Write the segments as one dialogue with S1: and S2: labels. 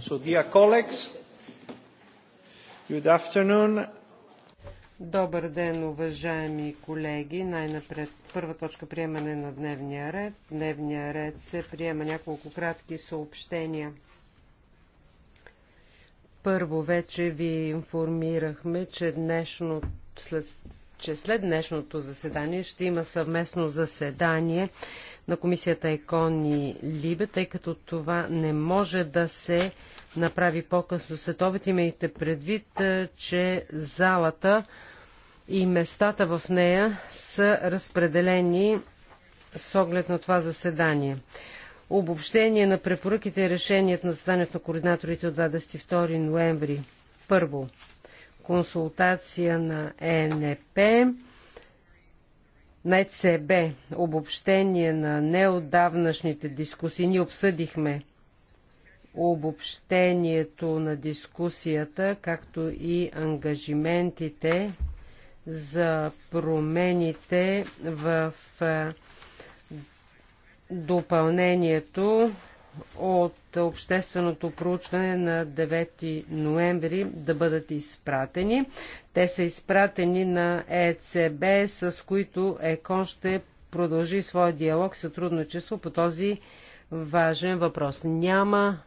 S1: So, dear colleagues, good afternoon.
S2: Добър ден, уважаеми колеги. Най-напред първа точка приемане на дневния ред. Дневния ред се приема няколко кратки съобщения. Първо вече ви информирахме, че, днешно, след, че след днешното заседание ще има съвместно заседание на комисията ЕКОН и ЛИБЕ, тъй като това не може да се направи по-късно след обед. Имайте предвид, е, че залата и местата в нея са разпределени с оглед на това заседание. Обобщение на препоръките и решението на заседанието на координаторите от 22 ноември. Първо, консултация на ЕНП на Обобщение на неотдавнашните дискусии. Ние обсъдихме обобщението на дискусията, както и ангажиментите за промените в допълнението от общественото проучване на 9 ноември да бъдат изпратени. Те са изпратени на ЕЦБ, с които ЕКОН ще продължи своя диалог и сътрудничество по този важен въпрос. Няма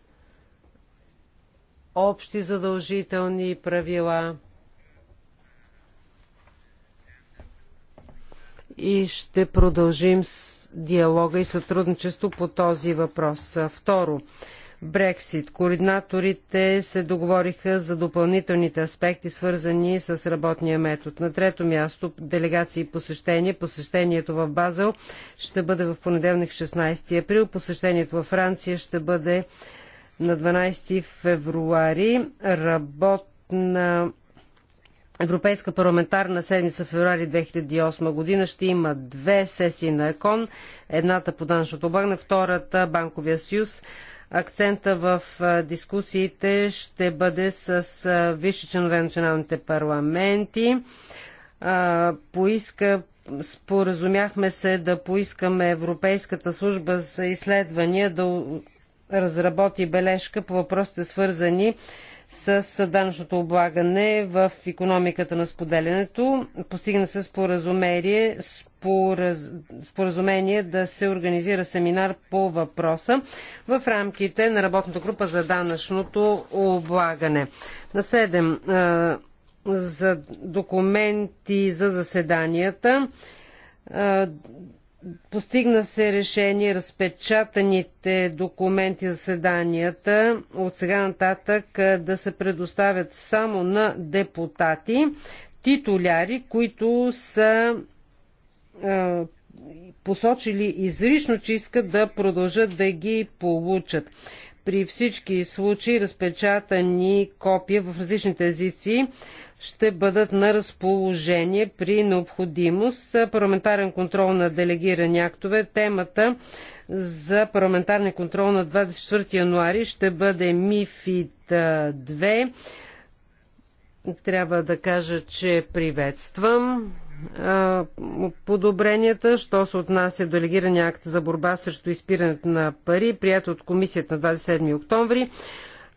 S2: общи задължителни правила и ще продължим с диалога и сътрудничество по този въпрос. Второ, Брексит. Координаторите се договориха за допълнителните аспекти, свързани с работния метод. На трето място делегации и посещение. Посещението в Базел ще бъде в понеделник 16 април. Посещението във Франция ще бъде на 12 февруари. Работна Европейска парламентарна седмица в феврари 2008 година ще има две сесии на ЕКОН. Едната по данъчното облагане, втората Банковия съюз. Акцента в дискусиите ще бъде с висши членове на националните парламенти. Поиска споразумяхме се да поискаме Европейската служба за изследвания да разработи бележка по въпросите свързани с с данъчното облагане в економиката на споделянето. Постигна се споразумение, спораз... споразумение да се организира семинар по въпроса в рамките на работната група за данъчното облагане. На 7 за документи за заседанията Постигна се решение разпечатаните документи за заседанията от сега нататък да се предоставят само на депутати, титуляри, които са е, посочили изрично, че искат да продължат да ги получат. При всички случаи разпечатани копия в различните езици ще бъдат на разположение при необходимост. Парламентарен контрол на делегирани актове. Темата за парламентарен контрол на 24 януари ще бъде МИФИД 2. Трябва да кажа, че приветствам подобренията, що се отнася до делегирания акт за борба срещу изпирането на пари, прият от комисията на 27 октомври.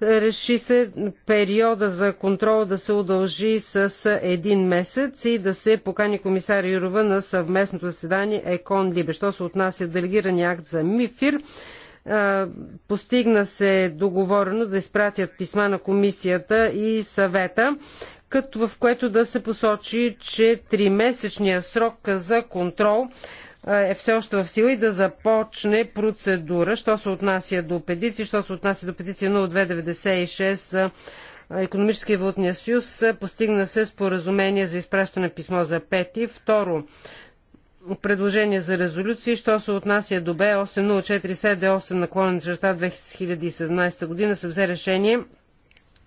S2: Реши се периода за контрол да се удължи с един месец и да се покани комисар Юрова на съвместното заседание ЕКОН Либе. Що се отнася делегирани акт за МИФИР, постигна се договорено да изпратят писма на комисията и съвета, като в което да се посочи, че тримесечният срок за контрол е все още в сила и да започне процедура, що се отнася до петиции, що се отнася до петиция 0296 за економически и валутния съюз. Постигна се споразумение за изпращане писмо за пети. Второ, предложение за резолюции, що се отнася до Б8047-8 наклонен черта 2017 година, се взе решение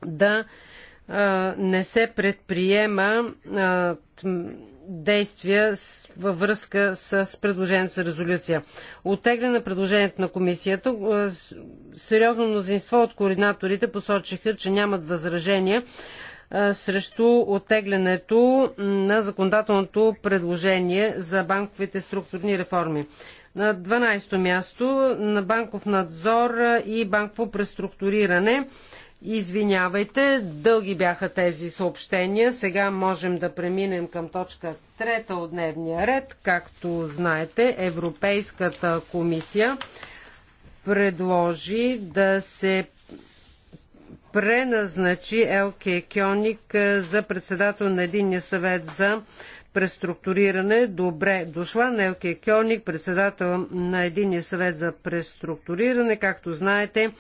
S2: да а, не се предприема а, действия във връзка с предложението за резолюция. Оттегля на предложението на комисията. Е, сериозно мнозинство от координаторите посочиха, че нямат възражения е, срещу оттеглянето на законодателното предложение за банковите структурни реформи. На 12-то място на банков надзор и банково преструктуриране Извинявайте, дълги бяха тези съобщения. Сега можем да преминем към точка трета от дневния ред. Както знаете, Европейската комисия предложи да се преназначи Елке Кьоник е, за председател на Единния съвет за преструктуриране. Добре дошла на Елке Кьоник, председател на Единния съвет за преструктуриране. Както знаете,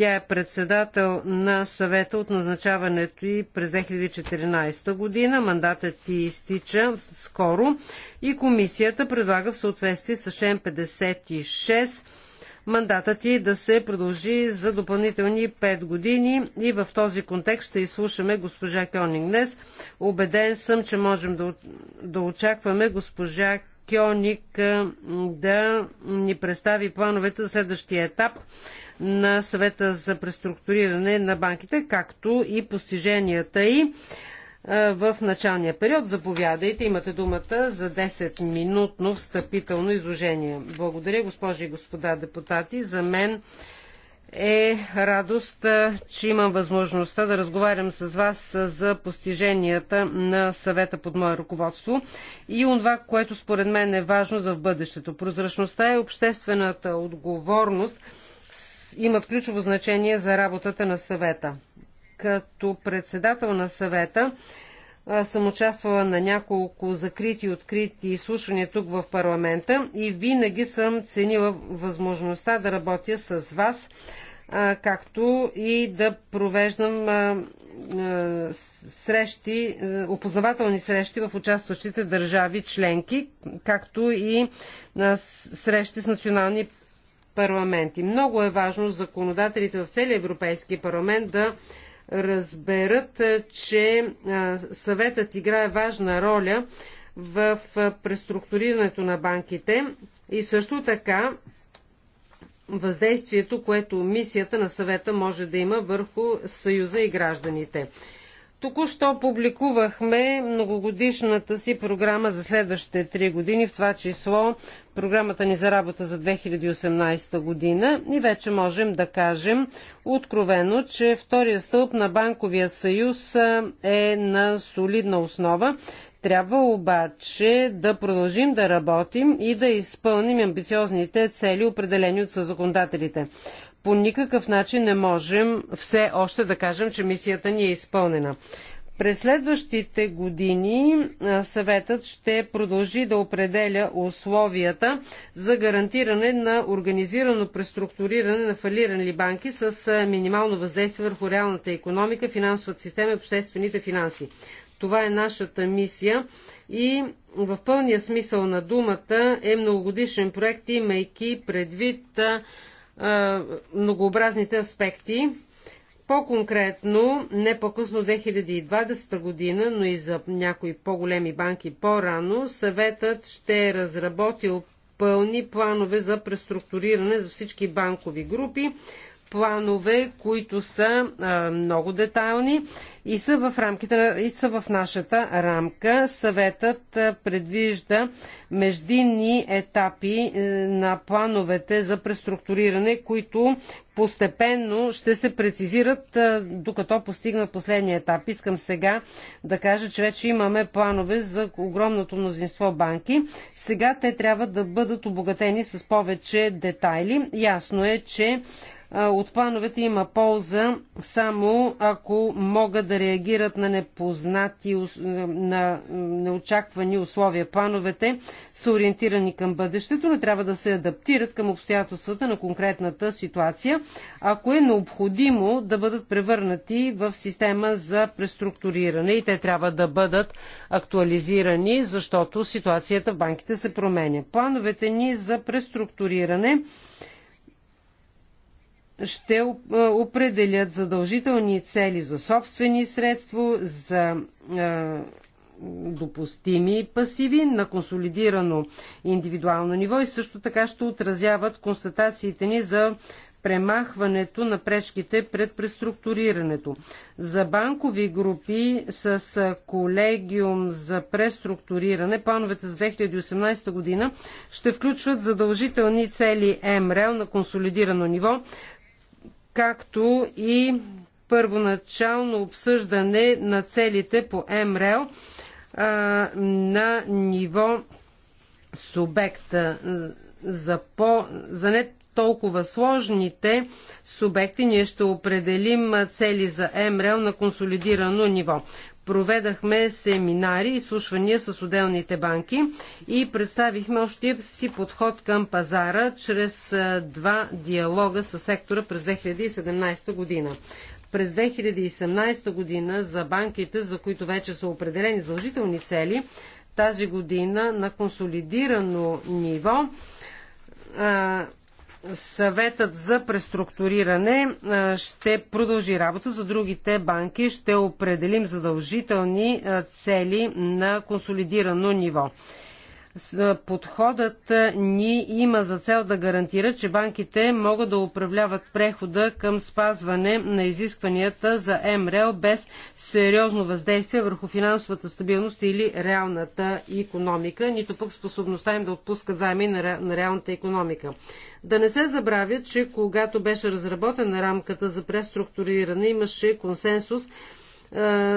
S2: тя е председател на съвета от назначаването и през 2014 година. Мандатът ти изтича скоро и комисията предлага в съответствие с член 56 мандатът ти да се продължи за допълнителни 5 години и в този контекст ще изслушаме госпожа Кьонинг днес. Обеден съм, че можем да, да очакваме госпожа Кьоник да ни представи плановете за следващия етап на съвета за преструктуриране на банките, както и постиженията й в началния период. Заповядайте, имате думата за 10-минутно встъпително изложение. Благодаря, госпожи и господа депутати. За мен е радост, че имам възможността да разговарям с вас за постиженията на съвета под мое ръководство и това, което според мен е важно за в бъдещето. Прозрачността и обществената отговорност – имат ключово значение за работата на съвета. Като председател на съвета съм участвала на няколко закрити и открити изслушвания тук в парламента и винаги съм ценила възможността да работя с вас, както и да провеждам срещи, опознавателни срещи в участващите държави членки, както и срещи с национални парламенти. Много е важно законодателите в целия Европейски парламент да разберат, е, че е, съветът играе важна роля в е, преструктурирането на банките и също така въздействието, което мисията на съвета може да има върху Съюза и гражданите. Току-що публикувахме многогодишната си програма за следващите три години, в това число програмата ни за работа за 2018 година и вече можем да кажем откровено, че втория стълб на Банковия съюз е на солидна основа. Трябва обаче да продължим да работим и да изпълним амбициозните цели, определени от съзаконодателите по никакъв начин не можем все още да кажем, че мисията ни е изпълнена. През следващите години съветът ще продължи да определя условията за гарантиране на организирано преструктуриране на фалирани банки с минимално въздействие върху реалната економика, финансовата система и обществените финанси. Това е нашата мисия и в пълния смисъл на думата е многогодишен проект, имайки предвид многообразните аспекти. По-конкретно, не по-късно 2020 година, но и за някои по-големи банки по-рано, съветът ще е разработил пълни планове за преструктуриране за всички банкови групи планове, които са а, много детайлни и са в, рамките, и са в нашата рамка. Съветът предвижда междинни етапи е, на плановете за преструктуриране, които постепенно ще се прецизират, докато постигнат последния етап. Искам сега да кажа, че вече имаме планове за огромното мнозинство банки. Сега те трябва да бъдат обогатени с повече детайли. Ясно е, че от плановете има полза само ако могат да реагират на непознати, на неочаквани условия. Плановете са ориентирани към бъдещето, но трябва да се адаптират към обстоятелствата на конкретната ситуация, ако е необходимо да бъдат превърнати в система за преструктуриране и те трябва да бъдат актуализирани, защото ситуацията в банките се променя. Плановете ни за преструктуриране ще е, определят задължителни цели за собствени средства, за е, допустими пасиви на консолидирано индивидуално ниво и също така ще отразяват констатациите ни за премахването на пречките пред преструктурирането. За банкови групи с е, колегиум за преструктуриране, плановете за 2018 година ще включват задължителни цели МРЕЛ на консолидирано ниво, както и първоначално обсъждане на целите по МРЕЛ на ниво субекта за, по, за не толкова сложните субекти, ние ще определим цели за МРЛ на консолидирано ниво проведахме семинари и слушвания с отделните банки и представихме още си подход към пазара чрез два диалога с сектора през 2017 година. През 2017 година за банките, за които вече са определени задължителни цели, тази година на консолидирано ниво съветът за преструктуриране ще продължи работа за другите банки. Ще определим задължителни цели на консолидирано ниво подходът ни има за цел да гарантира, че банките могат да управляват прехода към спазване на изискванията за МРЕЛ без сериозно въздействие върху финансовата стабилност или реалната економика, нито пък способността им да отпускат заеми на, на реалната економика. Да не се забравя, че когато беше разработена рамката за преструктуриране, имаше консенсус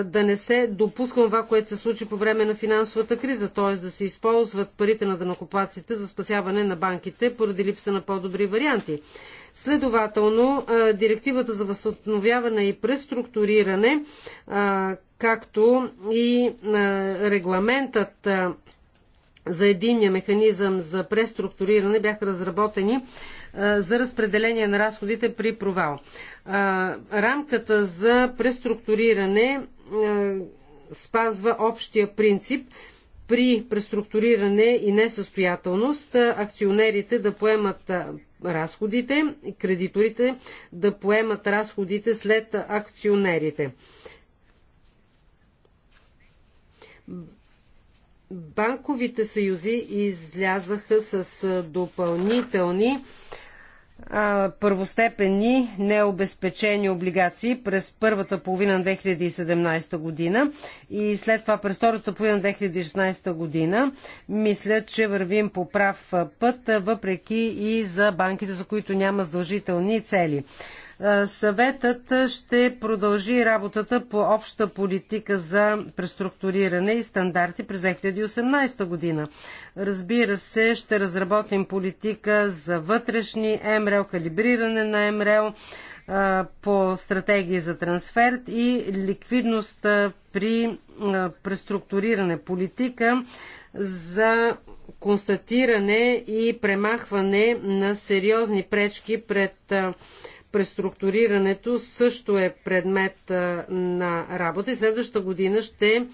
S2: да не се допуска това, което се случи по време на финансовата криза, т.е. да се използват парите на данокоплаците за спасяване на банките поради липса на по-добри варианти. Следователно, директивата за възстановяване и преструктуриране, както и регламентът за единния механизъм за преструктуриране бяха разработени за разпределение на разходите при провал. Рамката за преструктуриране спазва общия принцип при преструктуриране и несъстоятелност акционерите да поемат разходите, кредиторите да поемат разходите след акционерите. Банковите съюзи излязаха с допълнителни първостепенни необезпечени облигации през първата половина на 2017 година и след това през втората половина на 2016 година. Мисля, че вървим по прав път, въпреки и за банките, за които няма задължителни цели. Е, съветът ще продължи работата по обща политика за преструктуриране и стандарти през 2018 година. Разбира се, ще разработим политика за вътрешни МРЛ, калибриране на МРЛ е, по стратегии за трансфер и ликвидност е, при преструктуриране политика за констатиране и премахване на сериозни пречки пред Преструктурирането също е предмет на работа и следващата година ще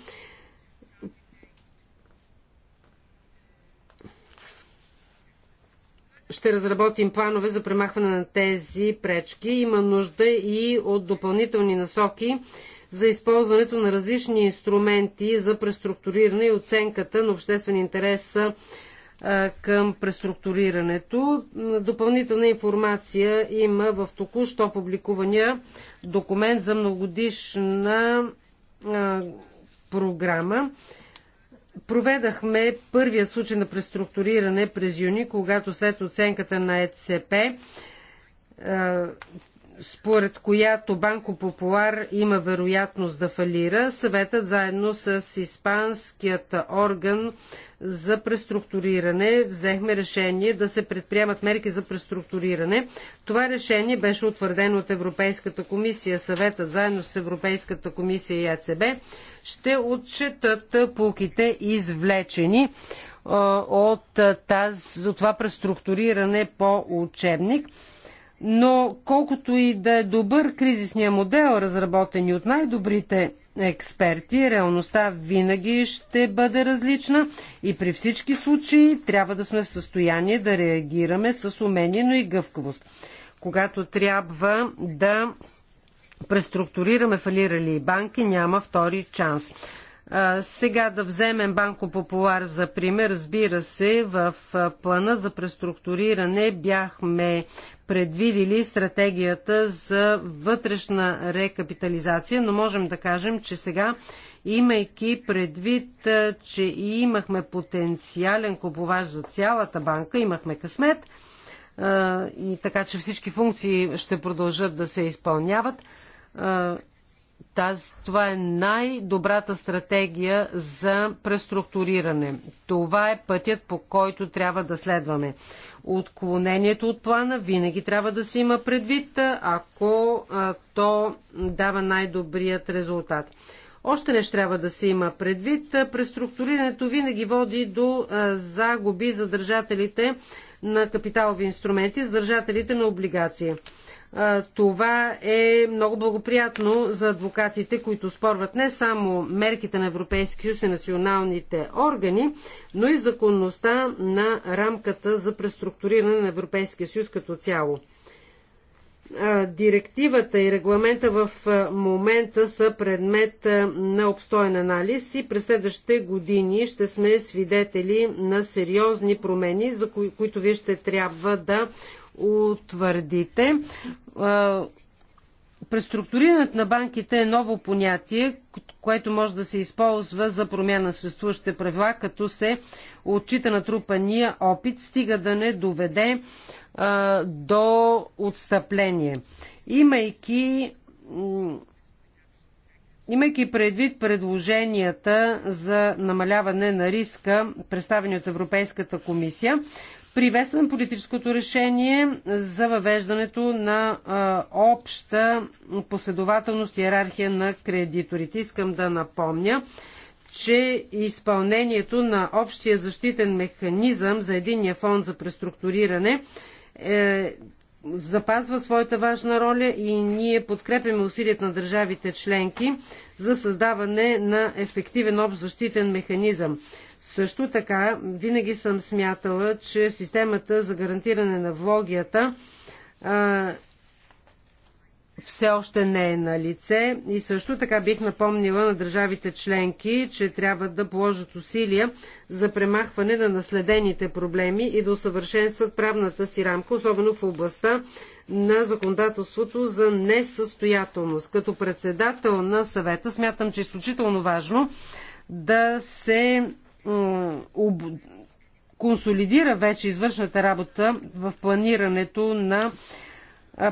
S2: ще разработим планове за премахване на тези пречки. Има нужда и от допълнителни насоки за използването на различни инструменти за преструктуриране и оценката на обществен интерес към преструктурирането. Допълнителна информация има в току-що публикувания документ за многодишна програма. Проведахме първия случай на преструктуриране през юни, когато след оценката на ЕЦП, според която Банко Популар има вероятност да фалира, съветът заедно с испанският орган за преструктуриране. Взехме решение да се предприемат мерки за преструктуриране. Това решение беше утвърдено от Европейската комисия. Съветът заедно с Европейската комисия и ЕЦБ ще отчетат пулките извлечени от, тази, от това преструктуриране по учебник но колкото и да е добър кризисния модел, разработен от най-добрите експерти, реалността винаги ще бъде различна и при всички случаи трябва да сме в състояние да реагираме с умение, но и гъвкавост. Когато трябва да преструктурираме фалирали банки, няма втори шанс. Сега да вземем Банко Популар за пример. Разбира се, в плана за преструктуриране бяхме предвидили стратегията за вътрешна рекапитализация, но можем да кажем, че сега, имайки предвид, че и имахме потенциален купувач за цялата банка, имахме късмет, и така че всички функции ще продължат да се изпълняват тази, това е най-добрата стратегия за преструктуриране. Това е пътят, по който трябва да следваме. Отклонението от плана винаги трябва да се има предвид, ако а, то дава най-добрият резултат. Още нещо трябва да се има предвид. Преструктурирането винаги води до а, загуби за държателите на капиталови инструменти, за държателите на облигации. Това е много благоприятно за адвокатите, които спорват не само мерките на Европейския съюз и националните органи, но и законността на рамката за преструктуриране на Европейския съюз като цяло. Директивата и регламента в момента са предмет на обстоен анализ и през следващите години ще сме свидетели на сериозни промени, за кои, които вие ще трябва да утвърдите. Преструктурирането на банките е ново понятие, което може да се използва за промяна на съществуващите правила, като се отчита натрупания опит, стига да не доведе а, до отстъпление. Имайки, имайки предвид предложенията за намаляване на риска, представени от Европейската комисия, Приветствам политическото решение за въвеждането на а, обща последователност и иерархия на кредиторите. Искам да напомня, че изпълнението на общия защитен механизъм за единния фонд за преструктуриране е, запазва своята важна роля и ние подкрепяме усилията на държавите членки за създаване на ефективен общ защитен механизъм. Също така, винаги съм смятала, че системата за гарантиране на влогията а, все още не е на лице и също така бих напомнила на държавите членки, че трябва да положат усилия за премахване на наследените проблеми и да усъвършенстват правната си рамка, особено в областта на законодателството за несъстоятелност. Като председател на съвета смятам, че е изключително важно да се консолидира вече извършната работа в планирането на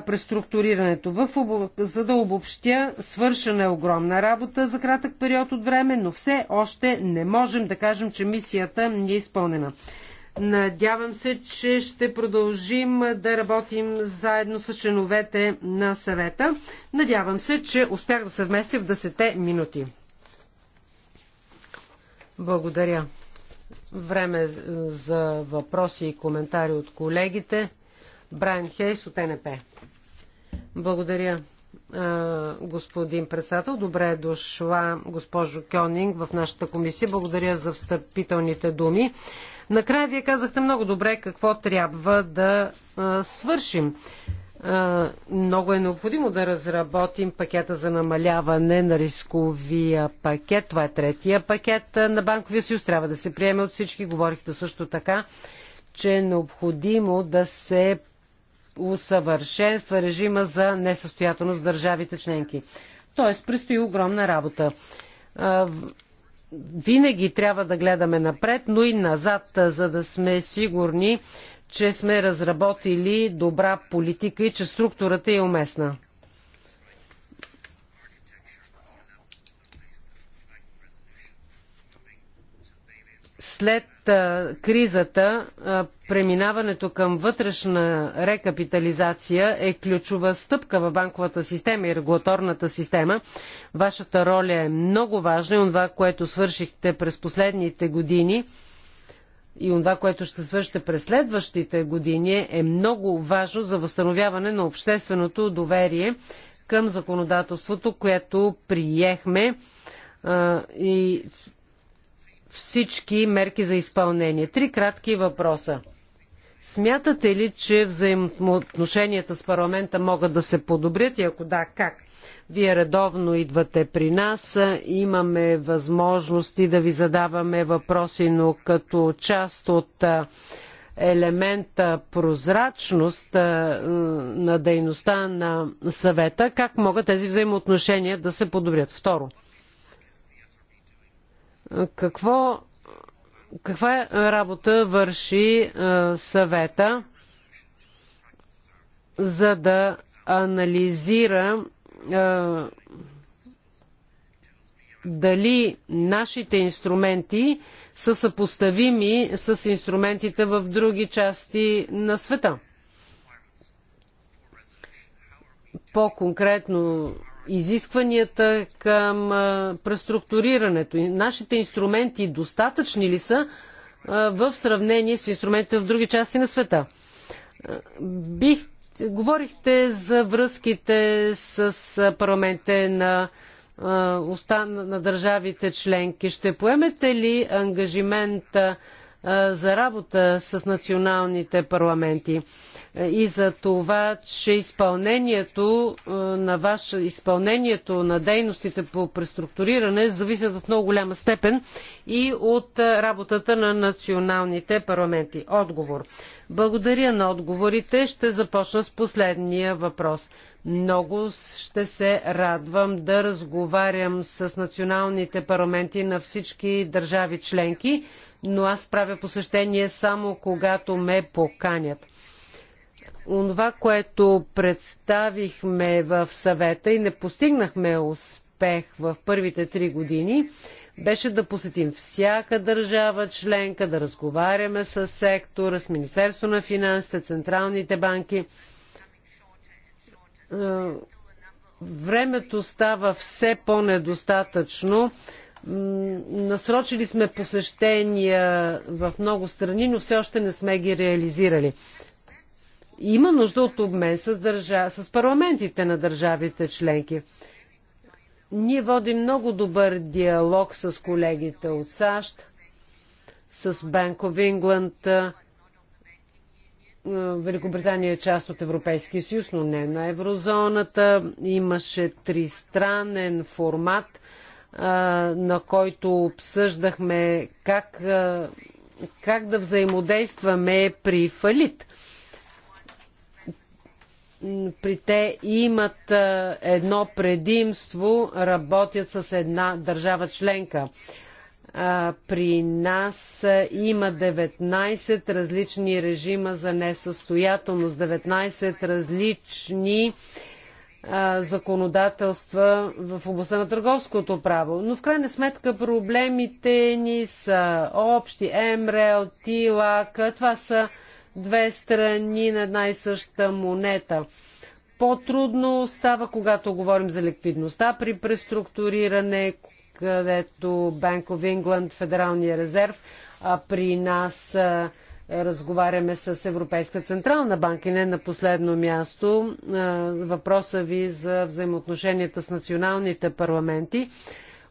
S2: преструктурирането. В об... За да обобщя, свършена е огромна работа за кратък период от време, но все още не можем да кажем, че мисията ни е изпълнена. Надявам се, че ще продължим да работим заедно с членовете на съвета. Надявам се, че успях да съвместим в 10 минути. Благодаря. Време е, за въпроси и коментари от колегите. Брайан Хейс от НП. Благодаря, е, господин председател. Добре е дошла госпожо Кьонинг в нашата комисия. Благодаря за встъпителните думи. Накрая вие казахте много добре какво трябва да е, свършим много е необходимо да разработим пакета за намаляване на рисковия пакет. Това е третия пакет на Банковия съюз. Трябва да се приеме от всички. Говорихте също така, че е необходимо да се усъвършенства режима за несъстоятелност държавите членки. Тоест, предстои огромна работа. Винаги трябва да гледаме напред, но и назад, за да сме сигурни, че сме разработили добра политика и че структурата е уместна. след а, кризата а, преминаването към вътрешна рекапитализация е ключова стъпка в банковата система и регулаторната система. Вашата роля е много важна и това, което свършихте през последните години – и това, което ще свършите през следващите години, е много важно за възстановяване на общественото доверие към законодателството, което приехме а, и всички мерки за изпълнение. Три кратки въпроса. Смятате ли, че взаимоотношенията с парламента могат да се подобрят и ако да, как? Вие редовно идвате при нас, имаме възможности да ви задаваме въпроси, но като част от елемента прозрачност на дейността на съвета, как могат тези взаимоотношения да се подобрят? Второ, какво каква работа върши е, съвета, за да анализира е, дали нашите инструменти са съпоставими с инструментите в други части на света. По-конкретно изискванията към преструктурирането. Нашите инструменти достатъчни ли са в сравнение с инструментите в други части на света? Бих, говорихте за връзките с парламентите на на държавите членки. Ще поемете ли ангажимента? за работа с националните парламенти и за това, че изпълнението на, ваше, изпълнението на дейностите по преструктуриране зависят в много голяма степен и от работата на националните парламенти. Отговор. Благодаря на отговорите. Ще започна с последния въпрос. Много ще се радвам да разговарям с националните парламенти на всички държави членки но аз правя посещение само когато ме поканят. Онова, което представихме в съвета и не постигнахме успех в първите три години, беше да посетим всяка държава членка, да разговаряме с сектора, с Министерство на финансите, централните банки. Е, времето става все по-недостатъчно Насрочили сме посещения в много страни, но все още не сме ги реализирали. Има нужда от обмен с, държа... с парламентите на държавите членки. Ние водим много добър диалог с колегите от САЩ, с Bank of England. Е, Великобритания е част от Европейския съюз, но не на еврозоната. Имаше тристранен формат – на който обсъждахме как, как да взаимодействаме при фалит. При те имат едно предимство, работят с една държава членка. При нас има 19 различни режима за несъстоятелност, 19 различни законодателства в областта на търговското право. Но в крайна сметка проблемите ни са общи. МРЛ, Тилак, това са две страни на една и съща монета. По-трудно става, когато говорим за ликвидността при преструктуриране, където Bank of England, Федералния резерв, а при нас а, разговаряме с Европейска Централна банка и не на последно място въпроса ви за взаимоотношенията с националните парламенти.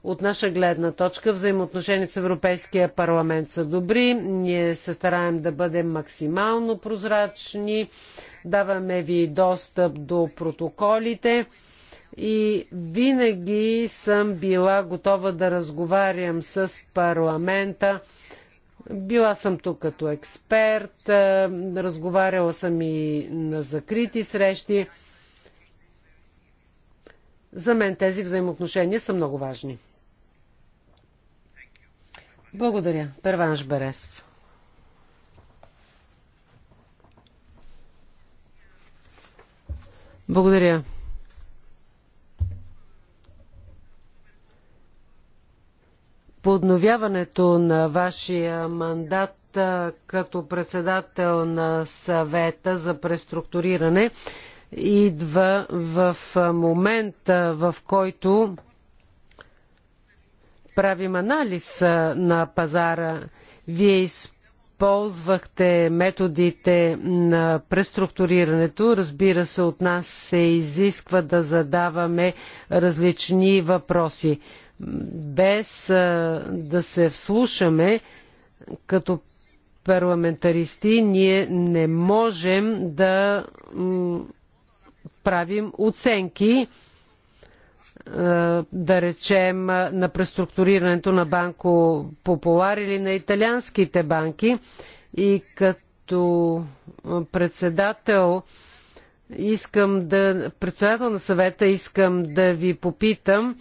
S2: От наша гледна точка взаимоотношенията с Европейския парламент са добри. Ние се стараем да бъдем максимално прозрачни. Даваме ви достъп до протоколите и винаги съм била готова да разговарям с парламента била съм тук като експерт, разговаряла съм и на закрити срещи. За мен тези взаимоотношения са много важни. Благодаря. Перванш Берес. Благодаря. подновяването на вашия мандат като председател на съвета за преструктуриране идва в момента, в който правим анализ на пазара. Вие използвахте методите на преструктурирането. Разбира се, от нас се изисква да задаваме различни въпроси без да се вслушаме като парламентаристи, ние не можем да правим оценки, да речем, на преструктурирането на Банко Популар или на италианските банки. И като председател искам да, председател на съвета искам да ви попитам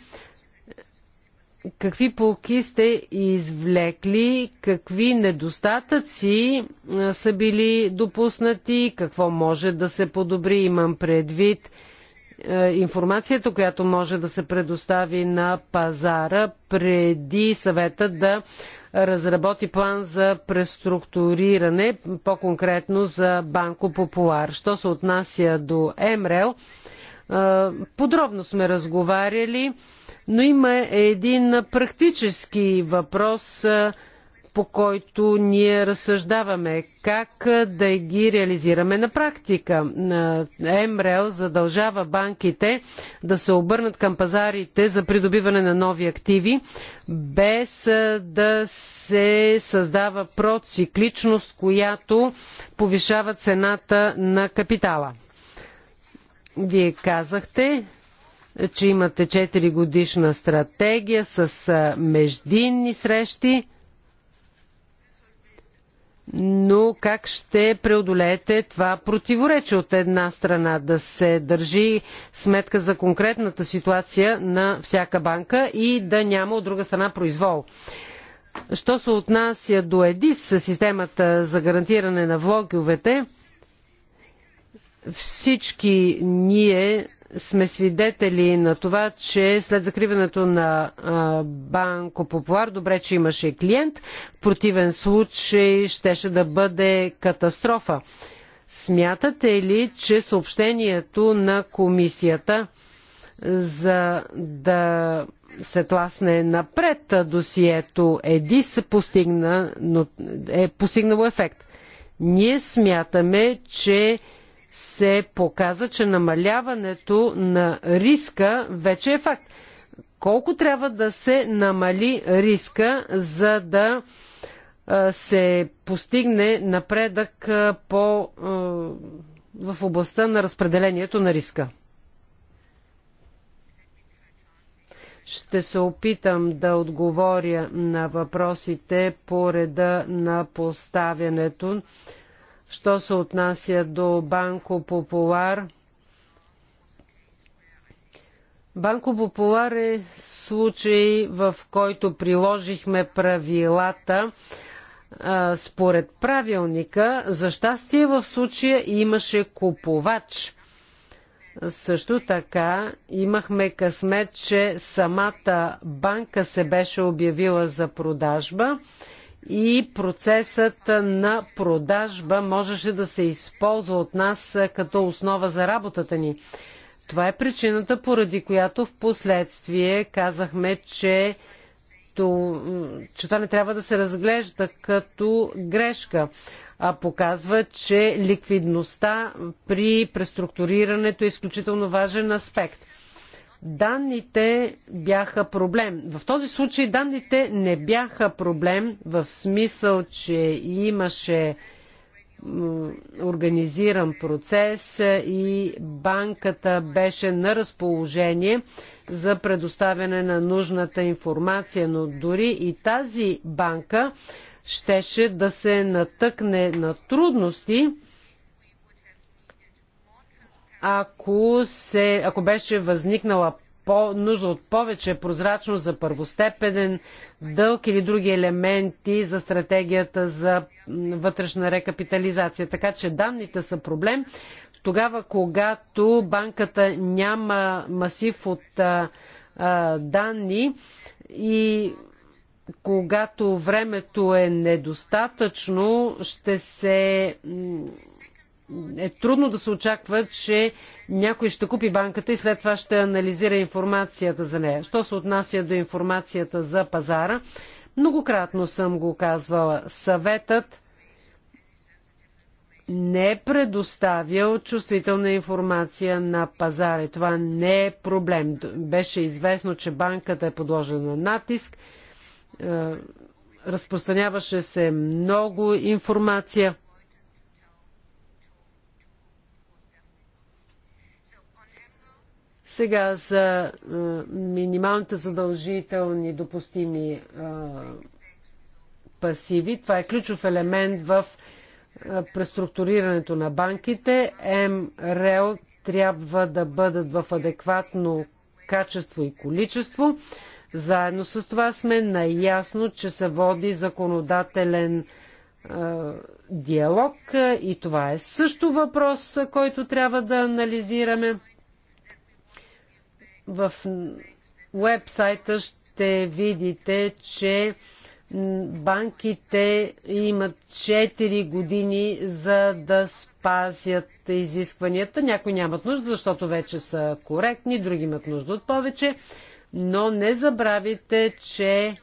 S2: какви полки сте извлекли, какви недостатъци са били допуснати, какво може да се подобри, имам предвид информацията, която може да се предостави на пазара преди съвета да разработи план за преструктуриране, по-конкретно за Банко Популар. Що се отнася до МРЕЛ, подробно сме разговаряли. Но има един практически въпрос, по който ние разсъждаваме. Как да ги реализираме на практика? МРЕЛ задължава банките да се обърнат към пазарите за придобиване на нови активи, без да се създава процикличност, която повишава цената на капитала. Вие казахте, че имате 4 годишна стратегия с междинни срещи, но как ще преодолеете това противоречие от една страна да се държи сметка за конкретната ситуация на всяка банка и да няма от друга страна произвол? Що се отнася до ЕДИС, системата за гарантиране на влоговете, всички ние сме свидетели на това, че след закриването на Банко Попуар, добре, че имаше клиент, в противен случай щеше да бъде катастрофа. Смятате ли, че съобщението на комисията за да се тласне напред досието ЕДИС постигна, но е постигнало ефект? Ние смятаме, че се показа, че намаляването на риска вече е факт. Колко трябва да се намали риска, за да се постигне напредък по, в областта на разпределението на риска? Ще се опитам да отговоря на въпросите по реда на поставянето Що се отнася до Банко Популар, Банко Популар е случай, в който приложихме правилата а, според правилника. За щастие в случая имаше купувач. Също така имахме късмет, че самата банка се беше обявила за продажба и процесът на продажба можеше да се използва от нас като основа за работата ни. Това е причината, поради която в последствие казахме, че, то, че това не трябва да се разглежда като грешка, а показва, че ликвидността при преструктурирането е изключително важен аспект данните бяха проблем. В този случай данните не бяха проблем в смисъл, че имаше организиран процес и банката беше на разположение за предоставяне на нужната информация, но дори и тази банка щеше да се натъкне на трудности, ако, се, ако беше възникнала по, нужда от повече прозрачност за първостепенен дълг или други елементи за стратегията за вътрешна рекапитализация. Така че данните са проблем. Тогава, когато банката няма масив от а, а, данни и когато времето е недостатъчно, ще се е трудно да се очаква, че някой ще купи банката и след това ще анализира информацията за нея. Що се отнася до информацията за пазара, многократно съм го казвала. Съветът не е предоставял чувствителна информация на пазара. И това не е проблем. Беше известно, че банката е подложена на натиск. Е, разпространяваше се много информация Сега за е, минималните задължителни допустими е, пасиви. Това е ключов елемент в е, преструктурирането на банките. МРЕО трябва да бъдат в адекватно качество и количество. Заедно с това сме наясно, че се води законодателен диалог и това е също въпрос, който трябва да анализираме в вебсайта ще видите, че банките имат 4 години за да спазят изискванията. Някои нямат нужда, защото вече са коректни, други имат нужда от повече. Но не забравяйте, че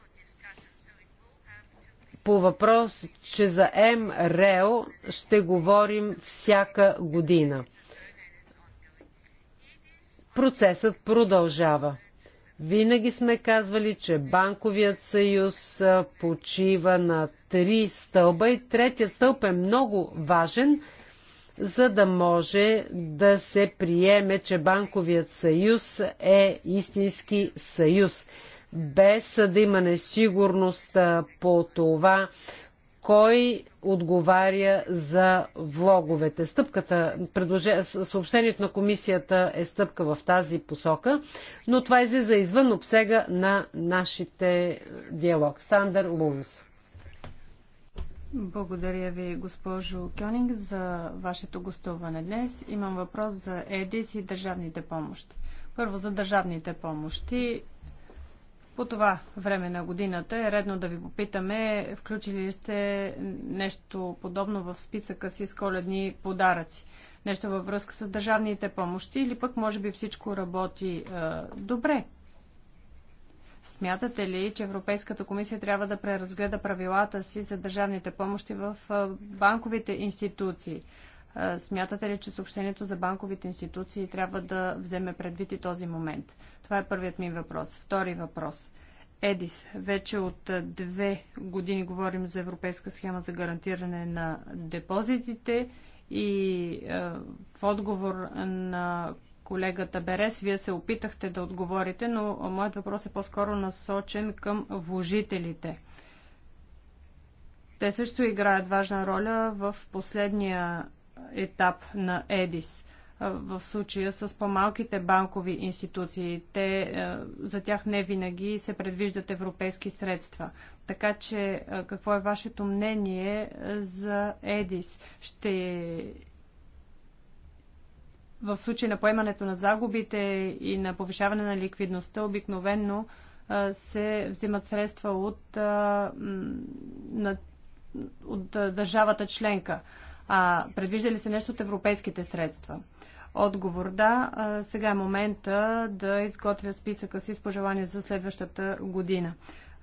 S2: по въпрос, че за МРЕО ще говорим всяка година процесът продължава. Винаги сме казвали, че банковият съюз почива на три стълба и третият стълб е много важен, за да може да се приеме, че банковият съюз е истински съюз, без да има несигурност по това кой отговаря за влоговете. Стъпката, съобщението на комисията е стъпка в тази посока, но това излиза извън обсега на нашите диалог. Сандър Лунс.
S3: Благодаря ви, госпожо Кьонинг, за вашето гостуване днес. Имам въпрос за ЕДИС и държавните помощи. Първо за държавните помощи. По това време на годината е редно да ви попитаме, включили ли сте нещо подобно в списъка си с коледни подаръци? Нещо във връзка с държавните помощи или пък може би всичко работи е, добре? Смятате ли, че Европейската комисия трябва да преразгледа правилата си за държавните помощи в е, банковите институции? Смятате ли, че съобщението за банковите институции трябва да вземе предвид и този момент? Това е първият ми въпрос. Втори въпрос. Едис, вече от две години говорим за европейска схема за гарантиране на депозитите и в отговор на колегата Берес, вие се опитахте да отговорите, но моят въпрос е по-скоро насочен към вложителите. Те също играят важна роля в последния етап на ЕДИС в случая с по-малките банкови институции. Те, е, за тях не винаги се предвиждат европейски средства. Така че, е, какво е вашето мнение е, за ЕДИС? Ще в случай на поемането на загубите и на повишаване на ликвидността, обикновенно се взимат средства от, от държавата членка. А, предвижда ли се нещо от европейските средства? Отговор да. А, сега е момента да изготвя списъка си с пожелания за следващата година.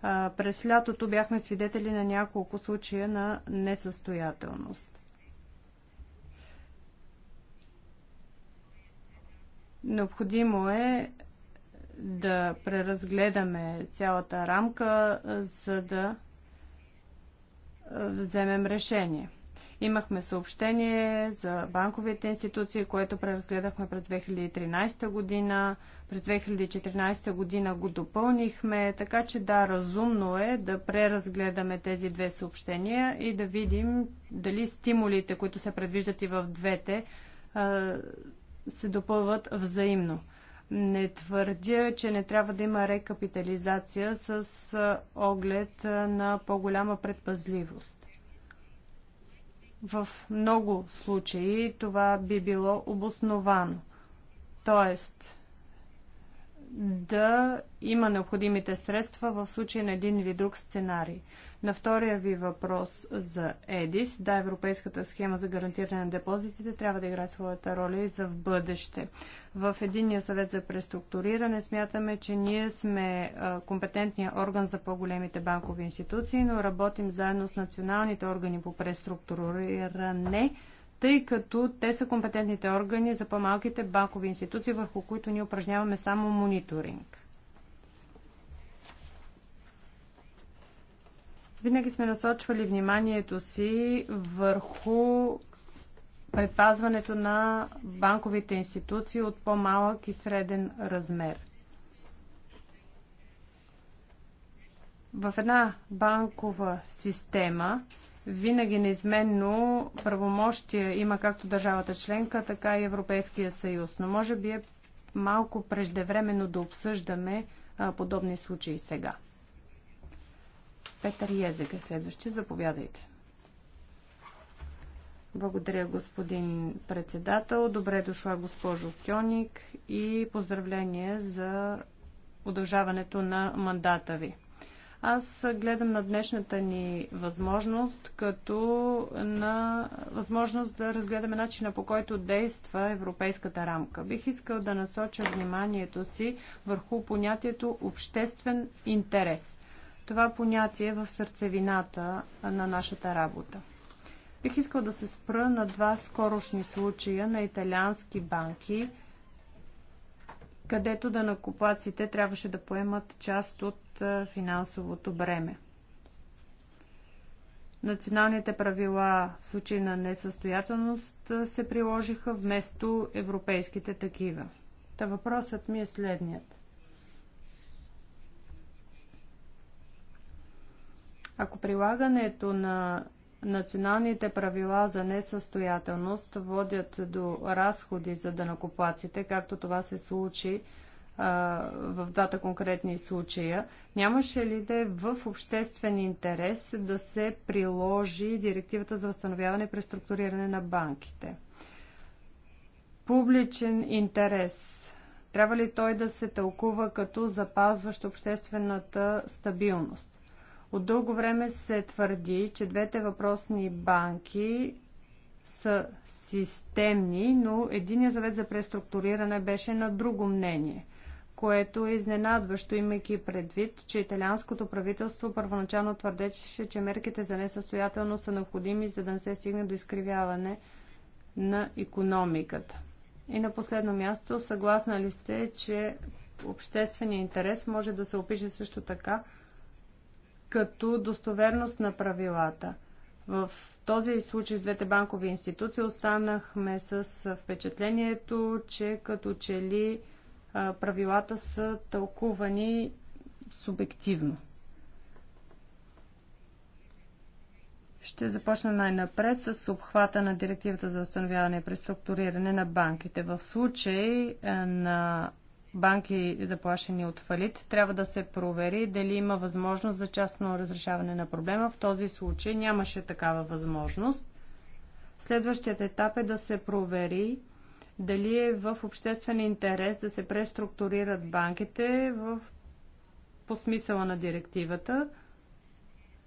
S3: А, през лятото бяхме свидетели на няколко случая на несъстоятелност. Необходимо е да преразгледаме цялата рамка, за да вземем решение. Имахме съобщение за банковите институции, което преразгледахме през 2013 година. През 2014 година го допълнихме, така че да, разумно е да преразгледаме тези две съобщения и да видим дали стимулите, които се предвиждат и в двете, се допълват взаимно. Не твърдя, че не трябва да има рекапитализация с оглед на по-голяма предпазливост. В много случаи това би било обосновано. Тоест, да има необходимите средства в случай на един или друг сценарий. На втория ви въпрос за ЕДИС, да, Европейската схема за гарантиране на депозитите трябва да играе своята роля и за в бъдеще. В Единния съвет за преструктуриране смятаме, че ние сме компетентния орган за по-големите банкови институции, но работим заедно с националните органи по преструктуриране тъй като те са компетентните органи за по-малките банкови институции, върху които ние упражняваме само мониторинг. Винаги сме насочвали вниманието си върху предпазването на банковите институции от по-малък и среден размер. В една банкова система винаги неизменно правомощия има както държавата членка, така и Европейския съюз. Но може би е малко преждевременно да обсъждаме а, подобни случаи сега. Петър Язек е следващи. Заповядайте. Благодаря, господин председател. Добре е дошла, госпожо Кьоник и поздравление за удължаването на мандата ви. Аз гледам на днешната ни възможност като на възможност да разгледаме начина по който действа европейската рамка. Бих искал да насоча вниманието си върху понятието обществен интерес. Това понятие е в сърцевината на нашата работа. Бих искал да се спра на два скорошни случая на италиански банки, където да накупаците трябваше да поемат част от финансовото бреме. Националните правила в случай на несъстоятелност се приложиха вместо европейските такива. Та въпросът ми е следният. Ако прилагането на националните правила за несъстоятелност водят до разходи за данакоплаците, както това се случи в двата конкретни случая. Нямаше ли да е в обществен интерес да се приложи директивата за възстановяване и преструктуриране на банките? Публичен интерес. Трябва ли той да се тълкува като запазващ обществената стабилност? От дълго време се твърди, че двете въпросни банки са системни, но един завет за преструктуриране беше на друго мнение – което е изненадващо, имайки предвид, че италианското правителство първоначално твърдеше, че мерките за несъстоятелно са необходими, за да не се стигне до изкривяване на економиката. И на последно място, съгласна ли сте, че обществения интерес може да се опише също така като достоверност на правилата? В този случай с двете банкови институции останахме с впечатлението, че като че ли правилата са тълкувани субективно. Ще започна най-напред с обхвата на директивата за установяване и преструктуриране на банките. В случай на банки заплашени от фалит, трябва да се провери дали има възможност за частно разрешаване на проблема. В този случай нямаше такава възможност. Следващият етап е да се провери дали е в обществен интерес да се преструктурират банките в, по смисъла на директивата,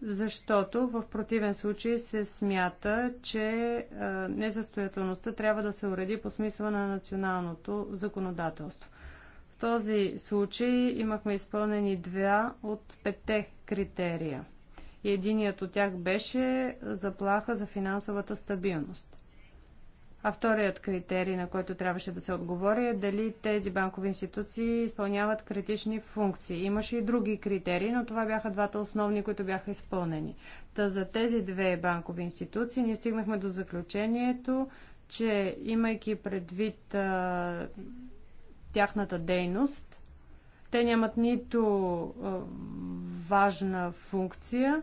S3: защото в противен случай се смята, че а, несъстоятелността трябва да се уреди по смисъла на националното законодателство. В този случай имахме изпълнени два от петте критерия. И единият от тях беше заплаха за финансовата стабилност. А вторият критерий, на който трябваше да се отговори е дали тези банкови институции изпълняват критични функции. Имаше и други критерии, но това бяха двата основни, които бяха изпълнени. Та за тези две банкови институции ние стигнахме до заключението, че имайки предвид а, тяхната дейност, те нямат нито а, важна функция,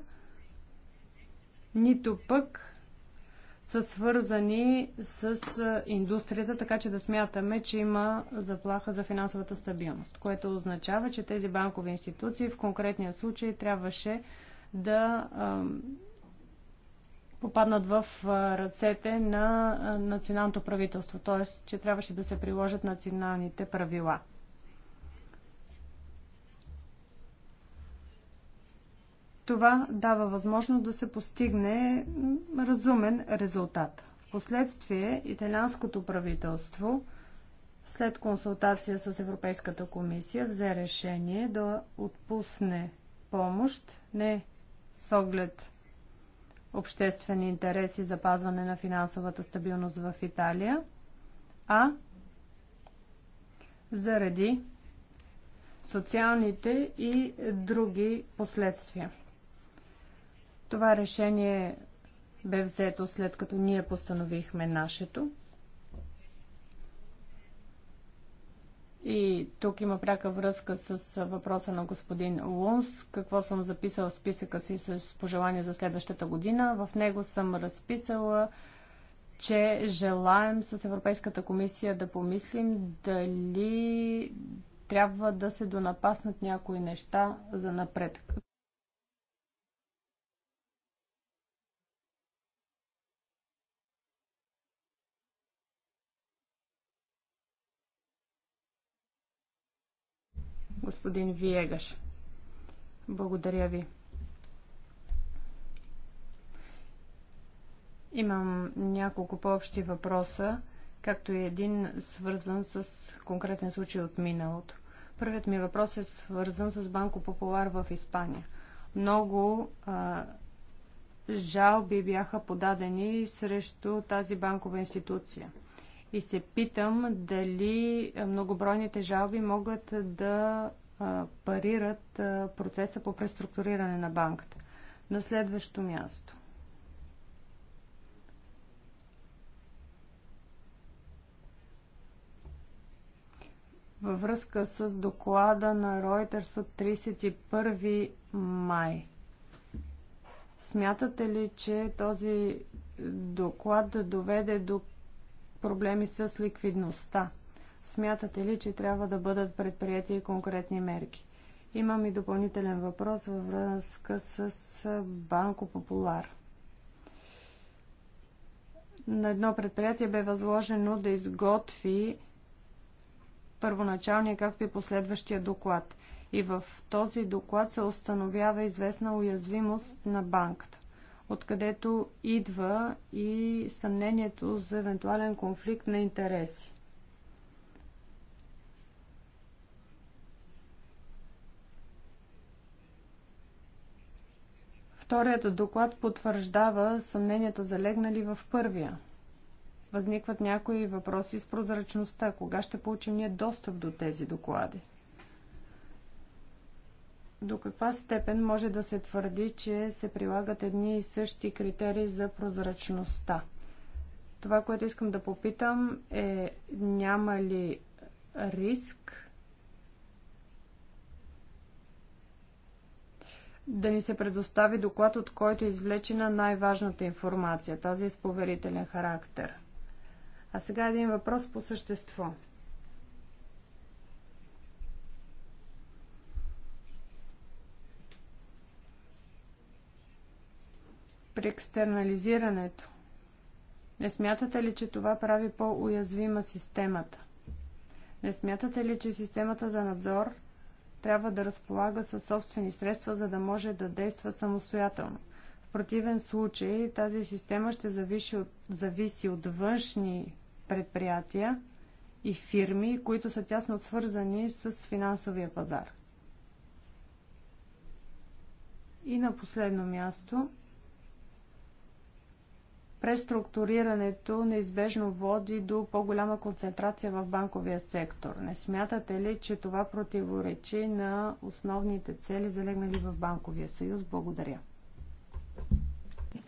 S3: нито пък са свързани с индустрията, така че да смятаме, че има заплаха за финансовата стабилност, което означава, че тези банкови институции в конкретния случай трябваше да попаднат в ръцете на националното правителство, т.е. че трябваше да се приложат националните правила. Това дава възможност да се постигне разумен резултат. Впоследствие италианското правителство след консултация с Европейската комисия взе решение да отпусне помощ не с оглед обществени интереси за запазване на финансовата стабилност в Италия, а заради социалните и други последствия. Това решение бе взето след като ние постановихме нашето. И тук има пряка връзка с въпроса на господин Лунс, какво съм записал в списъка си с пожелания за следващата година. В него съм разписала, че желаем с Европейската комисия да помислим дали трябва да се донапаснат някои неща за напред. господин Виегаш. Благодаря ви. Имам няколко по-общи въпроса, както и един свързан с конкретен случай от миналото. Първият ми въпрос е свързан с Банко Популар в Испания. Много а, жалби бяха подадени срещу тази банкова институция и се питам дали е, многобройните жалби могат да парират процеса по преструктуриране на банката. На следващо място. Във връзка с доклада на Reuters от 31 май. Смятате ли, че този доклад доведе до проблеми с ликвидността. Смятате ли, че трябва да бъдат предприяти и конкретни мерки? Имам и допълнителен въпрос във връзка с Банко Популар. На едно предприятие бе възложено да изготви първоначалния, както и последващия доклад. И в този доклад се установява известна уязвимост на банката откъдето идва и съмнението за евентуален конфликт на интереси. Вторият доклад потвърждава съмненията залегнали в първия. Възникват някои въпроси с прозрачността. Кога ще получим ние достъп до тези доклади? до каква степен може да се твърди, че се прилагат едни и същи критерии за прозрачността? Това, което искам да попитам е няма ли риск да ни се предостави доклад, от който е извлечена най-важната информация, тази е с поверителен характер. А сега един въпрос по същество – при екстернализирането? Не смятате ли, че това прави по-уязвима системата? Не смятате ли, че системата за надзор трябва да разполага със собствени средства, за да може да действа самостоятелно? В противен случай тази система ще зависи от, зависи от външни предприятия и фирми, които са тясно свързани с финансовия пазар. И на последно място – преструктурирането неизбежно води до по-голяма концентрация в банковия сектор. Не смятате ли, че това противоречи на основните цели, залегнали в банковия съюз? Благодаря.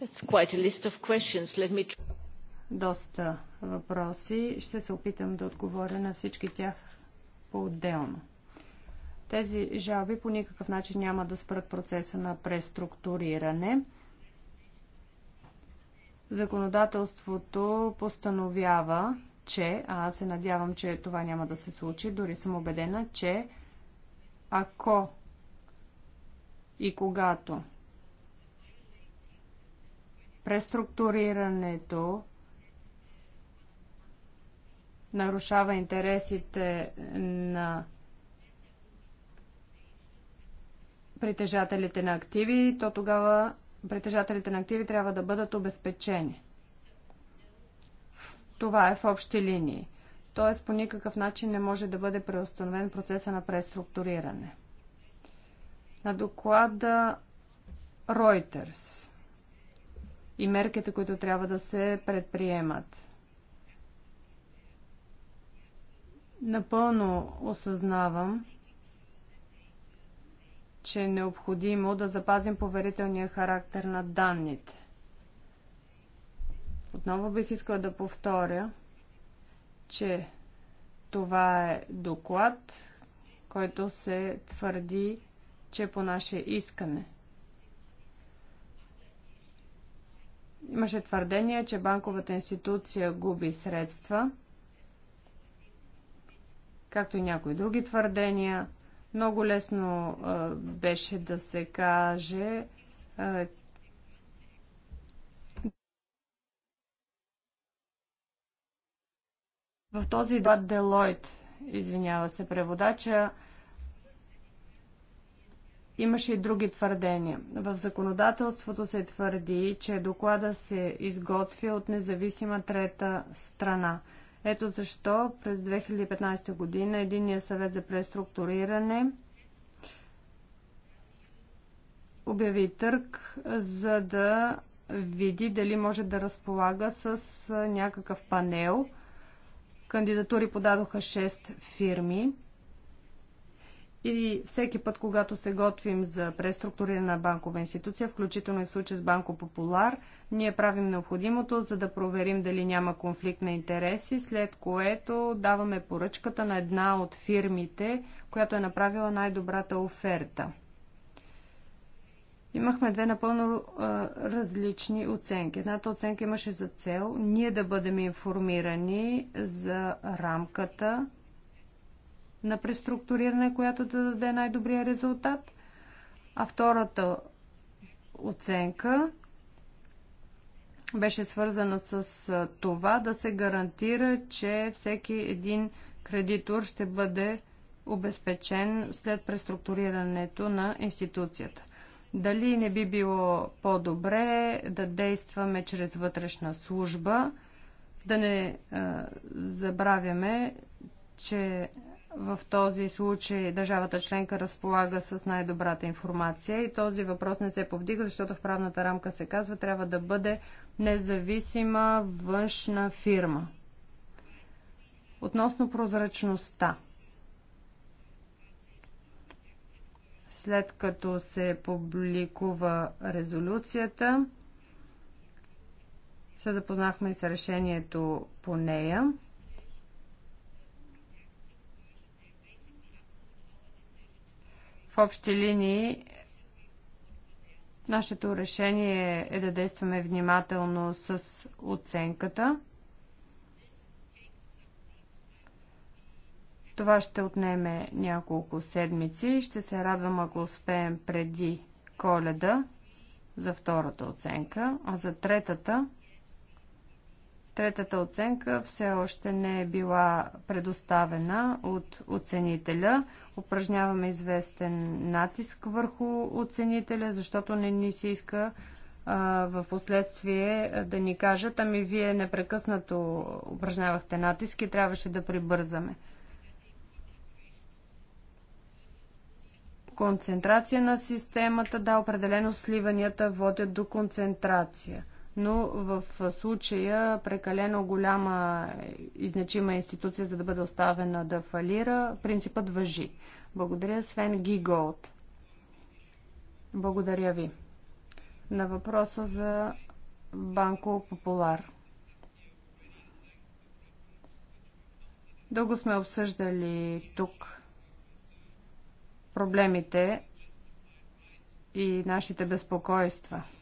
S2: Me...
S3: Доста въпроси. Ще се опитам да отговоря на всички тях по-отделно. Тези жалби по никакъв начин няма да спрат процеса на преструктуриране законодателството постановява, че, а аз се надявам, че това няма да се случи, дори съм убедена, че ако и когато преструктурирането нарушава интересите на притежателите на активи, то тогава притежателите на активи трябва да бъдат обезпечени. Това е в общи линии. Т.е. по никакъв начин не може да бъде преустановен процеса на преструктуриране. На доклада Reuters и мерките, които трябва да се предприемат. Напълно осъзнавам, че е необходимо да запазим поверителния характер на данните. Отново бих искала да повторя, че това е доклад, който се твърди, че е по наше искане. Имаше твърдение, че банковата институция губи средства, както и някои други твърдения – много лесно а, беше да се каже, а, В този доклад Делойт, извинява се преводача, имаше и други твърдения. В законодателството се твърди, че доклада се изготвя от независима трета страна. Ето защо през 2015 година Единия съвет за преструктуриране обяви търг, за да види дали може да разполага с някакъв панел. Кандидатури подадоха 6 фирми. И всеки път, когато се готвим за преструктуриране на банкова институция, включително и в случай с Банко Популар, ние правим необходимото, за да проверим дали няма конфликт на интереси, след което даваме поръчката на една от фирмите, която е направила най-добрата оферта. Имахме две напълно а, различни оценки. Едната оценка имаше за цел ние да бъдем информирани за рамката, на преструктуриране, която да даде най-добрия резултат. А втората оценка беше свързана с това да се гарантира, че всеки един кредитор ще бъде обезпечен след преструктурирането на институцията. Дали не би било по-добре да действаме чрез вътрешна служба, да не а, забравяме, че в този случай държавата членка разполага с най-добрата информация и този въпрос не се повдига, защото в правната рамка се казва, трябва да бъде независима външна фирма. Относно прозрачността. След като се публикува резолюцията, се запознахме и с решението по нея. общи линии нашето решение е да действаме внимателно с оценката. Това ще отнеме няколко седмици. Ще се радвам, ако успеем преди коледа за втората оценка, а за третата – Третата оценка все още не е била предоставена от оценителя. Упражняваме известен натиск върху оценителя, защото не ни се иска в последствие да ни кажат, ами вие непрекъснато упражнявахте натиск и трябваше да прибързаме. Концентрация на системата, да, определено сливанията водят до концентрация но в случая прекалено голяма и значима институция, за да бъде оставена да фалира, принципът въжи. Благодаря, Свен Гиголд. Благодаря ви. На въпроса за Банко Популар. Дълго сме обсъждали тук проблемите и нашите безпокойства –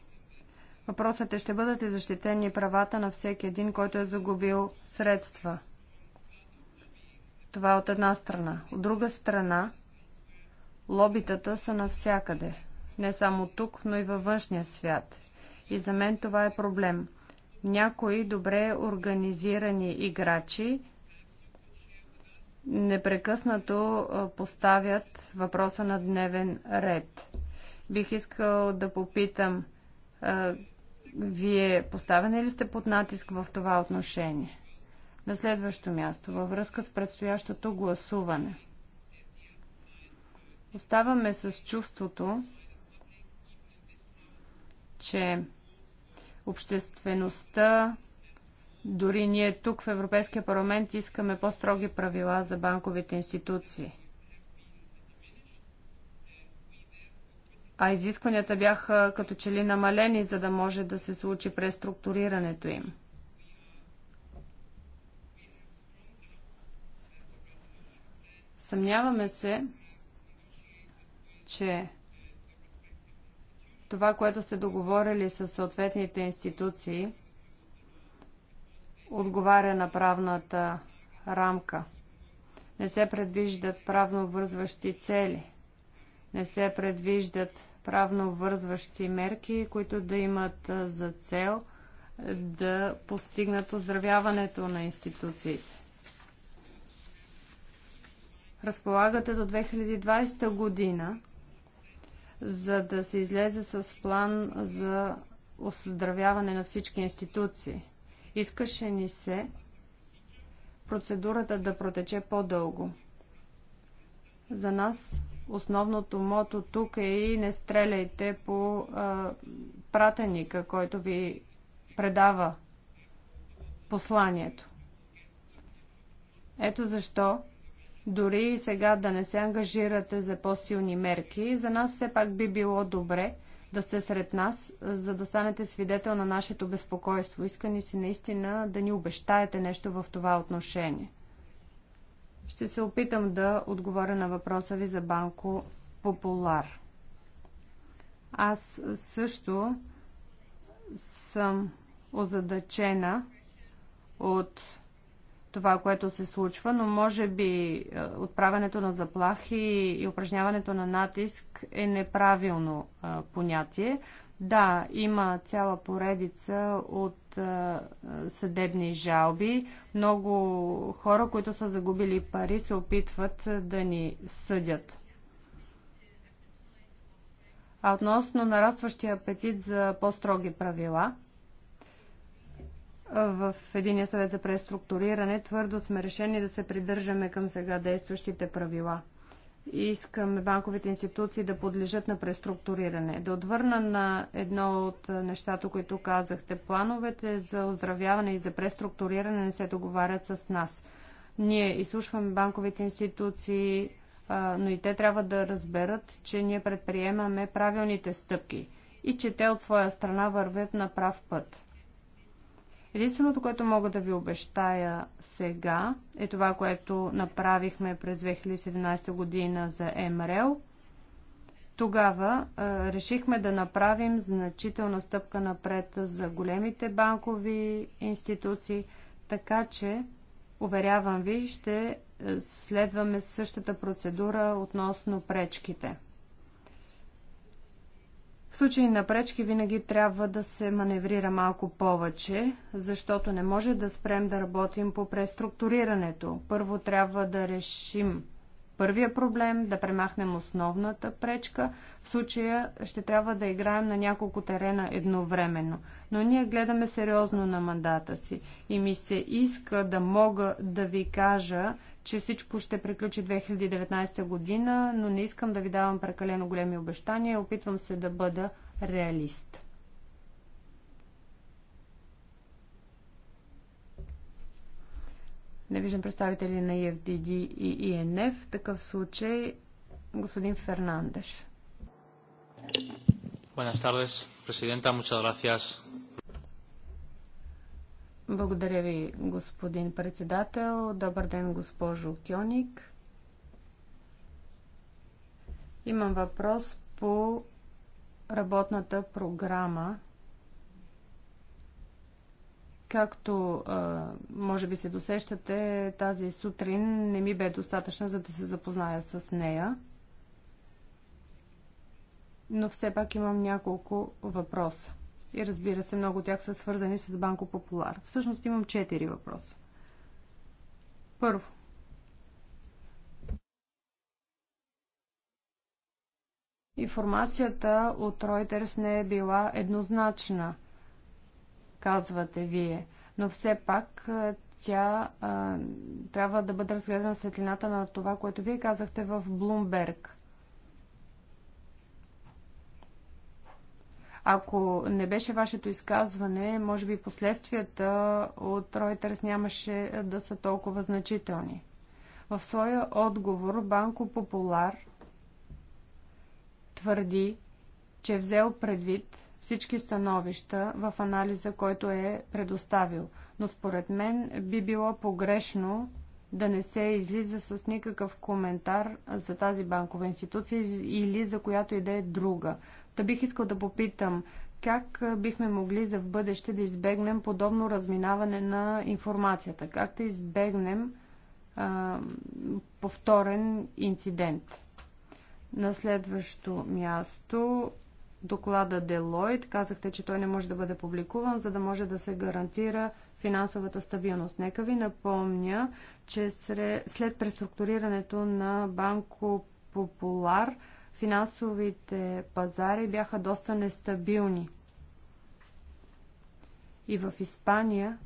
S3: Въпросът е, ще бъдат ли защитени правата на всеки един, който е загубил средства? Това е от една страна. От друга страна, лобитата са навсякъде. Не само тук, но и във външния свят. И за мен това е проблем. Някои добре организирани играчи непрекъснато поставят въпроса на дневен ред. Бих искал да попитам вие поставени ли сте под натиск в това отношение? На следващо място, във връзка с предстоящото гласуване. Оставаме с чувството, че обществеността, дори ние тук в Европейския парламент искаме по-строги правила за банковите институции – а изискванията бяха като че ли намалени, за да може да се случи преструктурирането им. Съмняваме се, че това, което сте договорили с съответните институции, отговаря на правната рамка. Не се предвиждат правно вързващи цели. Не се предвиждат правно вързващи мерки, които да имат за цел да постигнат оздравяването на институциите. Разполагате до 2020 година, за да се излезе с план за оздравяване на всички институции. Искаше ни се процедурата да протече по-дълго. За нас Основното мото тук е и не стреляйте по а, пратеника, който ви предава посланието. Ето защо, дори и сега да не се ангажирате за по-силни мерки, за нас все пак би било добре да сте сред нас, за да станете свидетел на нашето безпокойство. Иска ни се наистина да ни обещаете нещо в това отношение. Ще се опитам да отговоря на въпроса ви за Банко Популар. Аз също съм озадачена от това, което се случва, но може би е, отправянето на заплахи и упражняването на натиск е неправилно е, понятие. Да, има цяла поредица от а, е, съдебни жалби. Много хора, които са загубили пари, се опитват е, да ни съдят. А относно нарастващия апетит за по-строги правила, в единия съвет за преструктуриране твърдо сме решени да се придържаме към сега действащите правила – искаме банковите институции да подлежат на преструктуриране. Да отвърна на едно от нещата, които казахте. Плановете за оздравяване и за преструктуриране не се договарят с нас. Ние изслушваме банковите институции, но и те трябва да разберат, че ние предприемаме правилните стъпки и че те от своя страна вървят на прав път. Единственото, което мога да ви обещая сега е това, което направихме през 2017 година за МРЛ. Тогава е, решихме да направим значителна стъпка напред за големите банкови институции, така че, уверявам ви, ще е, следваме същата процедура относно пречките. В случай на пречки винаги трябва да се маневрира малко повече, защото не може да спрем да работим по преструктурирането. Първо трябва да решим първия проблем, да премахнем основната пречка. В случая ще трябва да играем на няколко терена едновременно. Но ние гледаме сериозно на мандата си и ми се иска да мога да ви кажа, че всичко ще приключи 2019 година, но не искам да ви давам прекалено големи обещания. Опитвам се да бъда реалист. Не виждам представители на EFDD е и ИНФ. В такъв случай господин Фернандеш.
S1: Buenas tardes, Presidenta. Muchas gracias.
S3: Благодаря ви, господин председател. Добър ден, госпожо Кьоник. Имам въпрос по работната програма Както може би се досещате, тази сутрин не ми бе достатъчна, за да се запозная с нея. Но все пак имам няколко въпроса. И разбира се, много от тях са свързани с Банко Популар. Всъщност имам четири въпроса. Първо. Информацията от Reuters не е била еднозначна – казвате вие. Но все пак тя а, трябва да бъде разгледана светлината на това, което вие казахте в Блумберг. Ако не беше вашето изказване, може би последствията от Ройтерс нямаше да са толкова значителни. В своя отговор Банко Популар твърди, че е взел предвид всички становища в анализа, който е предоставил. Но според мен би било погрешно да не се излиза с никакъв коментар за тази банкова институция или за която и да е друга. Та бих искал да попитам, как бихме могли за в бъдеще да избегнем подобно разминаване на информацията? Как да избегнем а, повторен инцидент? На следващо място доклада Делойт. Казахте, че той не може да бъде публикуван, за да може да се гарантира финансовата стабилност. Нека ви напомня, че след преструктурирането на Банко Популар, финансовите пазари бяха доста нестабилни. И в Испания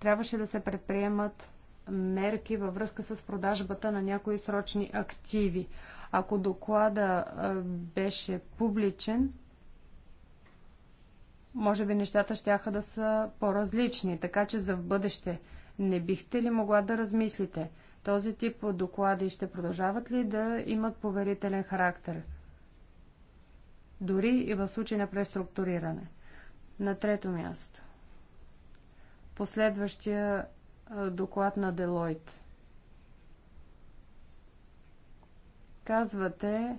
S3: трябваше да се предприемат мерки във връзка с продажбата на някои срочни активи. Ако доклада беше публичен, може би нещата ще да са по-различни, така че за в бъдеще не бихте ли могла да размислите? Този тип доклади ще продължават ли да имат поверителен характер? Дори и в случай на преструктуриране. На трето място. Последващия доклад на Делойт. Казвате,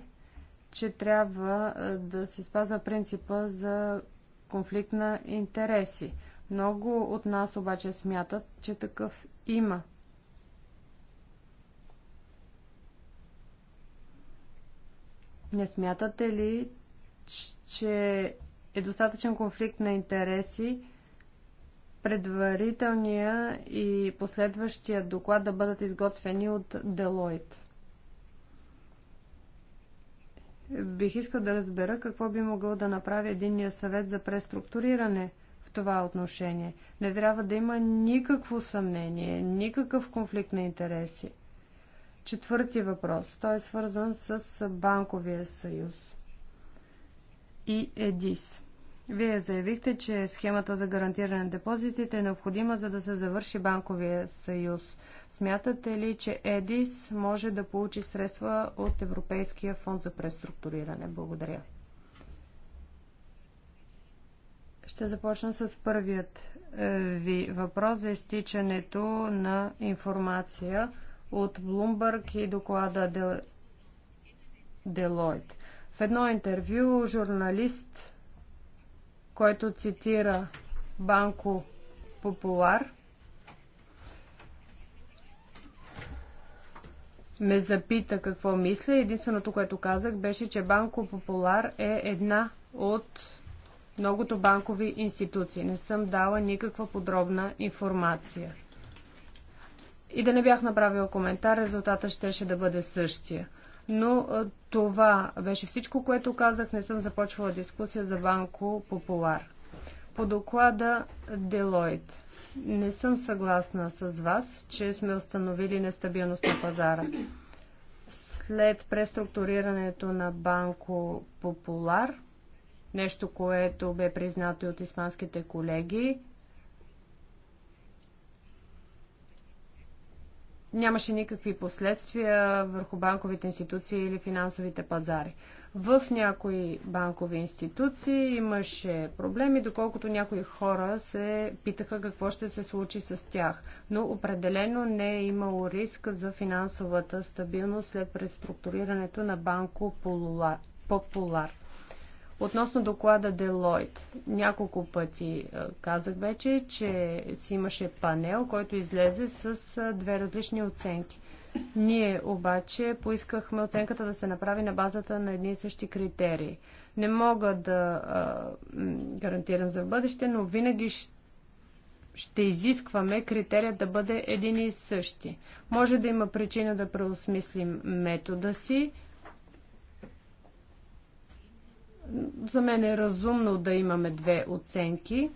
S3: че трябва да се спазва принципа за конфликт на интереси. Много от нас обаче смятат, че такъв има. Не смятате ли, че е достатъчен конфликт на интереси, предварителния и последващия доклад да бъдат изготвени от Делойт. Бих искал да разбера какво би могъл да направи единния съвет за преструктуриране в това отношение. Не трябва да има никакво съмнение, никакъв конфликт на интереси. Четвърти въпрос. Той е свързан с Банковия съюз и ЕДИС. Вие заявихте, че схемата за гарантиране на депозитите е необходима, за да се завърши банковия съюз. Смятате ли, че ЕДИС може да получи средства от Европейския фонд за преструктуриране? Благодаря. Ще започна с първият е, ви въпрос за изтичането на информация от Bloomberg и доклада Deloitte. В едно интервю журналист който цитира Банко Популар, ме запита какво мисля. Единственото, което казах, беше, че Банко Популар е една от многото банкови институции. Не съм дала никаква подробна информация. И да не бях направил коментар, резултата щеше да бъде същия. Но това беше всичко, което казах. Не съм започвала дискусия за Банко Популар. По доклада Делойт. Не съм съгласна с вас, че сме установили нестабилност на пазара. След преструктурирането на Банко Популар, нещо, което бе признато и от испанските колеги, нямаше никакви последствия върху банковите институции или финансовите пазари. В някои банкови институции имаше проблеми, доколкото някои хора се питаха какво ще се случи с тях. Но определено не е имало риск за финансовата стабилност след преструктурирането на банко Популар. Относно доклада Делойт, няколко пъти казах вече, че си имаше панел, който излезе с две различни оценки. Ние обаче поискахме оценката да се направи на базата на едни и същи критерии. Не мога да а, гарантирам за бъдеще, но винаги ще изискваме критерият да бъде един и същи. Може да има причина да преосмислим метода си, за мен е разумно да имаме две оценки,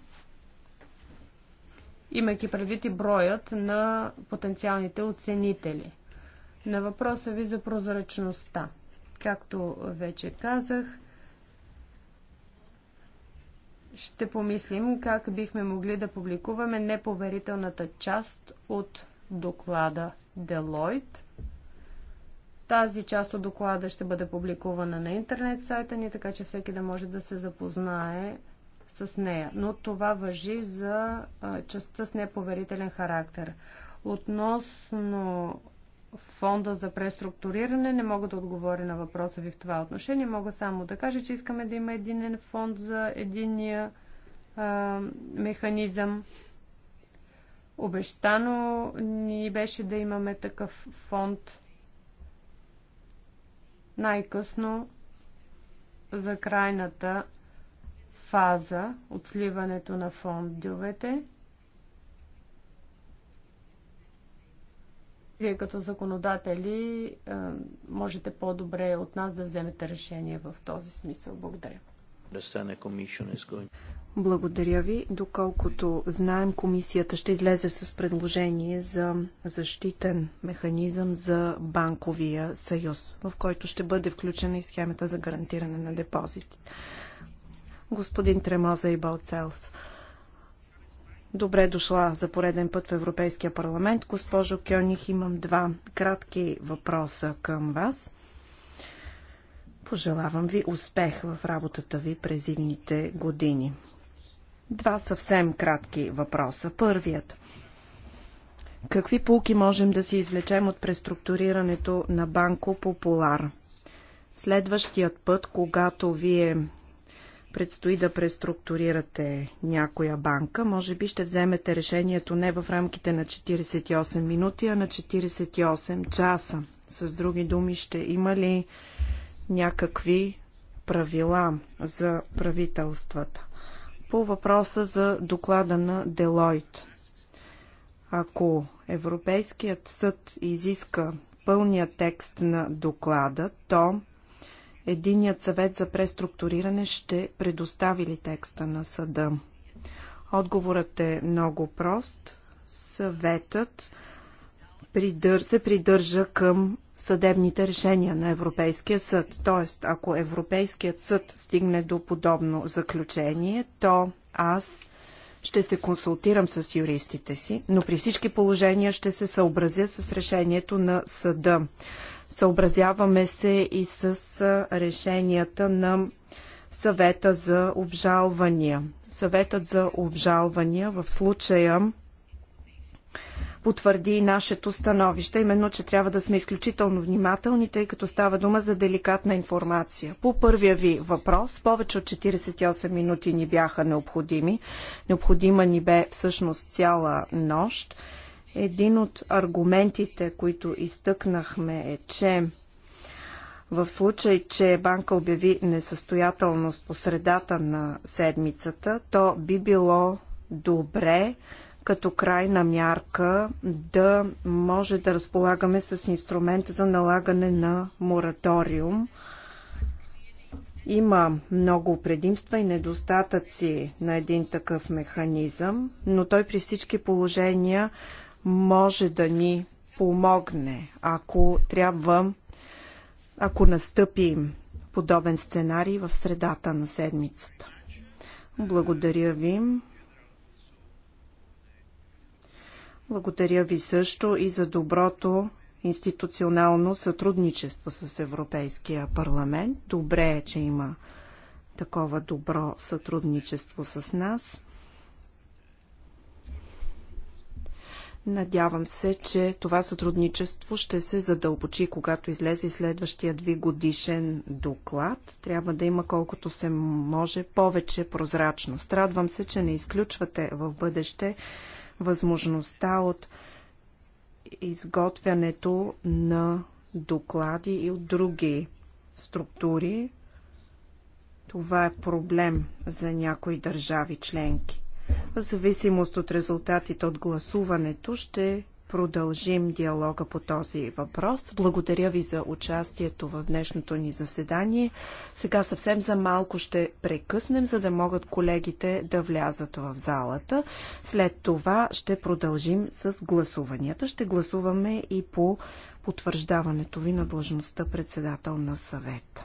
S3: имайки предвид и броят на потенциалните оценители. На въпроса ви за прозрачността. Както вече казах, ще помислим как бихме могли да публикуваме неповерителната част от доклада Deloitte. Тази част от доклада ще бъде публикувана на интернет сайта ни, така че всеки да може да се запознае с нея. Но това въжи за частта с неповерителен характер. Относно фонда за преструктуриране, не мога да отговоря на въпроса ви в това отношение. Мога само да кажа, че искаме да има единен фонд за единия а, механизъм. Обещано ни беше да имаме такъв фонд най-късно за крайната фаза от сливането на фондовете. Вие като законодатели можете по-добре от нас да
S4: вземете решение в този
S3: смисъл. Благодаря.
S4: Благодаря ви. Доколкото знаем, комисията ще излезе с предложение за защитен механизъм за банковия съюз, в който ще бъде включена и схемата за гарантиране на депозити. Господин Тремоза и Балцелс. Добре дошла за пореден път в Европейския парламент. Госпожо Кьоних, имам два кратки въпроса към вас. Пожелавам ви успех в работата ви през идните години. Два съвсем кратки въпроса. Първият. Какви полки можем да си извлечем от преструктурирането на Банко Популар? Следващият път, когато вие предстои да преструктурирате някоя банка, може би ще вземете решението не в рамките на 48 минути, а на 48 часа. С други думи, ще има ли някакви правила за правителствата? по въпроса за доклада на Делойт. Ако Европейският съд изиска пълния текст на доклада, то Единият съвет за преструктуриране ще предостави ли текста на съда? Отговорът е много прост. Съветът придър... се придържа към съдебните решения на Европейския съд. Тоест, ако Европейският съд стигне до подобно заключение, то аз ще се консултирам с юристите си, но при всички положения ще се съобразя с решението на съда. Съобразяваме се и с решенията на съвета за обжалвания. Съветът за обжалвания в случая потвърди нашето становище, именно, че трябва да сме изключително внимателни, тъй като става дума за деликатна информация. По първия ви въпрос, повече от 48 минути ни бяха необходими. Необходима ни бе всъщност цяла нощ. Един от аргументите, които изтъкнахме е, че в случай, че банка обяви несъстоятелност по средата на седмицата, то би било добре като крайна мярка да може да разполагаме с инструмент за налагане на мораториум. Има много предимства и недостатъци на един такъв механизъм, но той при всички положения може да ни помогне, ако трябва, ако настъпи подобен сценарий в средата на седмицата. Благодаря ви. Благодаря ви също и за доброто институционално сътрудничество с Европейския парламент. Добре е, че има такова добро сътрудничество с нас. Надявам се, че това сътрудничество ще се задълбочи, когато излезе следващия ви годишен доклад. Трябва да има колкото се може повече прозрачност. Радвам се, че не изключвате в бъдеще възможността от изготвянето на доклади и от други структури. Това е проблем за някои държави членки. В зависимост от резултатите от гласуването ще продължим диалога по този въпрос. Благодаря ви за участието в днешното ни заседание. Сега съвсем за малко ще прекъснем, за да могат колегите да влязат в залата. След това ще продължим с гласуванията. Ще гласуваме и по потвърждаването ви на длъжността председател на съвет.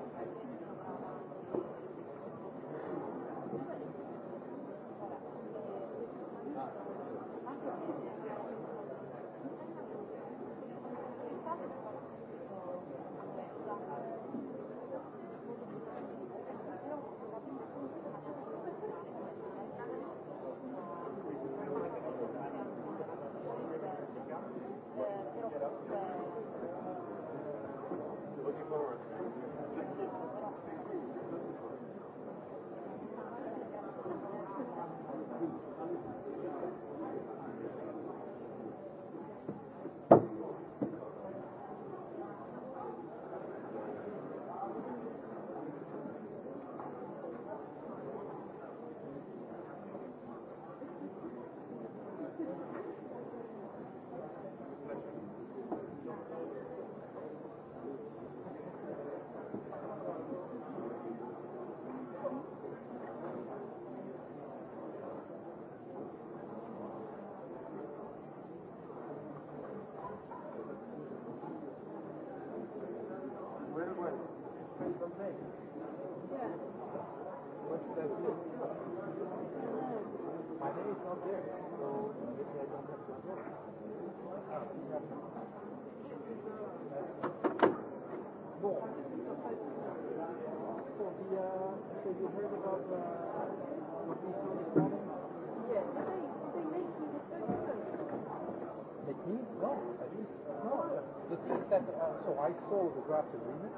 S5: So I saw the draft agreement,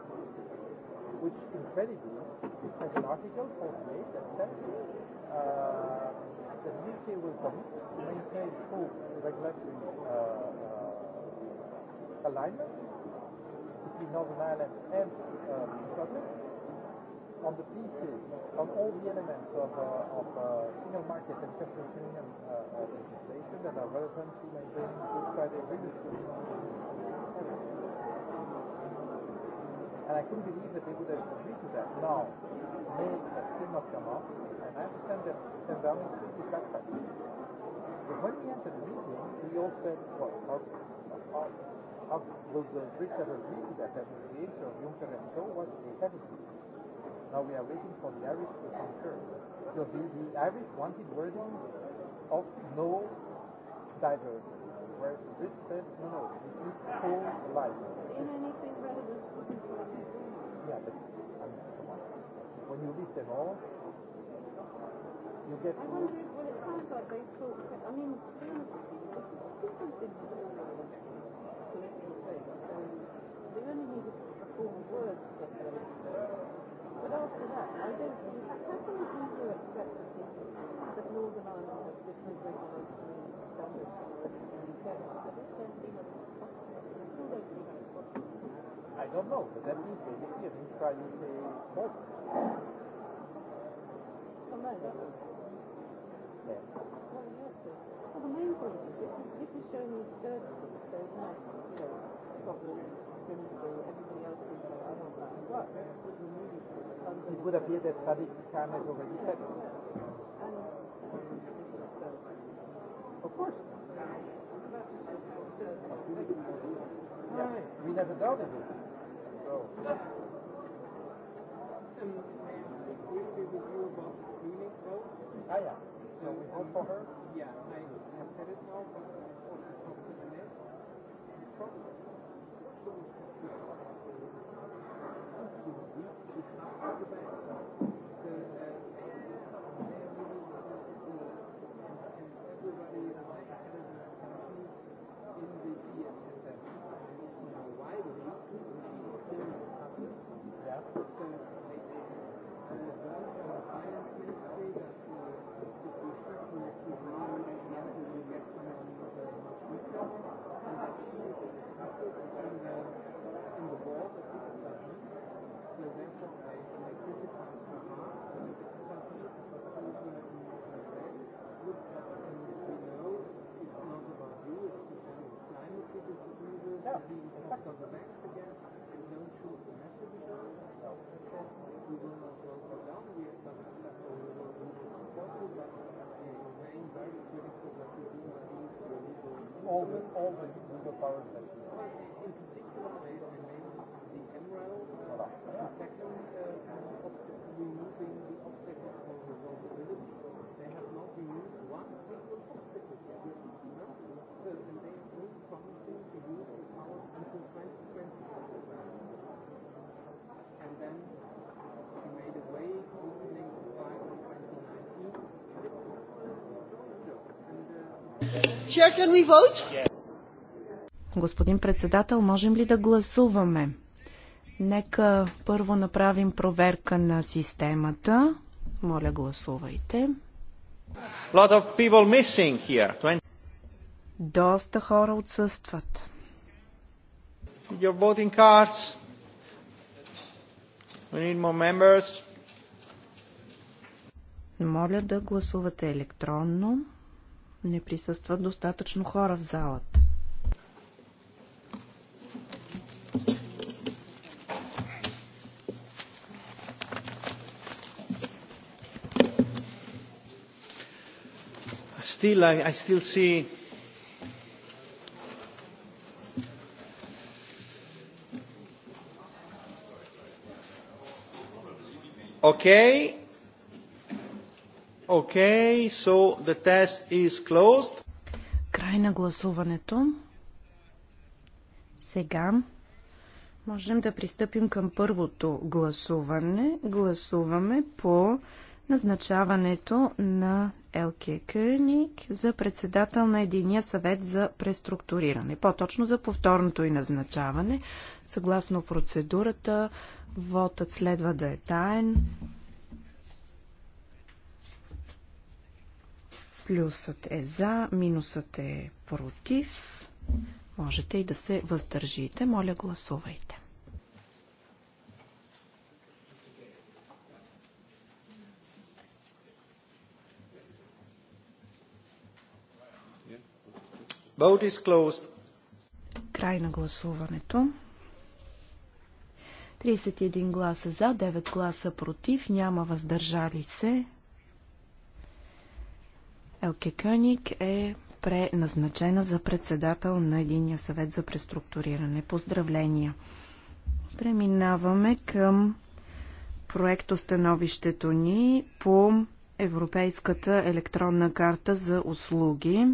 S5: which incredibly has an article called made that said uh, that UK will commit to maintain full regulatory uh, uh, alignment between Northern Ireland and uh, Scotland on the pieces, on all the elements of, uh, of uh, single market and customs union uh, uh, legislation that are relevant to maintaining good Friday agreements. And I couldn't believe that they would have agreed to that. Now, may has still not come up. I understand that St. But when we entered the meeting, we all said, will the Brits ever agree that the age of Juncker and Co. was the 70s? Now we are waiting for the Irish to concur. Because the, the Irish wanted wording of no divergence, whereas the Brits said, no, no, we need full life. In anything relevant. Yeah, but I mean, come on. When you list them all, you I wonder, well, like they thought, I mean, they only a form of words But after that, I don't think, we do that Northern Ireland has standards possible. I don't know, but that means they didn't try to say, there. Well, the main point this is, this is showing so I don't know. it would appear that study time has already And of course. We never doubted it. So. Um, we with you about Ah, yeah. Shall we for her? Yeah, I, said it now, but I thought I talked to Jeanette. all the all the legal powers that you have. In particular, they remain the MREL, uh, the second uh, removing the obstacle for resolvability. They have not removed one single obstacle yet. So, and they have been promising to use the until 2020. And then Chair, can we vote?
S4: Господин председател, можем ли да гласуваме? Нека първо направим проверка на системата. Моля, гласувайте.
S1: Lot of people missing here. 20...
S4: Доста хора отсъстват.
S1: Your voting cards. We need
S4: more members. Моля да гласувате електронно. Не присъстват достатъчно хора в залата.
S1: Still, I, I still see Okay. Okay, so the test is closed.
S4: Край на гласуването. Сега можем да пристъпим към първото гласуване. Гласуваме по назначаването на Елке Кюник за председател на Единия съвет за преструктуриране, по-точно за повторното и назначаване. Съгласно процедурата, вотът следва да е таен. Плюсът е за, минусът е против. Можете и да се въздържите. Моля, гласувайте.
S1: Vote is closed.
S4: Край на гласуването. 31 гласа за, 9 гласа против, няма въздържали се. Елке Кюник е преназначена за председател на Единия съвет за преструктуриране. Поздравления! Преминаваме към проектостановището ни по Европейската електронна карта за услуги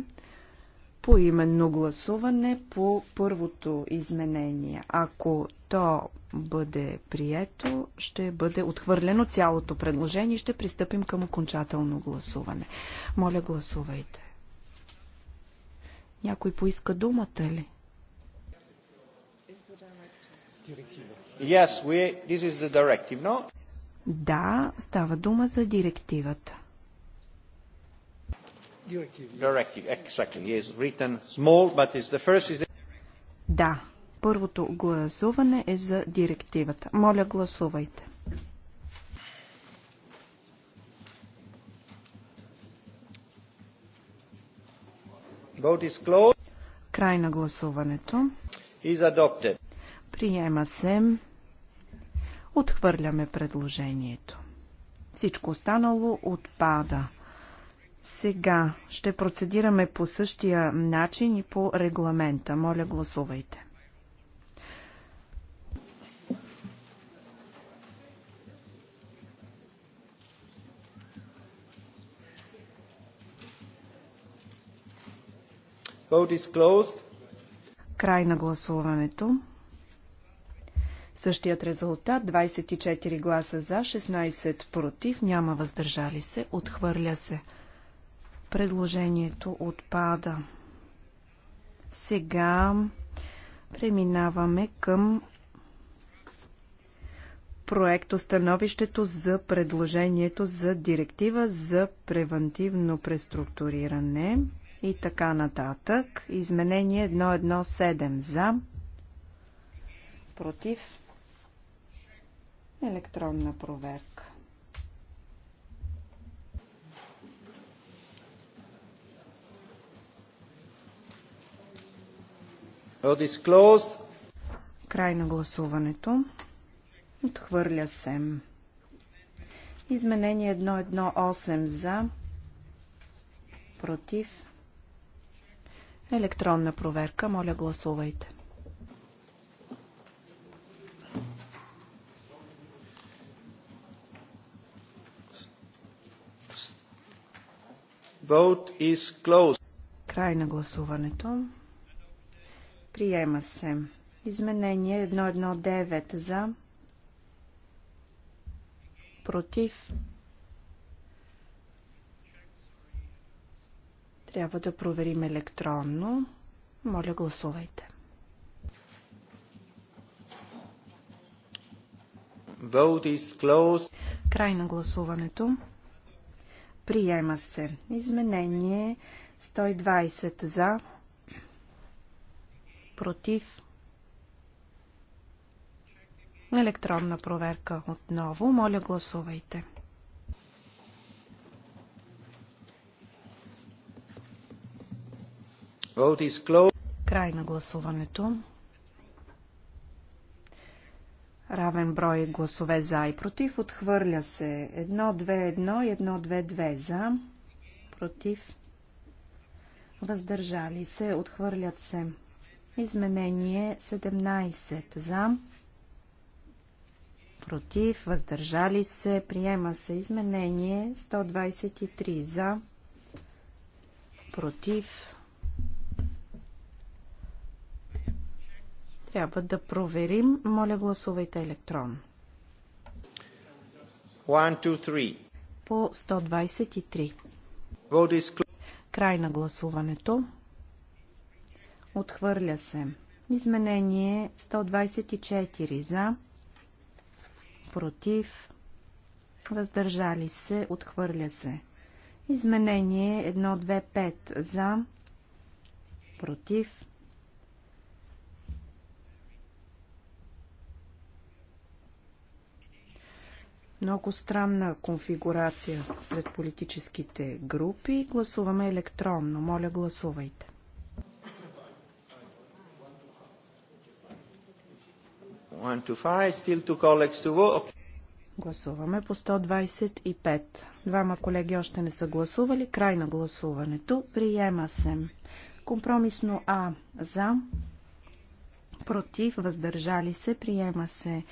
S4: по именно гласуване по първото изменение. Ако то бъде прието, ще бъде отхвърлено цялото предложение и ще пристъпим към окончателно гласуване. Моля, гласувайте. Някой поиска думата ли?
S1: Yes, we, this is the directive, no?
S4: Да, става дума за директивата.
S1: Directive, yes. Directive, exactly. Yes, written small, but it's the first is the...
S4: Да, Първото гласуване е за директивата. Моля, гласувайте. Край на гласуването. Приема се. Отхвърляме предложението. Всичко останало отпада. Сега ще процедираме по същия начин и по регламента. Моля, гласувайте.
S1: Vote is closed.
S4: Край на гласуването. Същият резултат 24 гласа за, 16 против, няма въздържали се, отхвърля се. Предложението отпада. Сега преминаваме към проектостановището за предложението за директива за превентивно преструктуриране и така нататък. Изменение 117 за, против, електронна проверка. Край на гласуването. Отхвърля се. Изменение 118 за, против, Електронна проверка. Моля, гласувайте.
S1: Vote is closed.
S4: Край на гласуването. Приема се. Изменение 119 за. Против. Трябва да проверим електронно. Моля, гласувайте.
S1: Vote is
S4: closed. Край на гласуването. Приема се. Изменение 120 за. Против. Електронна проверка отново. Моля, гласувайте. Край на гласуването. Равен брой гласове за и против. Отхвърля се 1-2-1 и 1-2-2 за. Против. Въздържали се. Отхвърлят се. Изменение 17 за против, въздържали се, приема се изменение 123 за, против, Трябва да проверим. Моля, гласувайте електрон. По 123. Край на гласуването. Отхвърля се. Изменение 124 за, против, въздържали се, отхвърля се. Изменение 125 за, против, Много странна конфигурация сред политическите групи. Гласуваме електронно. Моля, гласувайте. Гласуваме по 125. Двама колеги още не са гласували. Край на гласуването. Приема се. Компромисно А за. Против. Въздържали се. Приема се.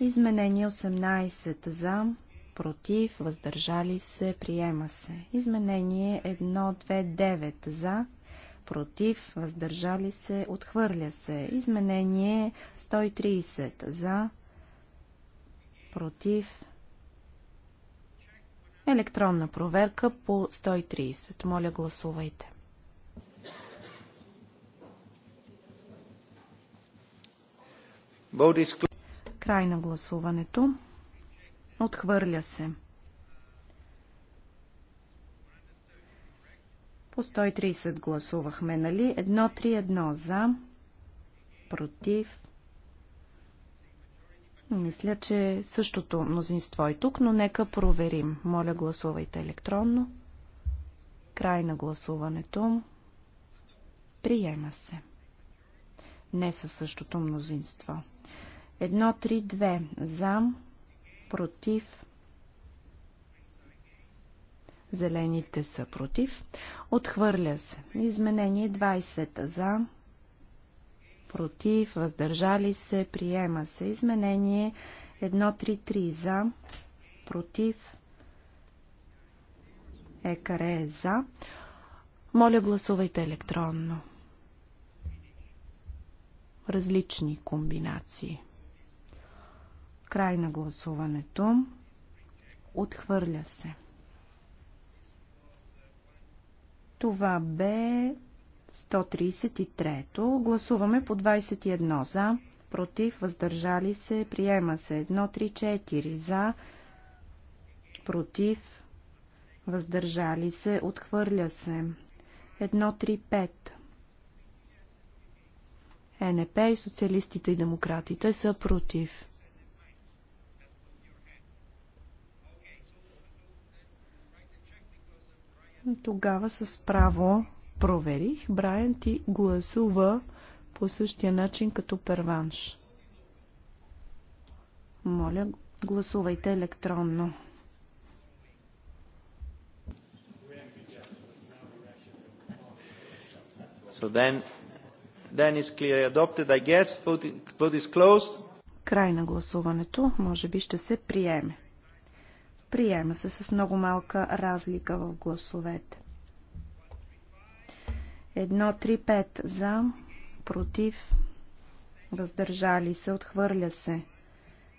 S4: Изменение 18 за, против, въздържали се, приема се. Изменение 129 за, против, въздържали се, отхвърля се. Изменение 130 за, против. Електронна проверка по 130. Моля, гласувайте. Vote Край на гласуването. Отхвърля се. По 130 гласувахме, нали? 1-3-1 за, против. Мисля, че същото мнозинство е тук, но нека проверим. Моля, гласувайте електронно. Край на гласуването. Приема се. Не със същото мнозинство. Едно 3 2 за, против, зелените са против, отхвърля се. Изменение 20 за, против, въздържали се, приема се. Изменение 1-3-3 за, против, екаре е за. Моля, гласувайте електронно. Различни комбинации. Край на гласуването. Отхвърля се. Това бе 133-то. Гласуваме по 21 за, против, въздържали се, приема се 3-4 за, против, въздържали се, отхвърля се 5. ЕНП и социалистите и демократите са против. Тогава с право проверих. Брайан ти гласува по същия начин като перванш. Моля, гласувайте електронно.
S1: So then, then is clearly adopted, I guess. vote is closed.
S4: Край на гласуването. Може би ще се приеме. Приема се с много малка разлика в гласовете. 1-3-5 за, против, въздържали се, отхвърля се.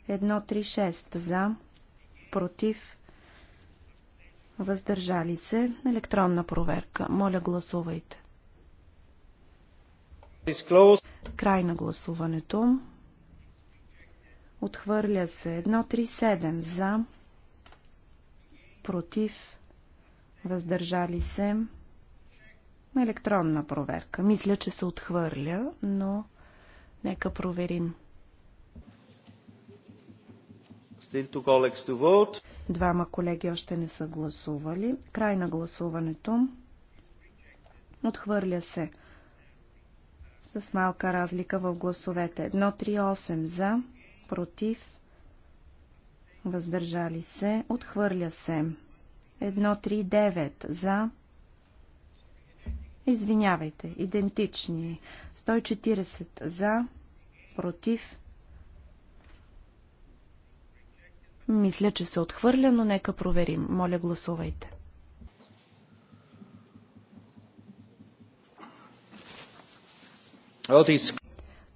S4: 1-3-6 за, против, въздържали се. Електронна проверка. Моля, гласувайте. Край на гласуването. Отхвърля се 1-3-7 за, против, въздържали се. Електронна проверка. Мисля, че се отхвърля, но нека проверим. Двама колеги още не са гласували. Край на гласуването. Отхвърля се. С малка разлика в гласовете. 1-3-8 за, против, въздържали се, отхвърля се. 139 за. Извинявайте, идентични. 140 за, против. Мисля, че се отхвърля, но нека проверим. Моля, гласувайте.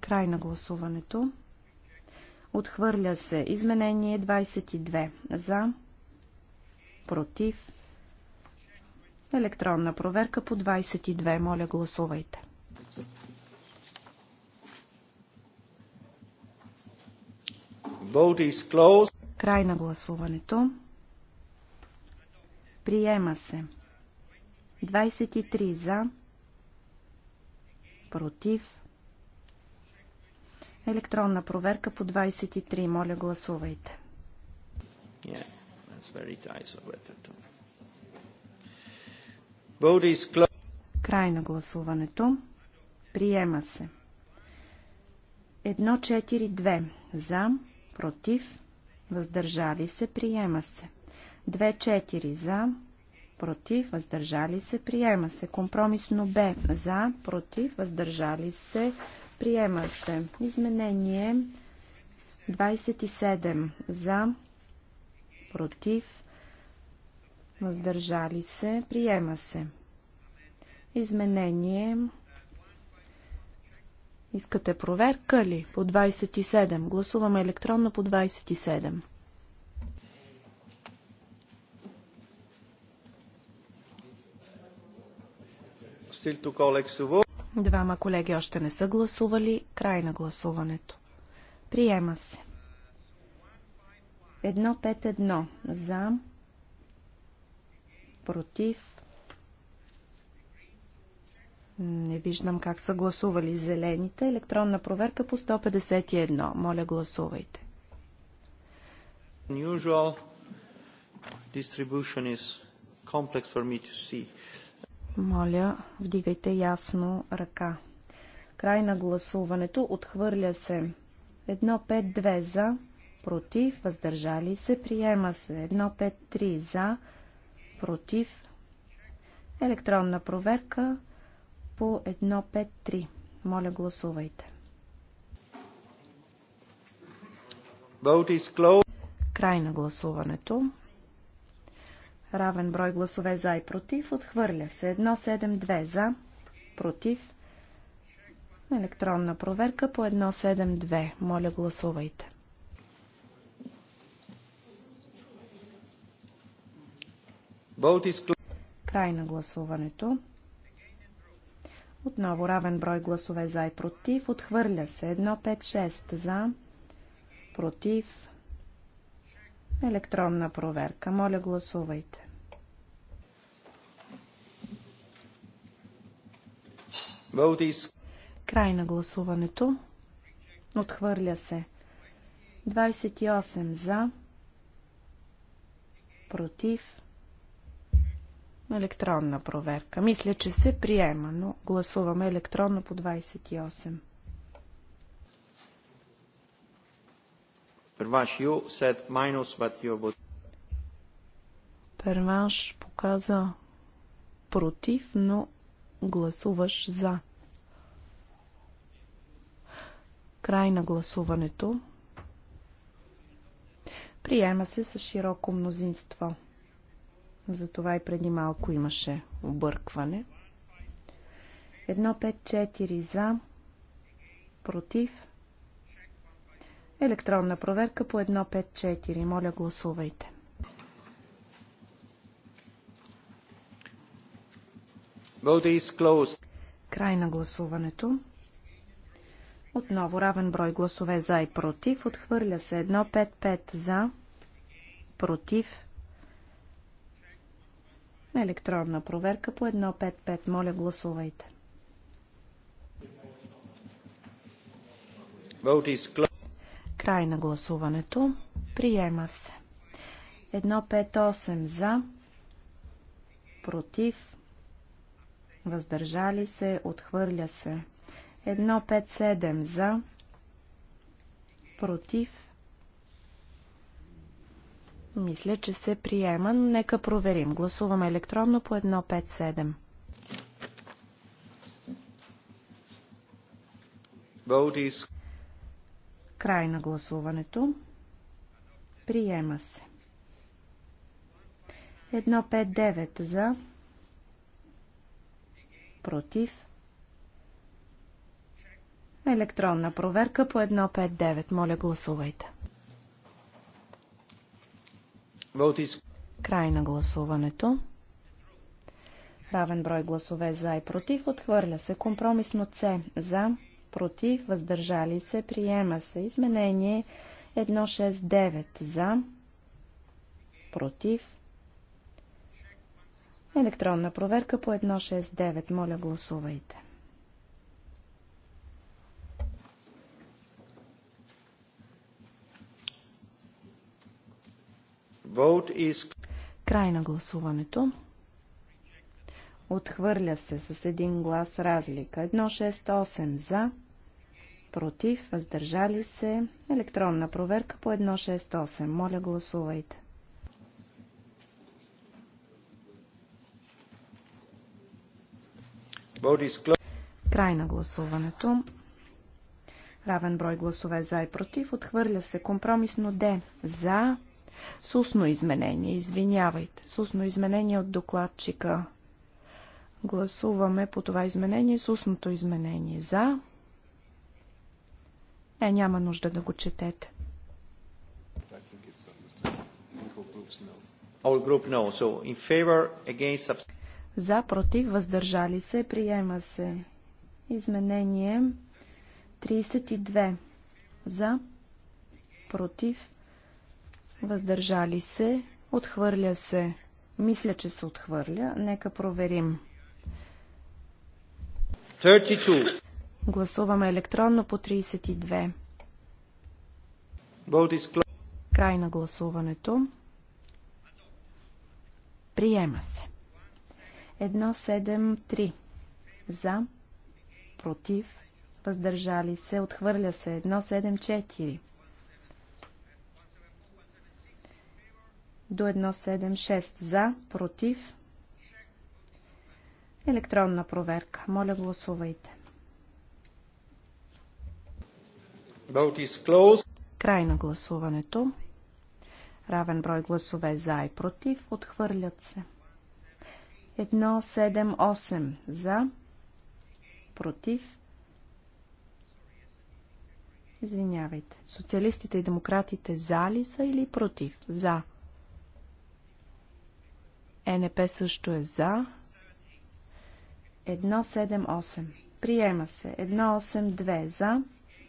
S4: Край на гласуването. Отхвърля се. Изменение 22. За. Против. Електронна проверка по 22. Моля, гласувайте. Край на гласуването. Приема се. 23 за. Против. Електронна проверка по 23. Моля, гласувайте. Край на гласуването. Приема се. 1-4-2. За, против, въздържали се, приема се. 2-4 за, против, въздържали се, приема се. Компромисно Б за, против, въздържали се, Приема се. Изменение 27 за, против, въздържали се. Приема се. Изменение. Искате проверка ли? По 27. Гласуваме електронно по 27.
S1: Still to call
S4: Двама колеги още не са гласували. Край на гласуването. Приема се. 1-5-1. За. Против. Не виждам как са гласували зелените. Електронна проверка по 151. Моля, гласувайте.
S1: Unusual distribution is complex for me to see.
S4: Моля, вдигайте ясно ръка. Край на гласуването. Отхвърля се. 1-5-2 за, против, въздържали се, приема се. 1-5-3 за, против. Електронна проверка по 1-5-3. Моля, гласувайте. Край на гласуването равен брой гласове за и против, отхвърля се 172 за, против, електронна проверка по 172. Моля гласувайте. Край на гласуването. Отново равен брой гласове за и против. Отхвърля се 156 за, против, Електронна проверка. Моля, гласувайте. Край на гласуването. Отхвърля се. 28 за. Против. Електронна проверка. Мисля, че се приема, но гласуваме електронно по 28.
S1: Перваш you said minus, you would...
S4: показа против, но гласуваш за. Край на гласуването. Приема се с широко мнозинство. Затова и преди малко имаше объркване. 1-5-4 за, против, Електронна проверка по 154. Моля, гласувайте. Край на гласуването. Отново равен брой гласове за и против. Отхвърля се 155 за, против. Електронна проверка по 155. Моля, гласувайте. Край на гласуването. Приема се. 158 за, против, въздържали се, отхвърля се. 157 за, против. Мисля, че се приема. но Нека проверим. Гласуваме електронно по 157.
S1: Vote
S4: Край на гласуването. Приема се. 159 за. Против. Електронна проверка по 159. Моля, гласувайте. Край на гласуването. Равен брой гласове за и против. Отхвърля се компромисно С. За против, въздържали се, приема се. Изменение 169 за, против. Електронна проверка по 169. Моля, гласувайте. Край на гласуването. Отхвърля се с един глас разлика. 168 за, против, въздържали се. Електронна проверка по 168. Моля, гласувайте. Край на гласуването. Равен брой гласове за и против. Отхвърля се компромисно Д. За. Сусно изменение. Извинявайте. Сусно изменение от докладчика Гласуваме по това изменение с устното изменение. За. Е, няма нужда да го четете.
S1: No. So favor, against...
S4: За, против, въздържали се, приема се. Изменение 32. За, против, въздържали се, отхвърля се. Мисля, че се отхвърля. Нека проверим.
S1: 32.
S4: Гласуваме електронно по 32. Край на гласуването. Приема се. 173. За. Против. Въздържали се. Отхвърля се. 174. До 176. За. Против. Електронна проверка. Моля гласувайте. Край на гласуването. Равен брой гласове за и против. Отхвърлят се. 178 за. Против. Извинявайте. Социалистите и демократите за ли са или против? За. ЕНП също е за. 178. Приема се. 182 за,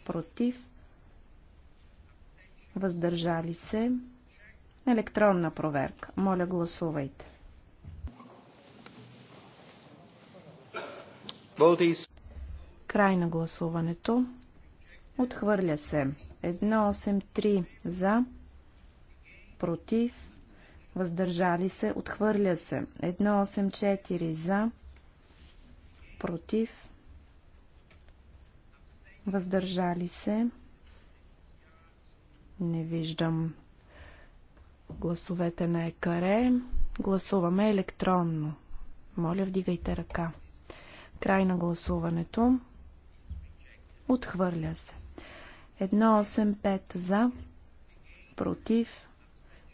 S4: против, въздържали се. Електронна проверка. Моля, гласувайте. Край на гласуването. Отхвърля се. 183 за, против, въздържали се. Отхвърля се. 184 за, против против, въздържали се. Не виждам гласовете на екаре. Гласуваме електронно. Моля, вдигайте ръка. Край на гласуването. Отхвърля се. 185 за, против,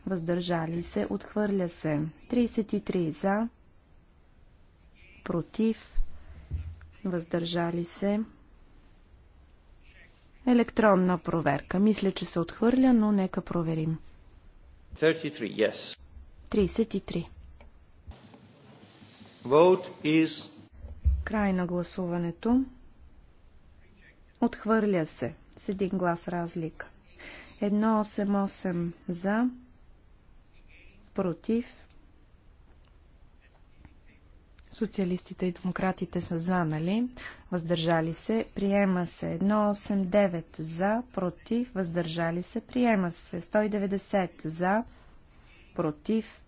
S4: въздържали се, отхвърля се. 33 за, против, въздържали се. Електронна проверка. Мисля, че се отхвърля, но нека проверим.
S1: 33, yes.
S4: 33.
S1: Vote is...
S4: Край на гласуването. Отхвърля се с един глас разлика. 188 за, против, Социалистите и демократите са за, нали? Въздържали се, приема се. 189 за, против, въздържали се, приема се. 190 за, против.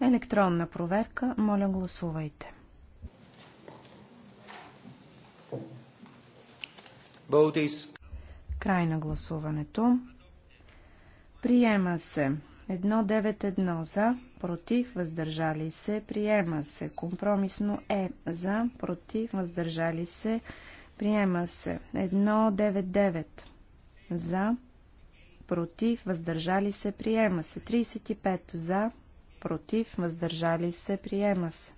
S4: Електронна проверка, моля гласувайте. Край на гласуването. Приема се. 191 за, против, въздържали се, приема се. Компромисно е за, против, въздържали се, приема се. 199 за, против, въздържали се, приема се. 35 за, против, въздържали се, приема се.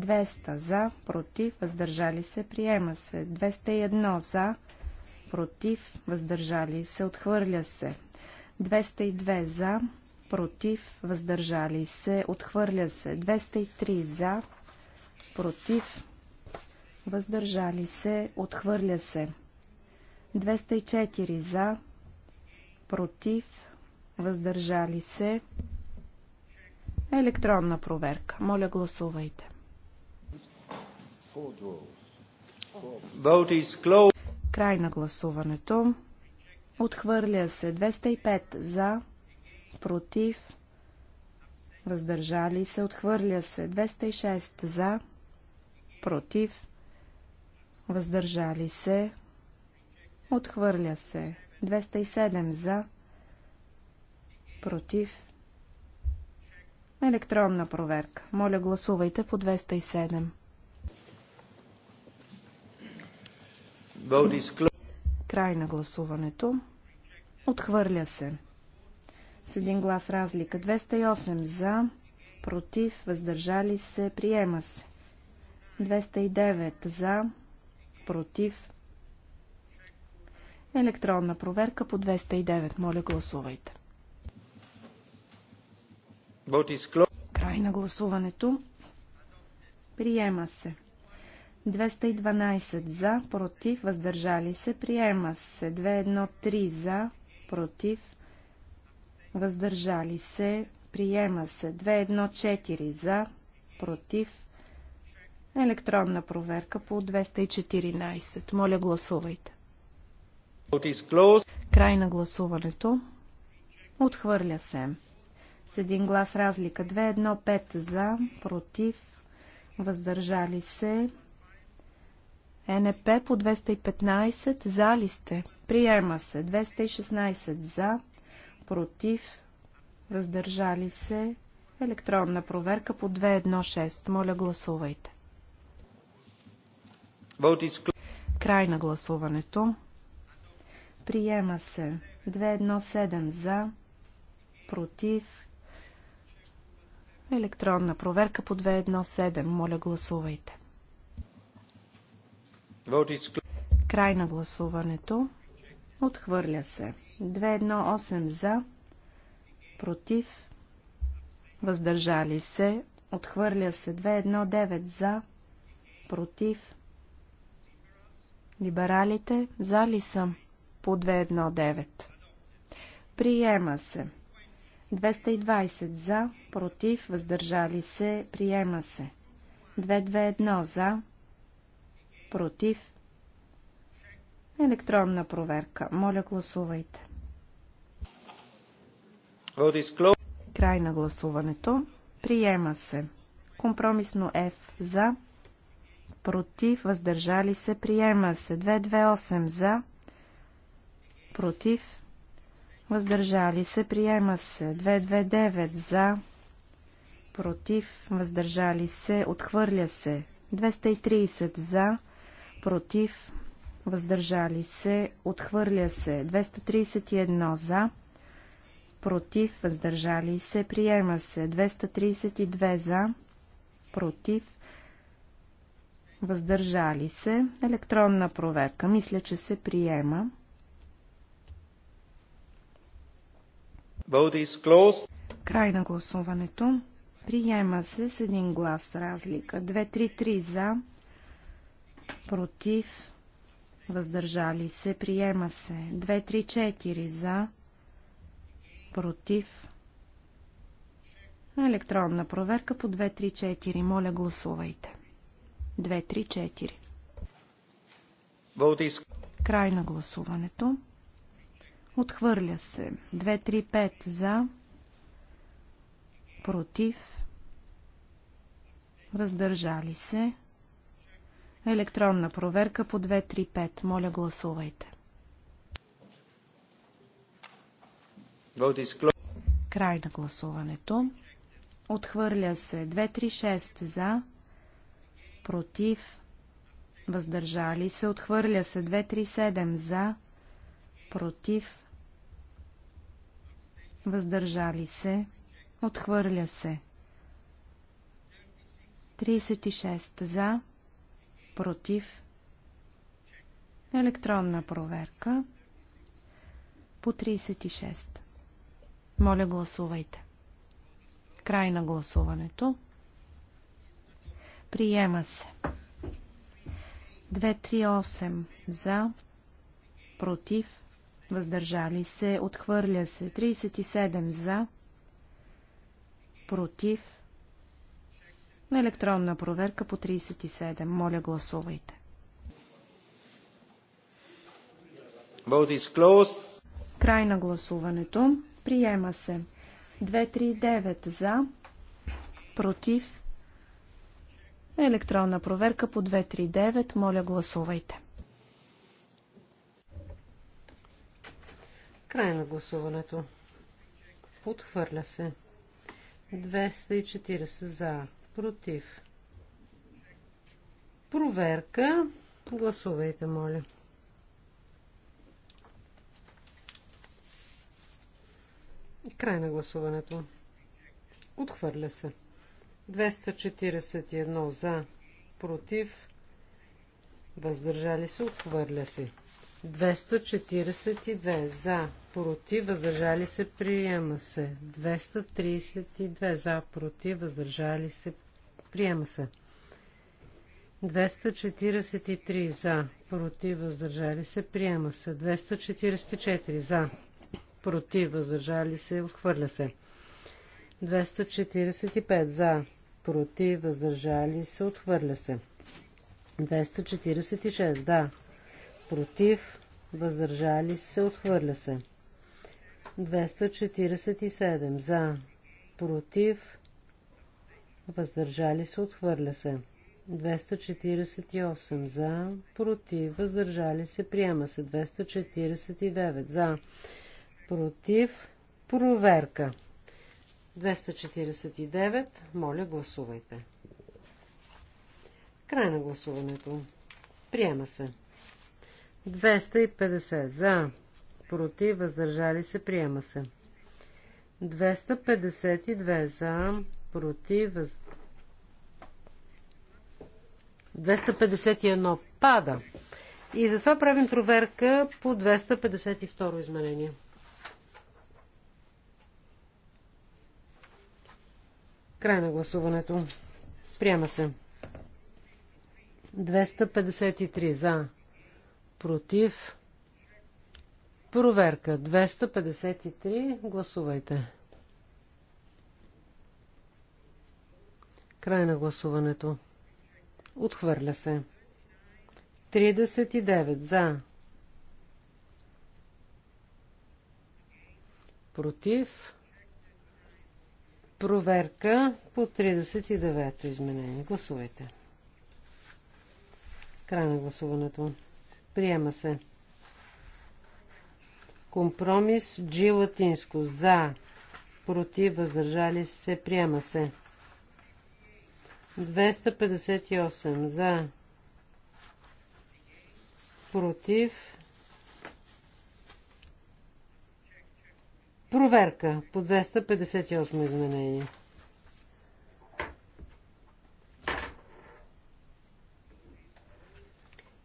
S4: 200 за, против, въздържали се, приема се. 201 за, против, въздържали се, отхвърля се. 202 за, против, въздържали се, отхвърля се. 203 за, против, въздържали се, отхвърля се. 204 за, против, въздържали се. Електронна проверка. Моля, гласувайте. Край на гласуването. Отхвърля се 205 за, против, въздържали се, отхвърля се. 206 за, против, въздържали се, отхвърля се. 207 за, против, електронна проверка. Моля гласувайте по 207. Край на гласуването. Отхвърля се с един глас разлика. 208 за, против, въздържали се, приема се. 209 за, против. Електронна проверка по 209. Моля, гласувайте. Край на гласуването. Приема се. 212 за, против, въздържали се, приема се. 213 за, против, въздържали се, приема се 214 за, против, електронна проверка по 214. Моля гласувайте. Край на гласуването. Отхвърля се. С един глас разлика 215 за, против, въздържали се. Е НП по 215 за ли сте? Приема се. 216 за, против, въздържали се. Електронна проверка по 216. Моля, гласувайте. Край на гласуването. Приема се 217 за, против. Електронна проверка по 217. Моля, гласувайте. Край на гласуването. Отхвърля се. 218 за, против, въздържали се, отхвърля се 219 за, против, либералите за ли са по 219? Приема се. 220 за, против, въздържали се, приема се. 221 за, против. Електронна проверка. Моля, гласувайте. Край на гласуването. Приема се. Компромисно F за. Против. Въздържали се. Приема се. 228 за. Против. Въздържали се. Приема се. 229 за. Против. Въздържали се. Отхвърля се. 230 за. Против. Въздържали се. Отхвърля се. 231 за против, въздържали се, приема се. 232 за, против, въздържали се. Електронна проверка. Мисля, че се приема. Край на гласуването. Приема се с един глас разлика. 233 за, против, въздържали се, приема се. 234 за, против, за, против. Електронна проверка по 234. Моля, гласувайте. 234. Край на гласуването. Отхвърля се. 235 за. Против. Въздържали се. Електронна проверка по 235. Моля, гласувайте. Край на гласуването. Отхвърля се 236 за, против, въздържали се. Отхвърля се 237 за, против, въздържали се. Отхвърля се. 36 за, против, електронна проверка по 36. Моля, гласувайте. Край на гласуването. Приема се. 238 за, против, въздържали се, отхвърля се. 37 за, против. Електронна проверка по 37. Моля, гласувайте. Край на гласуването. Приема се. 239 за. Против. Електронна проверка по 239. Моля, гласувайте.
S2: Край на гласуването. Отхвърля се. 240 за. Против. Проверка. Гласувайте, моля. Край на гласуването. Отхвърля се. 241 за, против, въздържали се, отхвърля се. 242 за, против, въздържали се, приема се. 232 за, против, въздържали се, приема се. 243 за, против, въздържали се, приема се. 244 за, против, въздържали се, отхвърля се. 245 за, против, въздържали се, отхвърля се. 246 да, против, въздържали се, отхвърля се. 247 за, против, въздържали се, отхвърля се. 248 за, против, въздържали се, приема се. 249 за, против, проверка. 249, моля гласувайте. Край на гласуването. Приема се. 250 за, против, въздържали се, приема се. 252 за, против, въз... 251 пада. И затова правим проверка по 252 изменение. Край на гласуването. Приема се. 253 за. Против. Проверка. 253. Гласувайте. Край на гласуването. Отхвърля се. 39 за. Против. Проверка по 39-то изменение. Гласувайте. Край на гласуването. Приема се. Компромис G латинско. За. Против. Въздържали се. Приема се. 258. За. Против. Проверка по 258 изменение.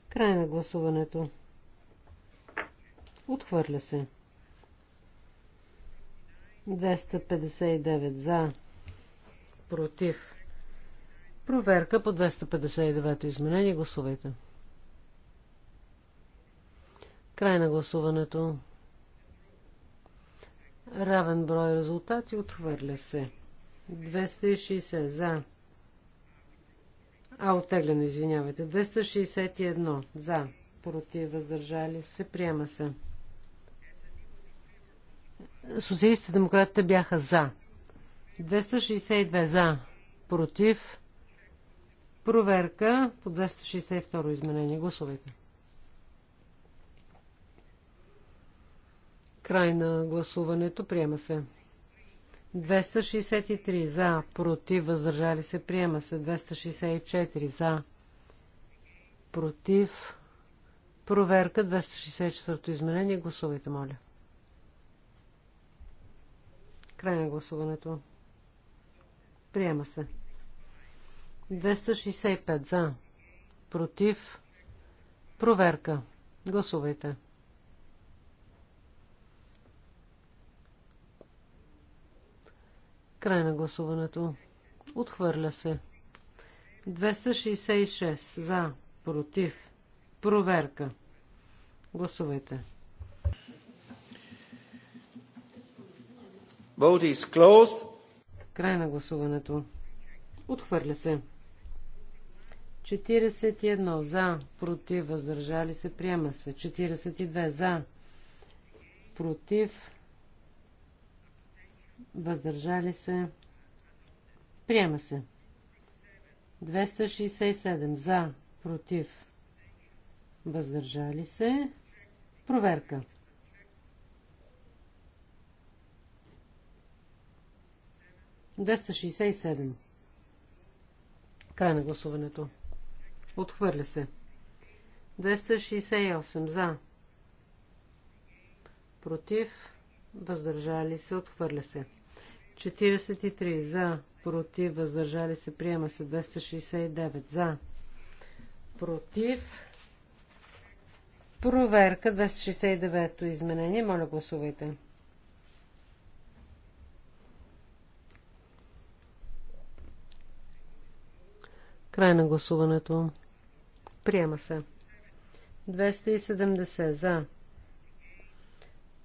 S2: Край на гласуването. Отхвърля се. 259 за. Против. Проверка по 259 изменение. Гласувайте. Край на гласуването. Равен брой резултати. Отхвърля се. 260 за. А, оттеглено, извинявайте. 261 за. Против, въздържали се. Приема се. Социалистите демократите бяха за. 262 за. Против. Проверка по 262 изменение. Гласувайте. Край на гласуването. Приема се. 263 за, против, въздържали се, приема се. 264 за, против. Проверка 264 то изменение. Гласувайте, моля. Край на гласуването. Приема се. 265 за, против. Проверка. Гласувайте. Край на гласуването. Отхвърля се. 266 за, против. Проверка. Гласувайте.
S1: Vote is closed.
S2: Край на гласуването. Отхвърля се. 41 за, против, въздържали се, приема се. 42 за, против, въздържали се, приема се. 267 за, против, въздържали се, проверка. Двеста Край на гласуването. Отхвърля се. 268 за. Против въздържали се, отхвърля се. 43 за, против, въздържали се, приема се. 269 за, против. Проверка 269-то изменение. Моля, гласувайте. Край на гласуването. Приема се. 270 за.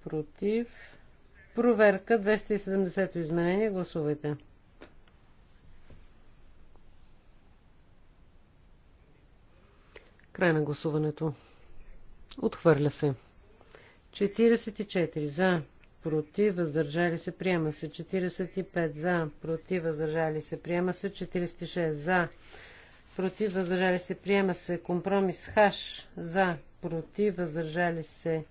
S2: Против. Проверка 270 изменение. Гласувайте. Край на гласуването. Отхвърля се. 44 за, против, въздържали се, приема се. 45 за, против, въздържали се, приема се. 46 за, против, въздържали се, приема се. Компромис хаш за, против, въздържали се,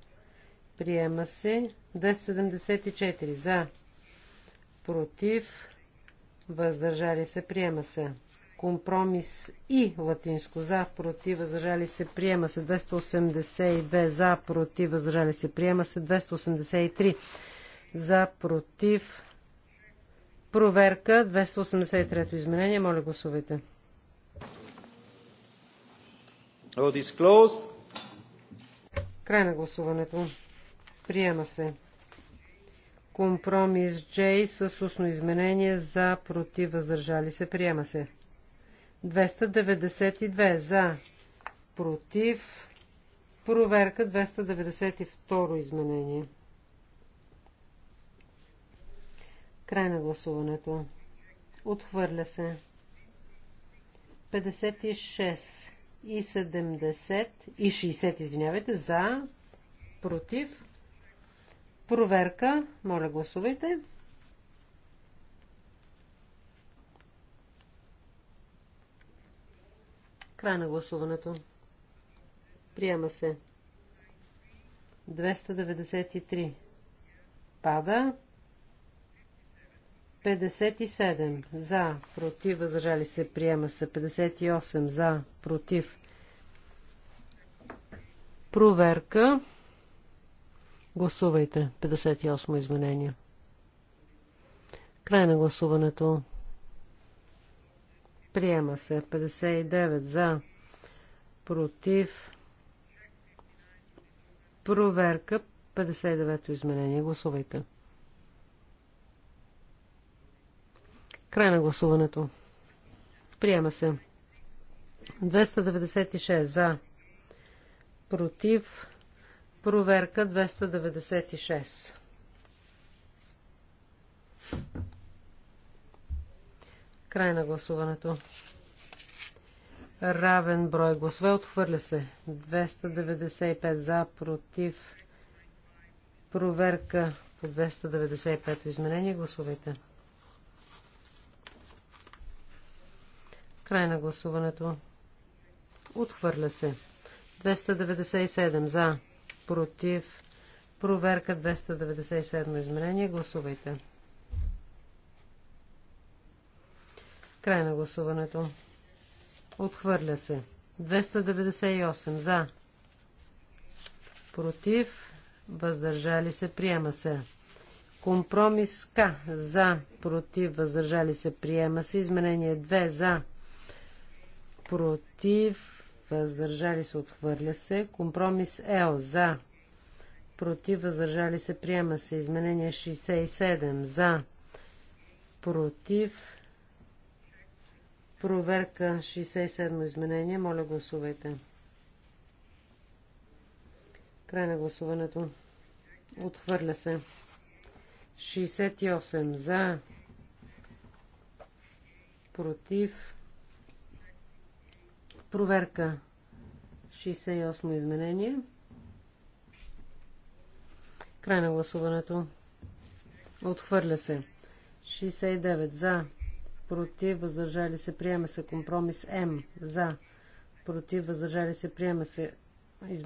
S2: Приема се 274 за. Против. Въздържали се. Приема се. Компромис и латинско за. Против. Въздържали се. Приема се. 282 за. Против. Въздържали се. Приема се. 283 за. Против. Проверка. 283 изменение. Моля гласувайте. Край на гласуването. Приема се. Компромис J с устно изменение за против въздържали се. Приема се. 292 за против. Проверка 292 изменение. Край на гласуването. Отхвърля се. 56 и 70 и 60, извинявайте, за, против, Проверка. Моля, гласувайте. Край на гласуването. Приема се. 293. Пада. 57. За. Против. възражали се. Приема се. 58. За. Против. Проверка. Гласувайте 58 изменение. Край на гласуването. Приема се 59 за, против, проверка 59-то изменение. Гласувайте. Край на гласуването. Приема се. 296 за, против, Проверка 296. Край на гласуването. Равен брой гласове. Отхвърля се. 295 за, против. Проверка по 295 изменение. Гласувайте. Край на гласуването. Отхвърля се. 297 за против. Проверка 297 изменение. Гласувайте. Край на гласуването. Отхвърля се. 298 за. Против. Въздържали се. Приема се. Компромис К. За. Против. Въздържали се. Приема се. Изменение 2. За. Против въздържали се, отхвърля се. Компромис Л е, за, против, въздържали се, приема се. Изменение 67 за, против. Проверка 67 изменение. Моля, гласувайте. Край на гласуването. Отхвърля се. 68 за, против Проверка. 68 изменение. Край на гласуването. Отхвърля се. 69 за. Против. Въздържали се. Приема се. Компромис М. За. Против. Въздържали се. Приема се. Из...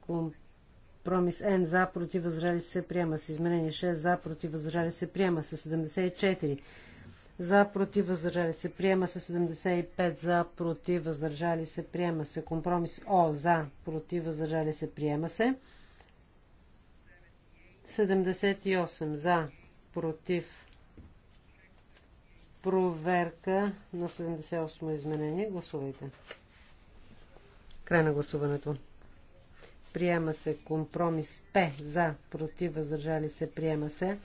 S2: Компромис Н. За. Против. Въздържали се. Приема се. Изменение 6. За. Против. Въздържали се. Приема се. 74 за против въздържали се приема се 75 за против въздържали се приема се компромис О за против въздържали се приема се 78 за против проверка на 78 изменение гласувайте край на гласуването приема се компромис П за против въздържали се приема се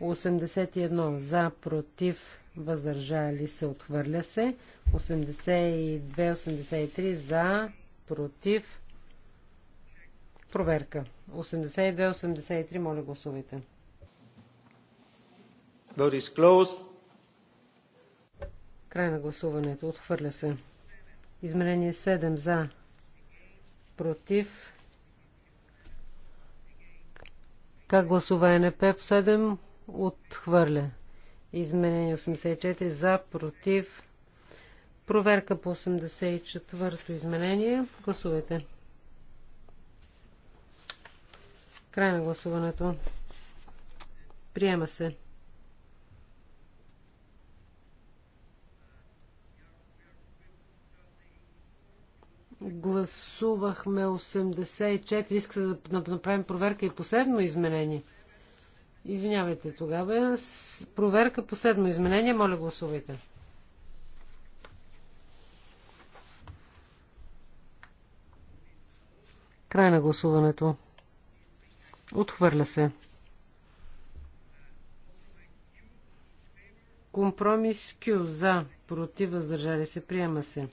S2: 81 за против въздържали се, отхвърля се. 82-83 за, против, проверка. 82-83, моля гласувайте.
S1: is closed.
S2: Край на гласуването. Отхвърля се. Изменение 7 за. Против. Как гласува НП 7? Отхвърля. Изменение 84 за, против. Проверка по 84-то изменение. Гласувайте. Край на гласуването. Приема се. Гласувахме 84. Искате да направим проверка и последно изменение. Извинявайте тогава. Е проверка по седмо изменение. Моля гласувайте. Край на гласуването. Отхвърля се. Компромис Q за. Против въздържали се. Приема се.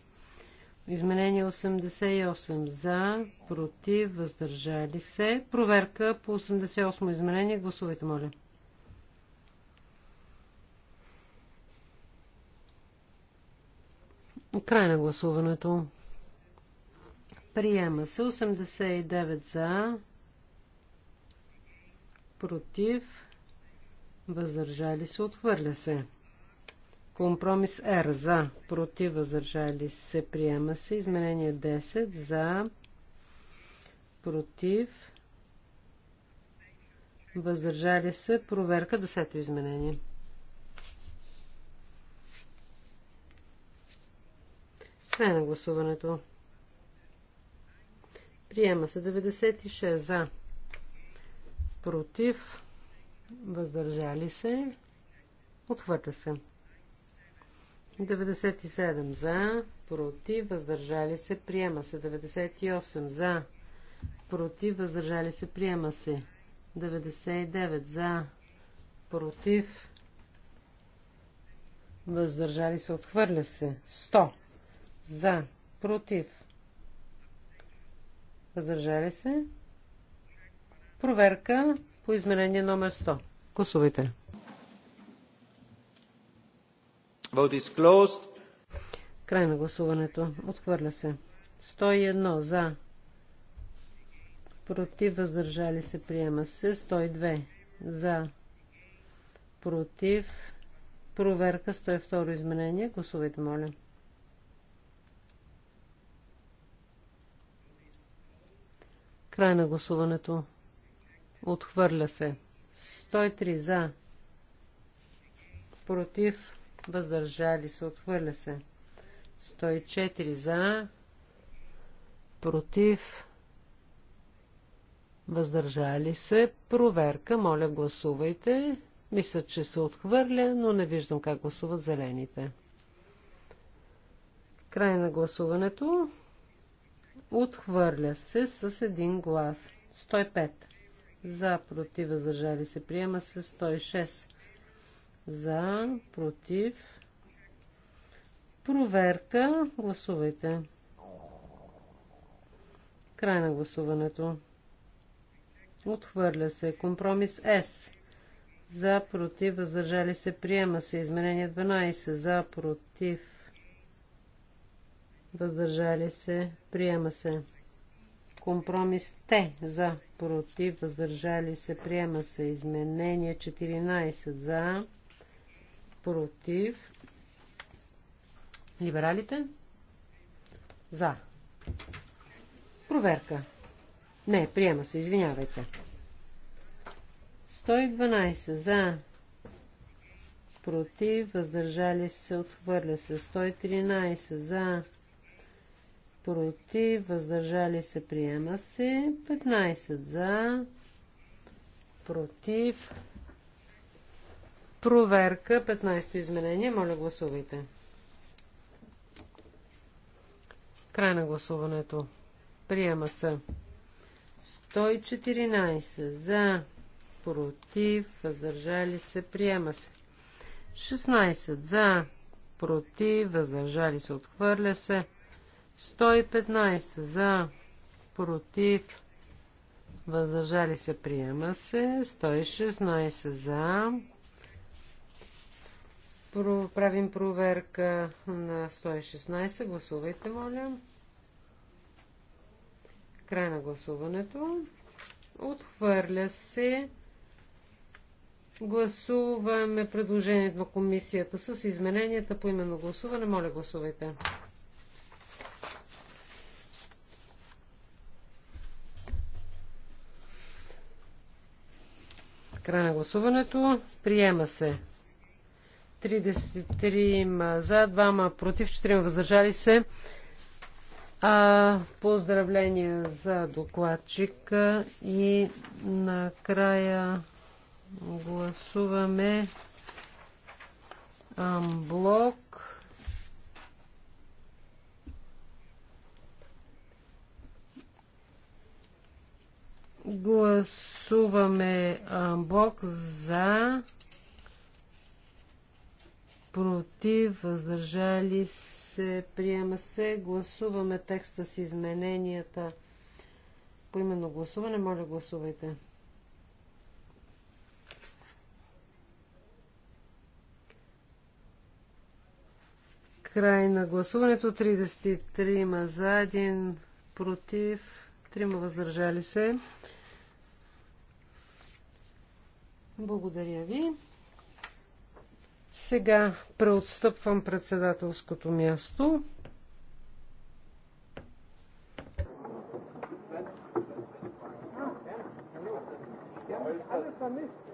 S2: Изменение 88 за, против, въздържали се. Проверка по 88 изменение. Гласувайте, моля. Край на гласуването. Приема се 89 за, против, въздържали се, отхвърля се. Компромис Р за, против, въздържали се, приема се. Изменение 10 за, против, въздържали се, проверка, десето изменение. Край на гласуването. Приема се 96 за, против, въздържали се, отхвърля се. 97 за, против, въздържали се, приема се. 98 за, против, въздържали се, приема се. 99 за, против, въздържали се, отхвърля се. 100 за, против, въздържали се. Проверка по изменение номер 100. Косовите.
S1: Vote is closed.
S2: Край на гласуването. Отхвърля се. 101 за. Против въздържали се. Приема се. 102 за. Против. Проверка. 102 изменение. Гласувайте, моля. Край на гласуването. Отхвърля се. 103 за. Против въздържали се, отхвърля се. 104 за, против, въздържали се, проверка, моля гласувайте. Мисля, че се отхвърля, но не виждам как гласуват зелените. Край на гласуването. Отхвърля се с един глас. 105. За, против, въздържали се, приема се 106 за, против. Проверка. Гласувайте. Край на гласуването. Отхвърля се. Компромис С. За, против, въздържали се, приема се. Изменение 12. За, против, въздържали се, приема се. Компромис Т. За, против, въздържали се, приема се. Изменение 14. За, против, либералите, за. Проверка. Не, приема се, извинявайте. 112 за, против, въздържали се, отхвърля се. 113 за, против, въздържали се, приема се. 15 за, против, Проверка 15-то изменение. Моля гласувайте. Край на гласуването. Приема се. 114 за, против, въздържали се, приема се. 16 за, против, въздържали се, отхвърля се. 115 за, против, въздържали се, приема се. 116 за, Правим проверка на 116. Гласувайте, моля. Край на гласуването. Отхвърля се. Гласуваме предложението на комисията с измененията по именно гласуване. Моля, гласувайте. Край на гласуването. Приема се. 33 за, 2 против, 4 въздържали се. А, поздравления за докладчика и накрая гласуваме амблок. Гласуваме амблок за против, въздържали се, приема се. Гласуваме текста с измененията по именно гласуване. Моля, гласувайте. Край на гласуването. 33 ма за, 1 против, 3 ма въздържали се. Благодаря ви. Сега преотстъпвам председателското място.
S5: Thank you.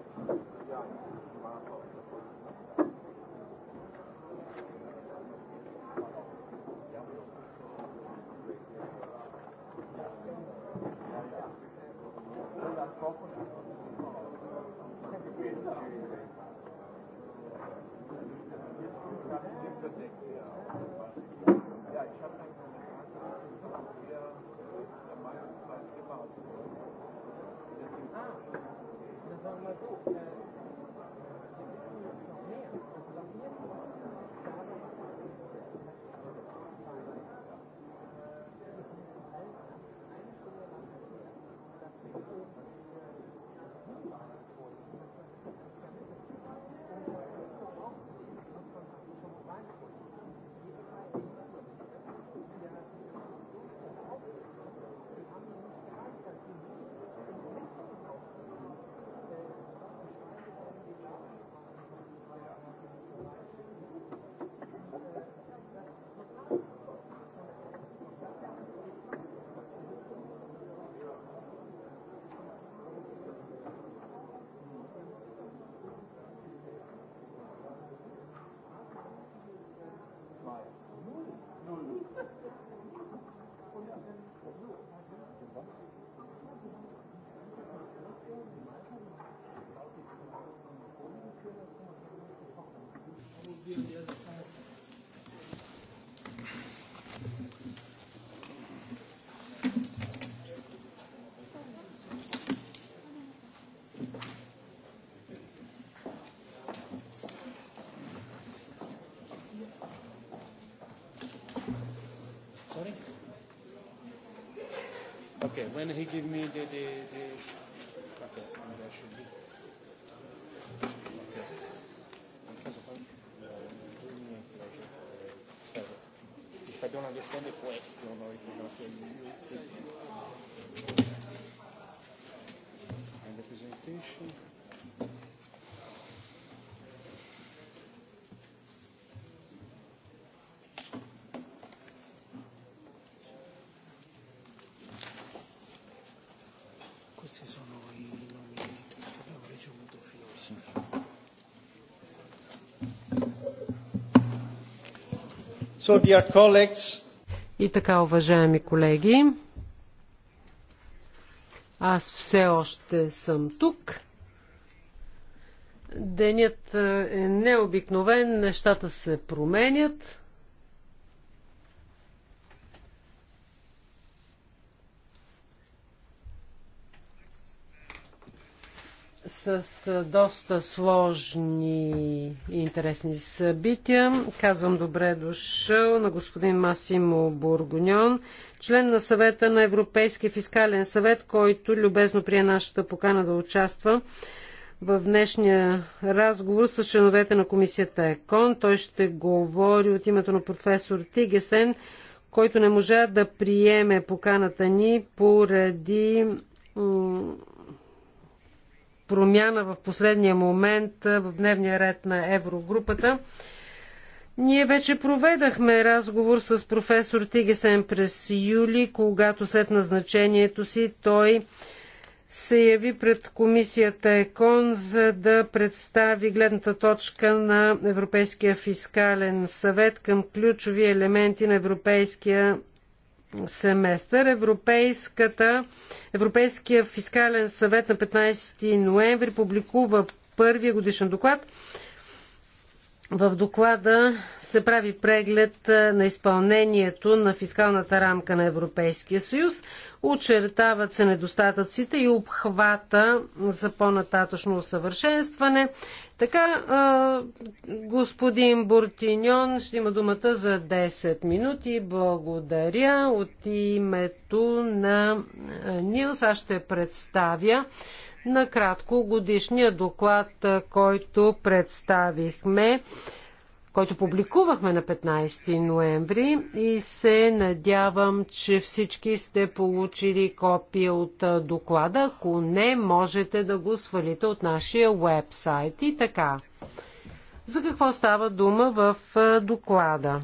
S5: Okay, when he give me the, the, the okay, I should be. Okay.
S1: If I don't understand the question or if you you and the presentation.
S2: So, И така, уважаеми колеги, аз все още съм тук. Денят е, е необикновен, нещата се променят. с доста сложни и интересни събития. Казвам добре дошъл на господин Масимо Бургоньон, член на съвета на Европейския фискален съвет, който любезно прие нашата покана да участва в днешния разговор с членовете на комисията ЕКОН. Той ще говори от името на професор Тигесен, който не можа да приеме поканата ни поради промяна в последния момент в дневния ред на Еврогрупата. Ние вече проведахме разговор с професор Тигесен през юли, когато след назначението си той се яви пред комисията ЕКОН, за да представи гледната точка на Европейския фискален съвет към ключови елементи на Европейския семестър. Европейската, Европейския фискален съвет на 15 ноември публикува първия годишен доклад. В доклада се прави преглед е, на изпълнението на фискалната рамка на Европейския съюз. Очертават се недостатъците и обхвата за по-нататъчно усъвършенстване. Така, господин Буртиньон ще има думата за 10 минути. Благодаря. От името на Нилс аз ще представя накратко годишния доклад, който представихме който публикувахме на 15 ноември и се надявам, че всички сте получили копия от доклада. Ако не, можете да го свалите от нашия вебсайт. И така, за какво става дума в доклада?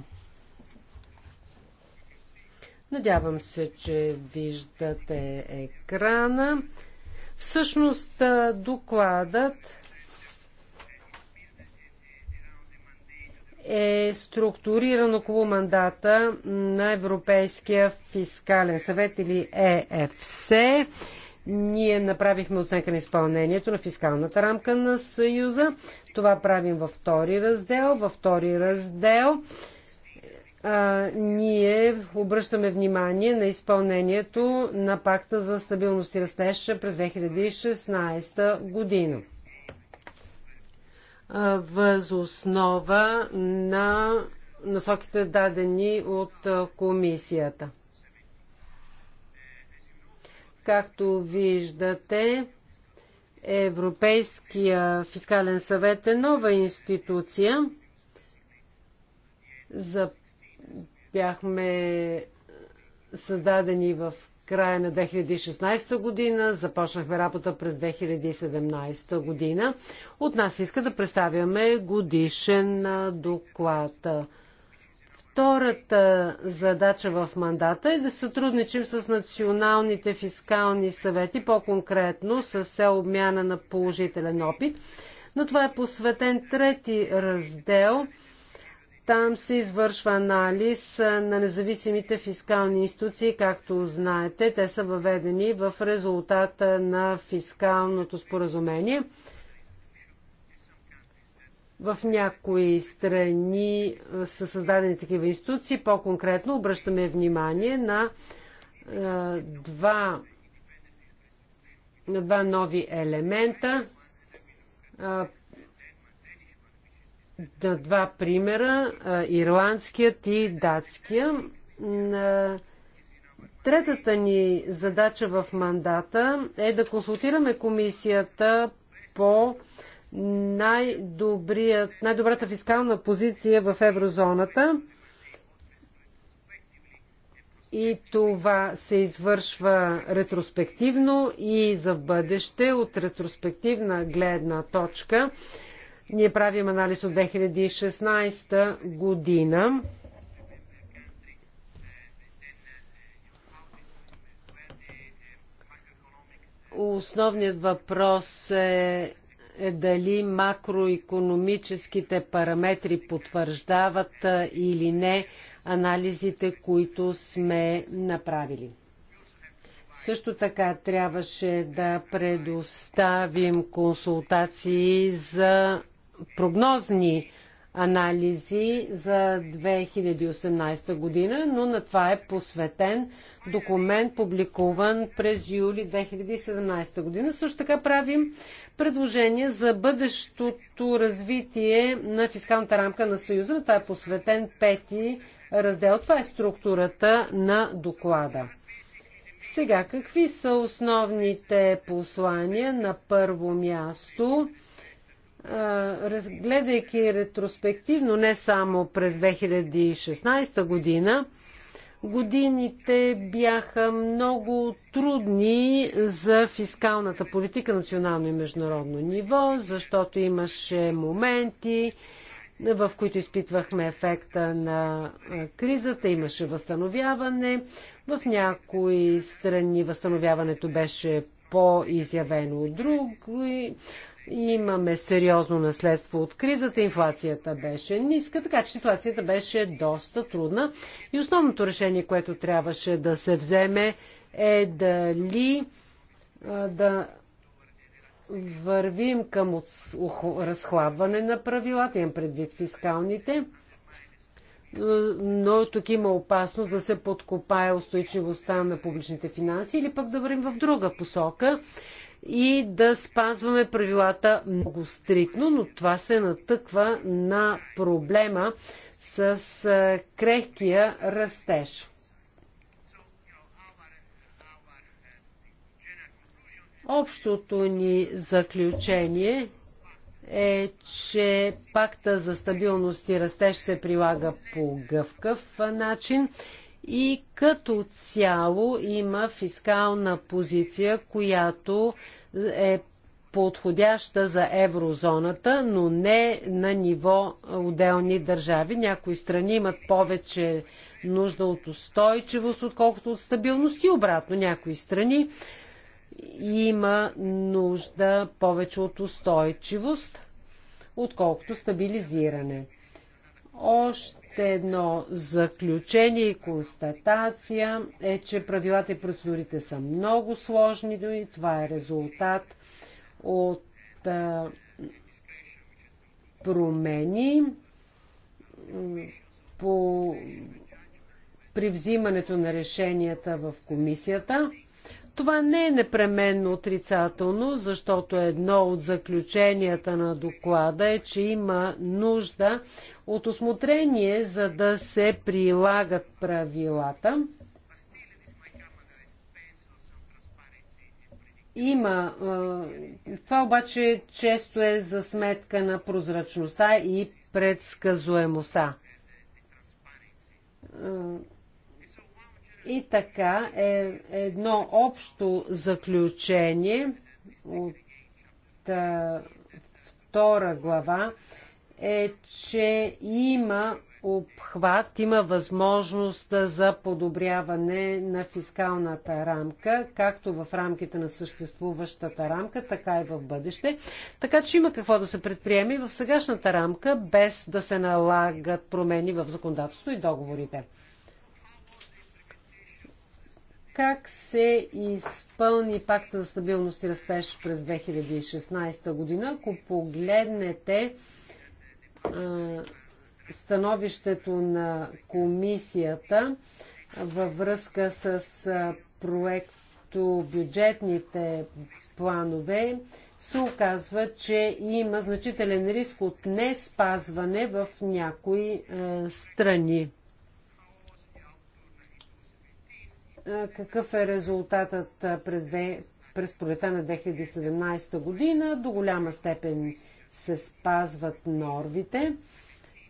S2: Надявам се, че виждате екрана. Всъщност докладът е структуриран около мандата на Европейския фискален съвет или ЕФС. Ние направихме оценка на изпълнението на фискалната рамка на Съюза. Това правим във втори раздел. Във втори раздел а, ние обръщаме внимание на изпълнението на пакта за стабилност и растеж през 2016 година възоснова на насоките дадени от комисията. Както виждате, Европейския фискален съвет е нова институция. За... Бяхме създадени в края на 2016 година, започнахме работа през 2017 година. От нас иска да представяме годишен доклад. Втората задача в мандата е да сътрудничим с националните фискални съвети, по-конкретно с цел обмяна на положителен опит. Но това е посветен трети раздел – там се извършва анализ на независимите фискални институции, както знаете. Те са въведени в резултата на фискалното споразумение. В някои страни са създадени такива институции. По-конкретно обръщаме внимание на два, на два нови елемента два примера ирландският и датския. Третата ни задача в мандата е да консултираме комисията по най най-добрата фискална позиция в еврозоната. И това се извършва ретроспективно и за бъдеще от ретроспективна гледна точка. Ние правим анализ от 2016 година. Основният въпрос е, е дали макроекономическите параметри потвърждават или не анализите, които сме направили. Също така трябваше да предоставим консултации за прогнозни анализи за 2018 година, но на това е посветен документ, публикуван през юли 2017 година. Също така правим предложение за бъдещото развитие на фискалната рамка на Съюза. Това е посветен пети раздел. Това е структурата на доклада. Сега, какви са основните послания на първо място? разгледайки ретроспективно не само през 2016 година, годините бяха много трудни за фискалната политика национално и международно ниво, защото имаше моменти, в които изпитвахме ефекта на кризата, имаше възстановяване. В някои страни възстановяването беше по-изявено от други. Имаме сериозно наследство от кризата, инфлацията беше ниска, така че ситуацията беше доста трудна. И основното решение, което трябваше да се вземе е дали да вървим към разхлабване на правилата, имам предвид фискалните, но тук има опасност да се подкопае устойчивостта на публичните финанси или пък да вървим в друга посока и да спазваме правилата много стрикно, но това се натъква на проблема с крехкия растеж. Общото ни заключение е, че пакта за стабилност и растеж се прилага по гъвкав начин и като цяло има фискална позиция, която е подходяща за еврозоната, но не на ниво отделни държави. Някои страни имат повече нужда от устойчивост, отколкото от стабилност и обратно. Някои страни има нужда повече от устойчивост, отколкото стабилизиране. Още още едно заключение и констатация е, че правилата и процедурите са много сложни и това е резултат от а, промени по, при взимането на решенията в комисията. Това не е непременно отрицателно, защото едно от заключенията на доклада е, че има нужда от осмотрение, за да се прилагат правилата. Има. Това обаче често е за сметка на прозрачността и предсказуемостта и така е едно общо заключение от втора глава е, че има обхват, има възможност за подобряване на фискалната рамка, както в рамките на съществуващата рамка, така и в бъдеще. Така че има какво да се предприеме и в сегашната рамка, без да се налагат промени в законодателството и договорите как се изпълни пакта за стабилност и растеж през 2016 година. Ако погледнете а, становището на комисията във връзка с а, проекто бюджетните планове, се оказва, че има значителен риск от не спазване в някои а, страни. какъв е резултатът през, две, през пролета на 2017 година. До голяма степен се спазват нормите.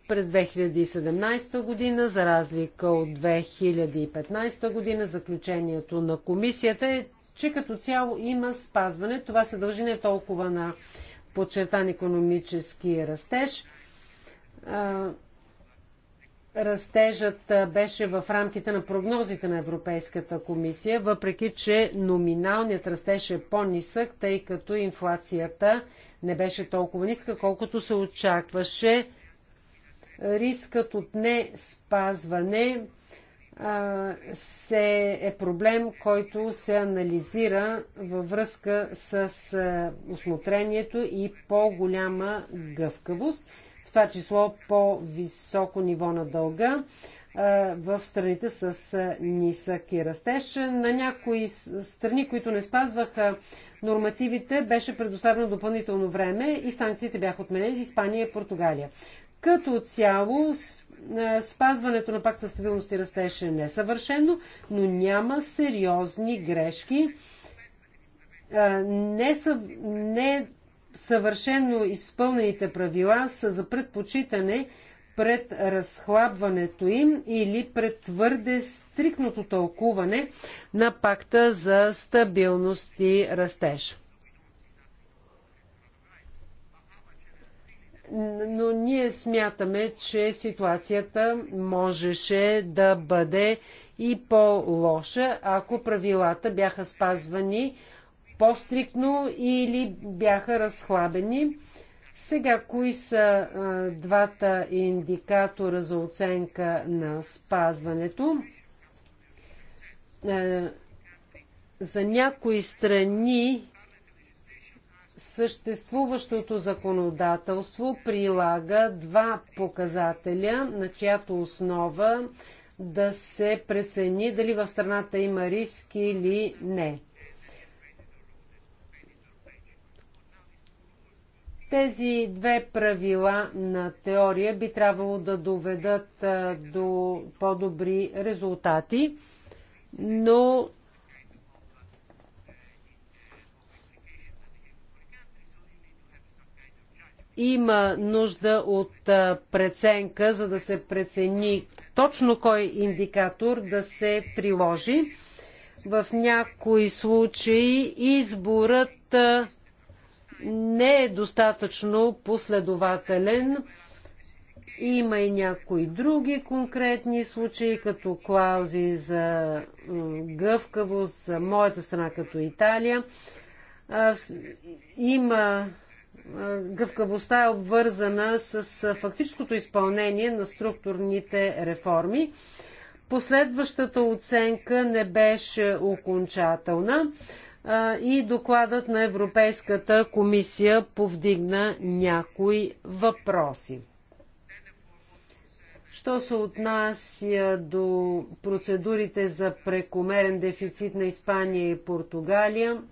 S2: През 2017 година, за разлика от 2015 година, заключението на комисията е, че като цяло има спазване. Това се дължи не толкова на подчертан економически растеж, Растежът беше в рамките на прогнозите на Европейската комисия, въпреки че номиналният растеж е по-нисък, тъй като инфлацията не беше толкова ниска, колкото се очакваше. Рискът от не спазване а, се, е проблем, който се анализира във връзка с а, осмотрението и по-голяма гъвкавост – това число по-високо ниво на дълга в страните с нисък и растеж. На някои страни, които не спазваха нормативите, беше предоставено допълнително време и санкциите бяха отменени за Испания и Португалия. Като цяло, спазването на пакта стабилност и растеж е несъвършено, но няма сериозни грешки. Не, съ... не съвършено изпълнените правила са за предпочитане пред разхлабването им или пред твърде стрикното тълкуване на пакта за стабилност и растеж. Но ние смятаме, че ситуацията можеше да бъде и по-лоша, ако правилата бяха спазвани по-стрикно или бяха разхлабени. Сега, кои са а, двата индикатора за оценка на спазването? А, за някои страни съществуващото законодателство прилага два показателя, на чиято основа да се прецени дали в страната има риск или не. Тези две правила на теория би трябвало да доведат до по-добри резултати, но има нужда от преценка, за да се прецени точно кой индикатор да се приложи. В някои случаи изборът не е достатъчно последователен. Има и някои други конкретни случаи, като клаузи за гъвкавост, за моята страна като Италия. Има гъвкавостта е обвързана с фактическото изпълнение на структурните реформи. Последващата оценка не беше окончателна и докладът на Европейската комисия повдигна някои въпроси. Що се отнася до процедурите за прекомерен дефицит на Испания и Португалия,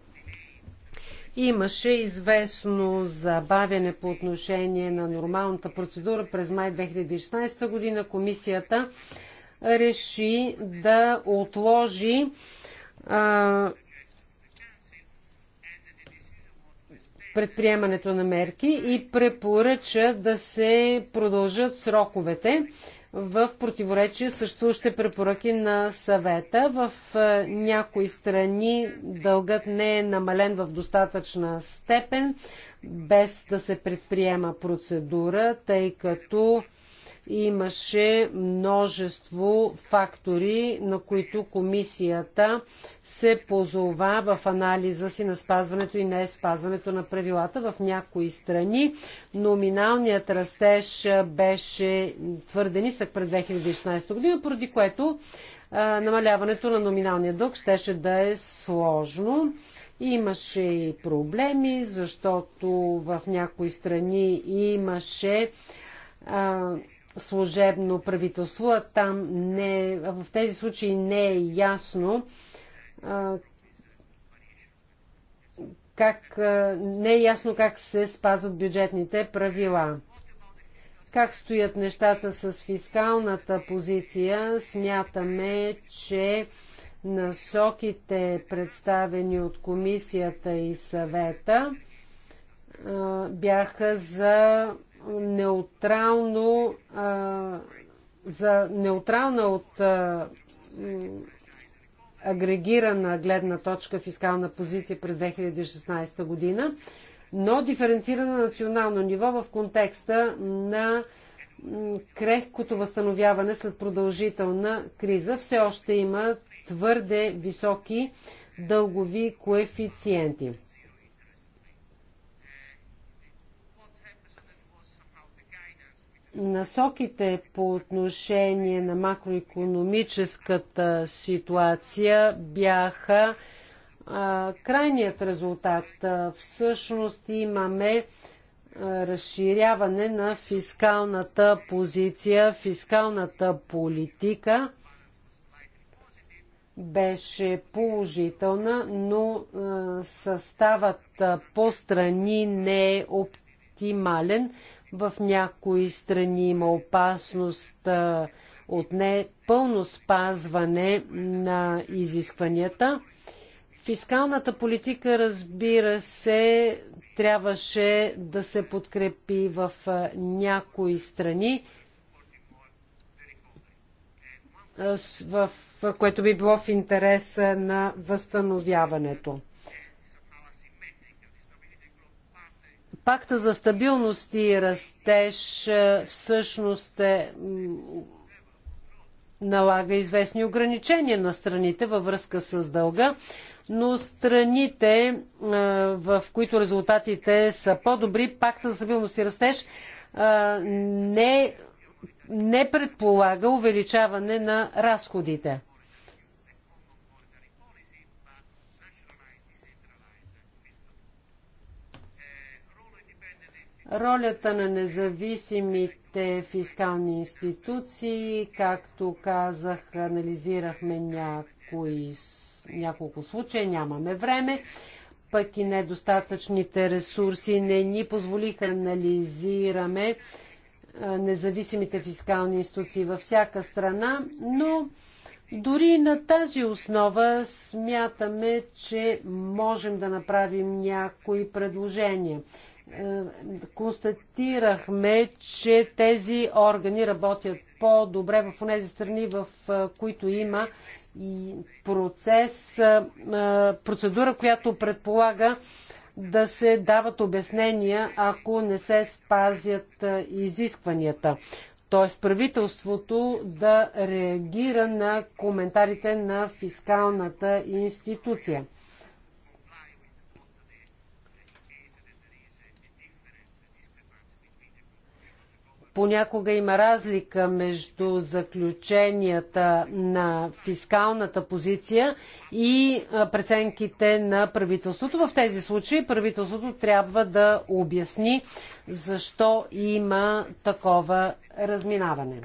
S2: имаше известно забавяне по отношение на нормалната процедура през май 2016 година. Комисията реши да отложи а, предприемането на мерки и препоръча да се продължат сроковете в противоречие с съществуващите препоръки на съвета. В е, някои страни дългът не е намален в достатъчна степен, без да се предприема процедура, тъй като Имаше множество фактори, на които комисията се позова в анализа си на спазването и не спазването на правилата в някои страни. Номиналният растеж беше твърде нисък през 2016 година, поради което намаляването на номиналния дълг щеше да е сложно. Имаше и проблеми, защото в някои страни имаше а, служебно правителство, а там не, в тези случаи не е ясно как, не е ясно как се спазват бюджетните правила. Как стоят нещата с фискалната позиция? Смятаме, че насоките, представени от комисията и съвета, бяха за неутрално а, за неутрална от а, агрегирана гледна точка фискална позиция през 2016 година, но диференцирана на национално ниво в контекста на крехкото възстановяване след продължителна криза. Все още има твърде високи дългови коефициенти. Насоките по отношение на макроекономическата ситуация бяха а, крайният резултат. Всъщност имаме разширяване на фискалната позиция, фискалната политика беше положителна, но съставът по страни не е оптимален. В някои страни има опасност от непълно спазване на изискванията. Фискалната политика, разбира се, трябваше да се подкрепи в някои страни, в което би било в интереса на възстановяването. Пакта за стабилност и растеж е, всъщност е, налага известни ограничения на страните във връзка с дълга, но страните, е, в които резултатите са по-добри, пакта за стабилност и растеж е, не, не предполага увеличаване на разходите. Ролята на независимите фискални институции, както казах, анализирахме някои, няколко случая, нямаме време, пък и недостатъчните ресурси не ни позволиха анализираме независимите фискални институции във всяка страна, но дори на тази основа смятаме, че можем да направим някои предложения констатирахме, че тези органи работят по-добре в тези страни, в които има процес, процедура, която предполага да се дават обяснения, ако не се спазят изискванията. Т.е. правителството да реагира на коментарите на фискалната институция. Понякога има разлика между заключенията на фискалната позиция и преценките на правителството. В тези случаи правителството трябва да обясни защо има такова разминаване.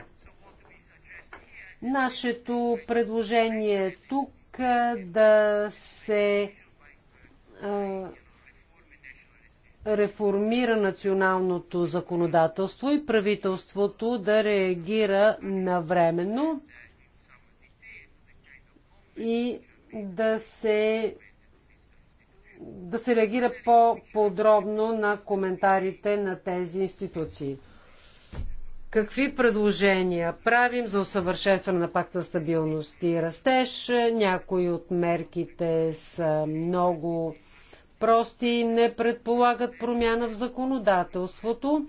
S2: Нашето предложение е тук да се реформира националното законодателство и правителството да реагира навременно и да се, да се реагира по-подробно на коментарите на тези институции. Какви предложения правим за усъвършенстване на пакта стабилност и растеж? Някои от мерките са много прости не предполагат промяна в законодателството.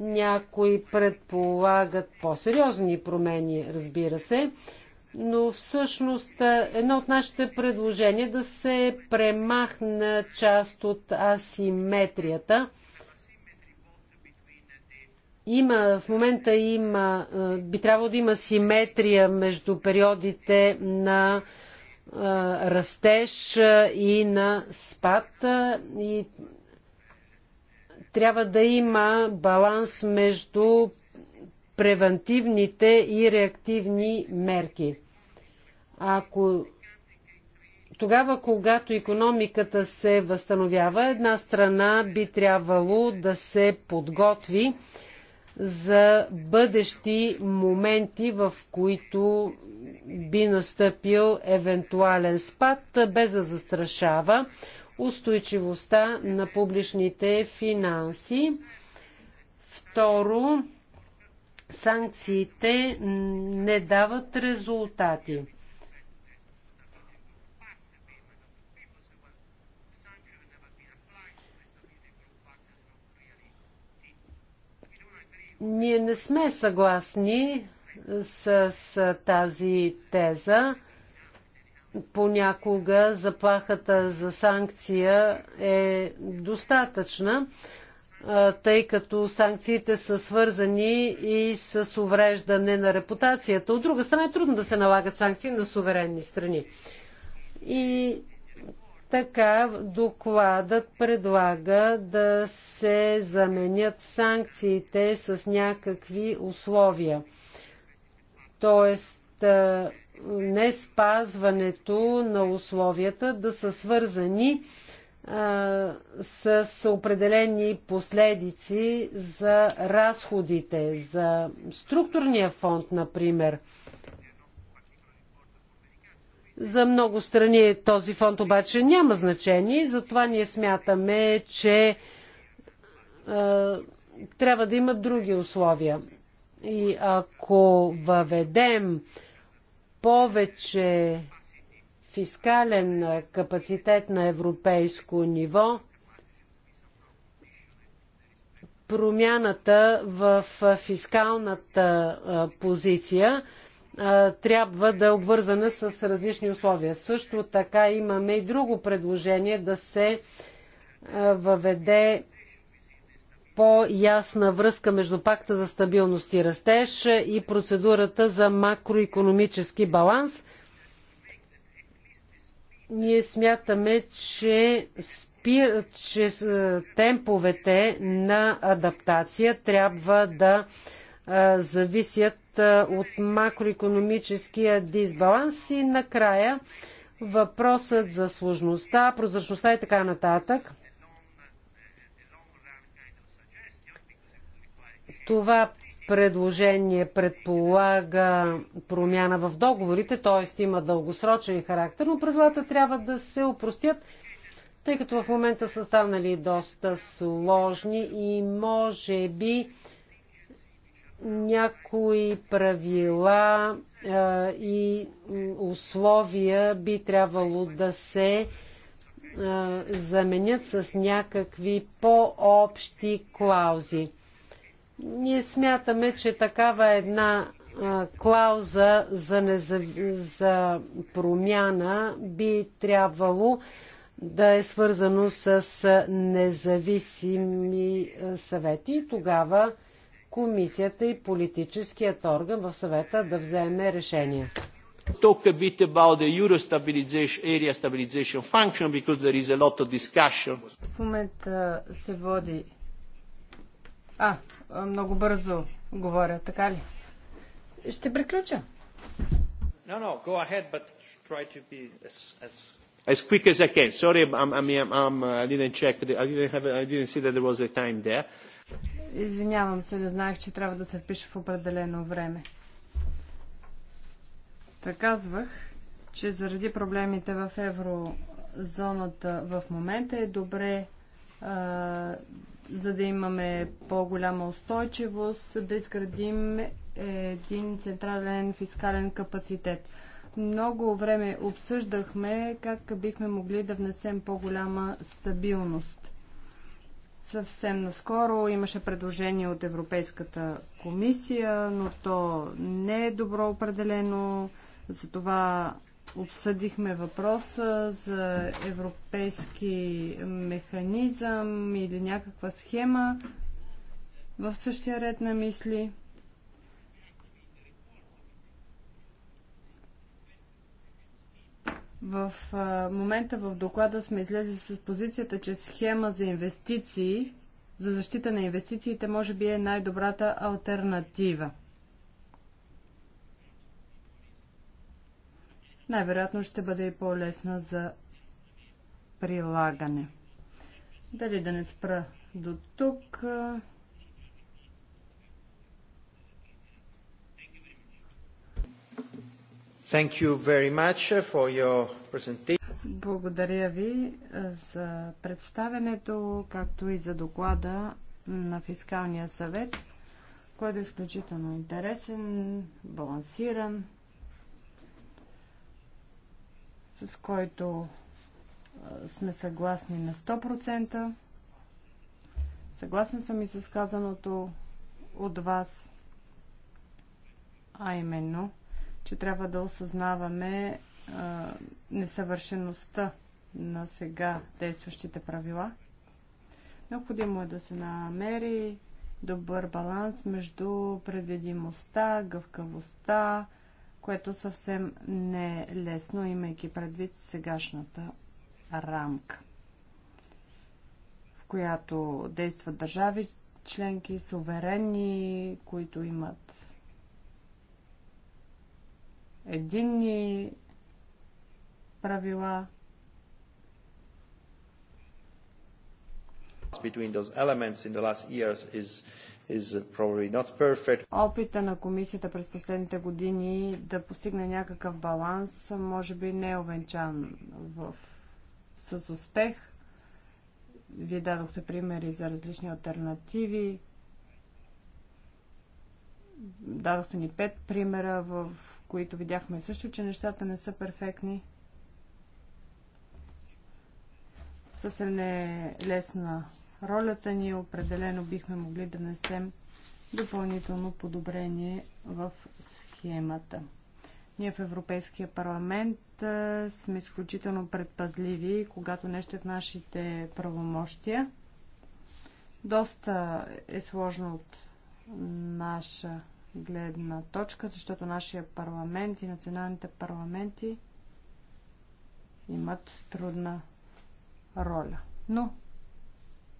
S2: Някои предполагат по-сериозни промени, разбира се, но всъщност едно от нашите предложения е да се премахна част от асиметрията. Има, в момента има, би трябвало да има симетрия между периодите на растеж и на спад и трябва да има баланс между превентивните и реактивни мерки. Ако тогава, когато економиката се възстановява, една страна би трябвало да се подготви за бъдещи моменти, в които би настъпил евентуален спад, без да застрашава устойчивостта на публичните финанси. Второ, санкциите не дават резултати. Ние не сме съгласни с, с тази теза. Понякога заплахата за санкция е достатъчна, тъй като санкциите са свързани и с увреждане на репутацията. От друга страна е трудно да се налагат санкции на суверенни страни. И така докладът предлага да се заменят санкциите с някакви условия. Тоест, не спазването на условията да са свързани а, с определени последици за разходите, за структурния фонд, например. За много страни този фонд обаче няма значение и затова ние смятаме, че е, трябва да има други условия. И ако въведем повече фискален капацитет на европейско ниво, промяната в фискалната е, позиция – трябва да е обвързана с различни условия. Също така имаме и друго предложение да се въведе по-ясна връзка между пакта за стабилност и растеж и процедурата за макроекономически баланс. Ние смятаме, че, спи... че темповете на адаптация трябва да зависят от макроекономическия дисбаланс и накрая въпросът за сложността, прозрачността и така нататък. Това предложение предполага промяна в договорите, т.е. има дългосрочен характер, но правилата трябва да се опростят, тъй като в момента са станали доста сложни и може би някои правила а, и условия би трябвало да се а, заменят с някакви по-общи клаузи. Ние смятаме, че такава една а, клауза за, незав... за промяна би трябвало да е свързано с независими съвети. тогава комисията и политическият орган в съвета да вземе решение.
S1: Talk a bit about the Euro stabilization, area stabilization function because there is a lot of discussion.
S2: В момента се води...
S3: А, много бързо говоря, така ли? Ще
S1: приключа. No, no, go ahead, but try to be as, as
S3: as quick as I can. Sorry, I'm, I'm, I'm, I didn't check. The, I didn't have. I didn't see that there was a time there. Извинявам се, не знаех, че трябва да се впиша в определено време. Та казвах, че заради проблемите в еврозоната в момента е добре а, за да имаме по-голяма устойчивост, да изградим един централен фискален капацитет. Много време обсъждахме как бихме могли да внесем по-голяма стабилност. Съвсем наскоро имаше предложение от Европейската комисия, но то не е добро определено. Затова обсъдихме въпроса за европейски механизъм или някаква схема в същия ред на мисли. В момента в доклада сме излезли с позицията, че схема за инвестиции, за защита на инвестициите, може би е най-добрата альтернатива. Най-вероятно ще бъде и по-лесна за прилагане. Дали да не спра до тук?
S1: Thank you very much for your presentation.
S3: Благодаря ви за представенето, както и за доклада на Фискалния съвет, който е изключително интересен, балансиран, с който сме съгласни на 100%. Съгласен съм и с казаното от вас, а именно – че трябва да осъзнаваме а, несъвършеността на сега действащите правила. Необходимо е да се намери добър баланс между предвидимостта, гъвкавостта, което съвсем не е лесно, имайки предвид сегашната рамка, в която действат държави членки, суверенни, които имат единни правила. Опита на комисията през последните години да постигне някакъв баланс, може би не е овенчан в... с успех. Вие дадохте примери за различни альтернативи. Дадохте ни пет примера, в които видяхме също, че нещата не са перфектни. Съвсем не е лесна ролята ни. Определено бихме могли да несем допълнително подобрение в схемата. Ние в Европейския парламент сме изключително предпазливи, когато нещо е в нашите правомощия. Доста е сложно от наша гледна точка, защото нашия парламент и националните парламенти имат трудна роля. Но,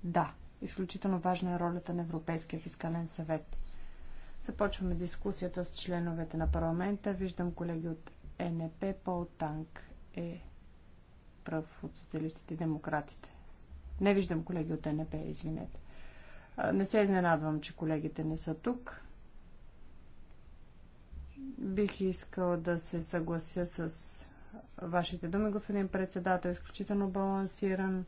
S3: да, изключително важна е ролята на Европейския фискален съвет. Започваме дискусията с членовете на парламента. Виждам колеги от НП. Пол Танк е прав от социалистите и демократите. Не виждам колеги от НП, извинете. Не се изненадвам, че колегите не са тук. Бих искал да се съглася с вашите думи, господин председател. Изключително балансиран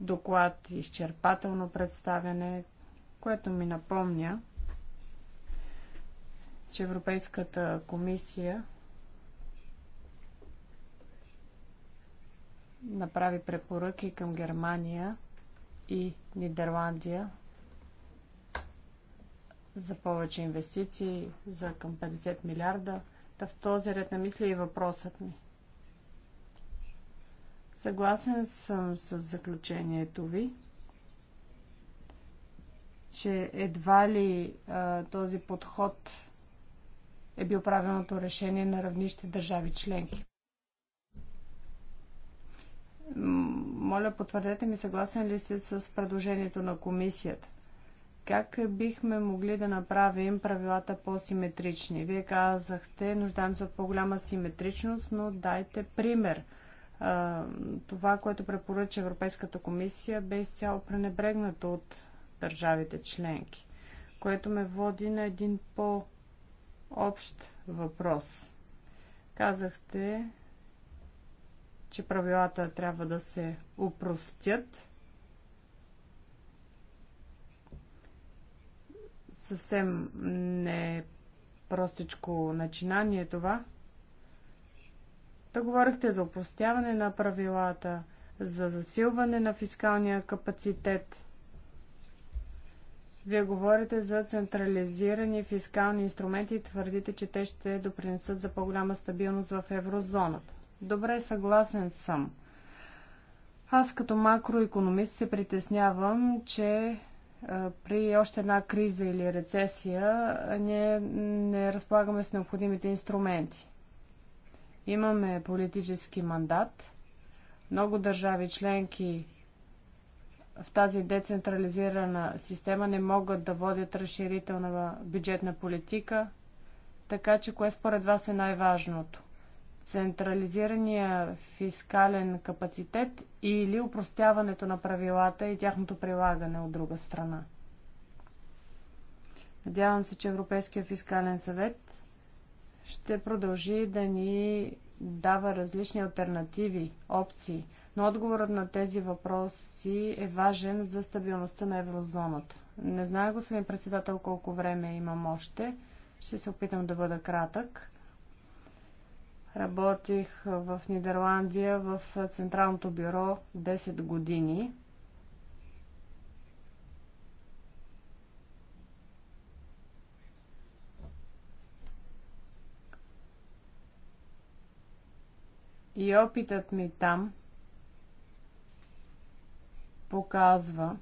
S3: доклад, изчерпателно представяне, което ми напомня, че Европейската комисия направи препоръки към Германия и Нидерландия за повече инвестиции, за към 50 милиарда. Та в този ред на мисля е и въпросът ми. Съгласен съм с заключението ви, че едва ли а, този подход е бил правилното решение на равнище държави членки. Моля, потвърдете ми, съгласен ли сте с предложението на комисията? Как бихме могли да направим правилата по-симетрични? Вие казахте, нуждаем се от по-голяма симетричност, но дайте пример. Това, което препоръча Европейската комисия, бе изцяло пренебрегнато от държавите членки, което ме води на един по-общ въпрос. Казахте, че правилата трябва да се упростят Съвсем не е простичко начинание това. Та говорихте за упростяване на правилата, за засилване на фискалния капацитет. Вие говорите за централизирани фискални инструменти и твърдите, че те ще допринесат за по-голяма стабилност в еврозоната. Добре, съгласен съм. Аз като макроекономист се притеснявам, че при още една криза или рецесия ние не разполагаме с необходимите инструменти. Имаме политически мандат. Много държави членки в тази децентрализирана система не могат да водят разширителна бюджетна политика. Така че кое според вас е най-важното? централизирания фискален капацитет или упростяването на правилата и тяхното прилагане от друга страна. Надявам се, че Европейския фискален съвет ще продължи да ни дава различни альтернативи, опции, но отговорът на тези въпроси е важен за стабилността на еврозоната. Не знае, господин председател, колко време имам още. Ще се опитам да бъда кратък. Работих в Нидерландия в Централното бюро 10 години. И опитът ми там показва,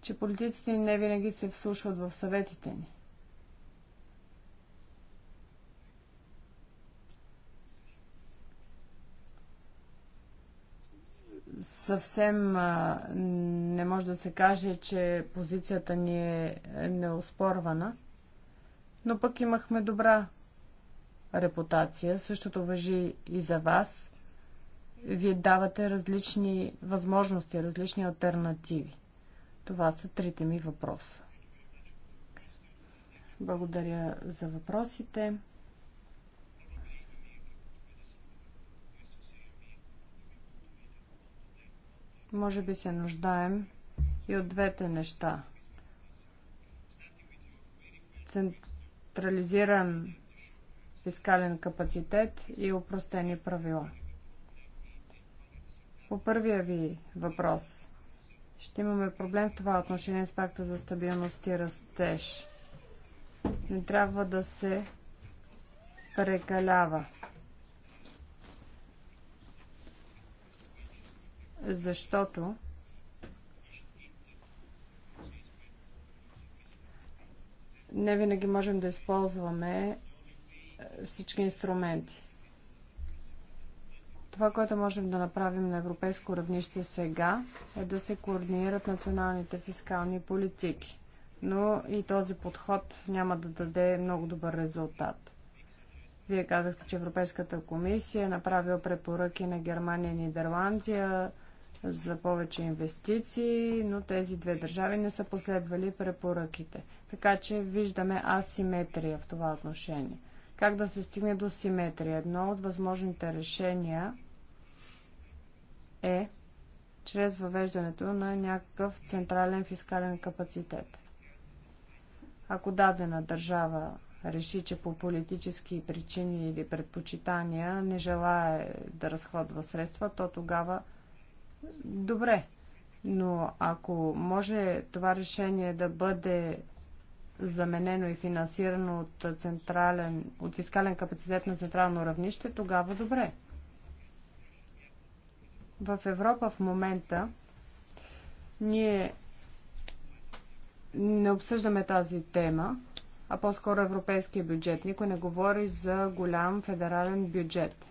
S3: че политиците не винаги се вслушват в съветите ни. съвсем а, не може да се каже, че позицията ни е, е неоспорвана, но пък имахме добра репутация. Същото въжи и за вас. Вие давате различни възможности, различни альтернативи. Това са трите ми въпроса. Благодаря за въпросите. Може би се нуждаем и от двете неща. Централизиран фискален капацитет и упростени правила. По първия ви въпрос – ще имаме проблем в това отношение с пакта за стабилност и растеж. Не трябва да се прекалява. Защото не винаги можем да използваме всички инструменти. Това, което можем да направим на европейско равнище сега, е да се координират националните фискални политики. Но и този подход няма да даде много добър резултат. Вие казахте, че Европейската комисия е направила препоръки на Германия и Нидерландия за повече инвестиции, но тези две държави не са последвали препоръките. Така че виждаме асиметрия в това отношение как да се стигне до симетрия. Едно от възможните решения е чрез въвеждането на някакъв централен фискален капацитет. Ако дадена държава реши, че по политически причини или предпочитания не желая да разходва средства, то тогава добре. Но ако може това решение да бъде заменено и финансирано от, централен, от фискален капацитет на централно равнище, тогава добре. В Европа в момента ние не обсъждаме тази тема, а по-скоро европейския бюджет. Никой не говори за голям федерален бюджет.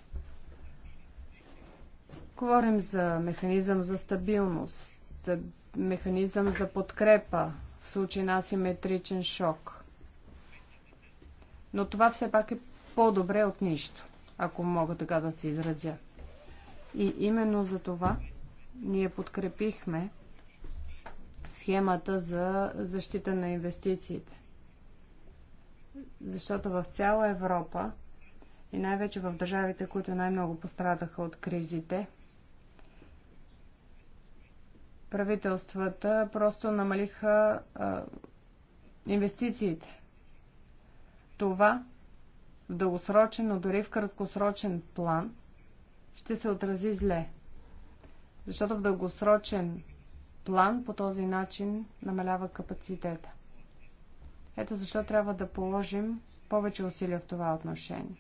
S3: Говорим за механизъм за стабилност, механизъм за подкрепа в случай на асиметричен шок. Но това все пак е по-добре от нищо, ако мога така да се изразя. И именно за това ние подкрепихме схемата за защита на инвестициите. Защото в цяла Европа и най-вече в държавите, които най-много пострадаха от кризите – правителствата просто намалиха а, инвестициите. Това в дългосрочен, но дори в краткосрочен план ще се отрази зле. Защото в дългосрочен план по този начин намалява капацитета. Ето защо трябва да положим повече усилия в това отношение.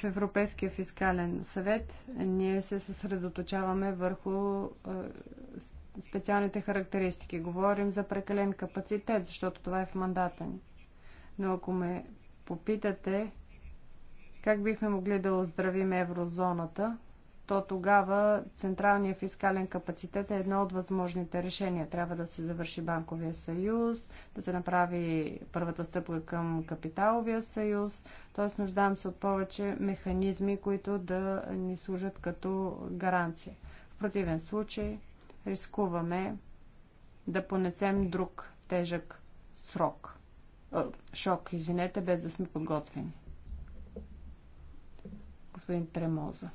S3: В Европейския фискален съвет ние се съсредоточаваме върху е, специалните характеристики. Говорим за прекален капацитет, защото това е в мандата ни. Но ако ме попитате как бихме могли да оздравим еврозоната, то тогава централният фискален капацитет е едно от възможните решения. Трябва да се завърши банковия съюз, да се направи първата стъпка към капиталовия съюз, Тоест, нуждаем се от повече механизми, които да ни служат като гаранция. В противен случай рискуваме да понесем друг тежък срок. шок, извинете, без да сме подготвени. Господин Тремоза.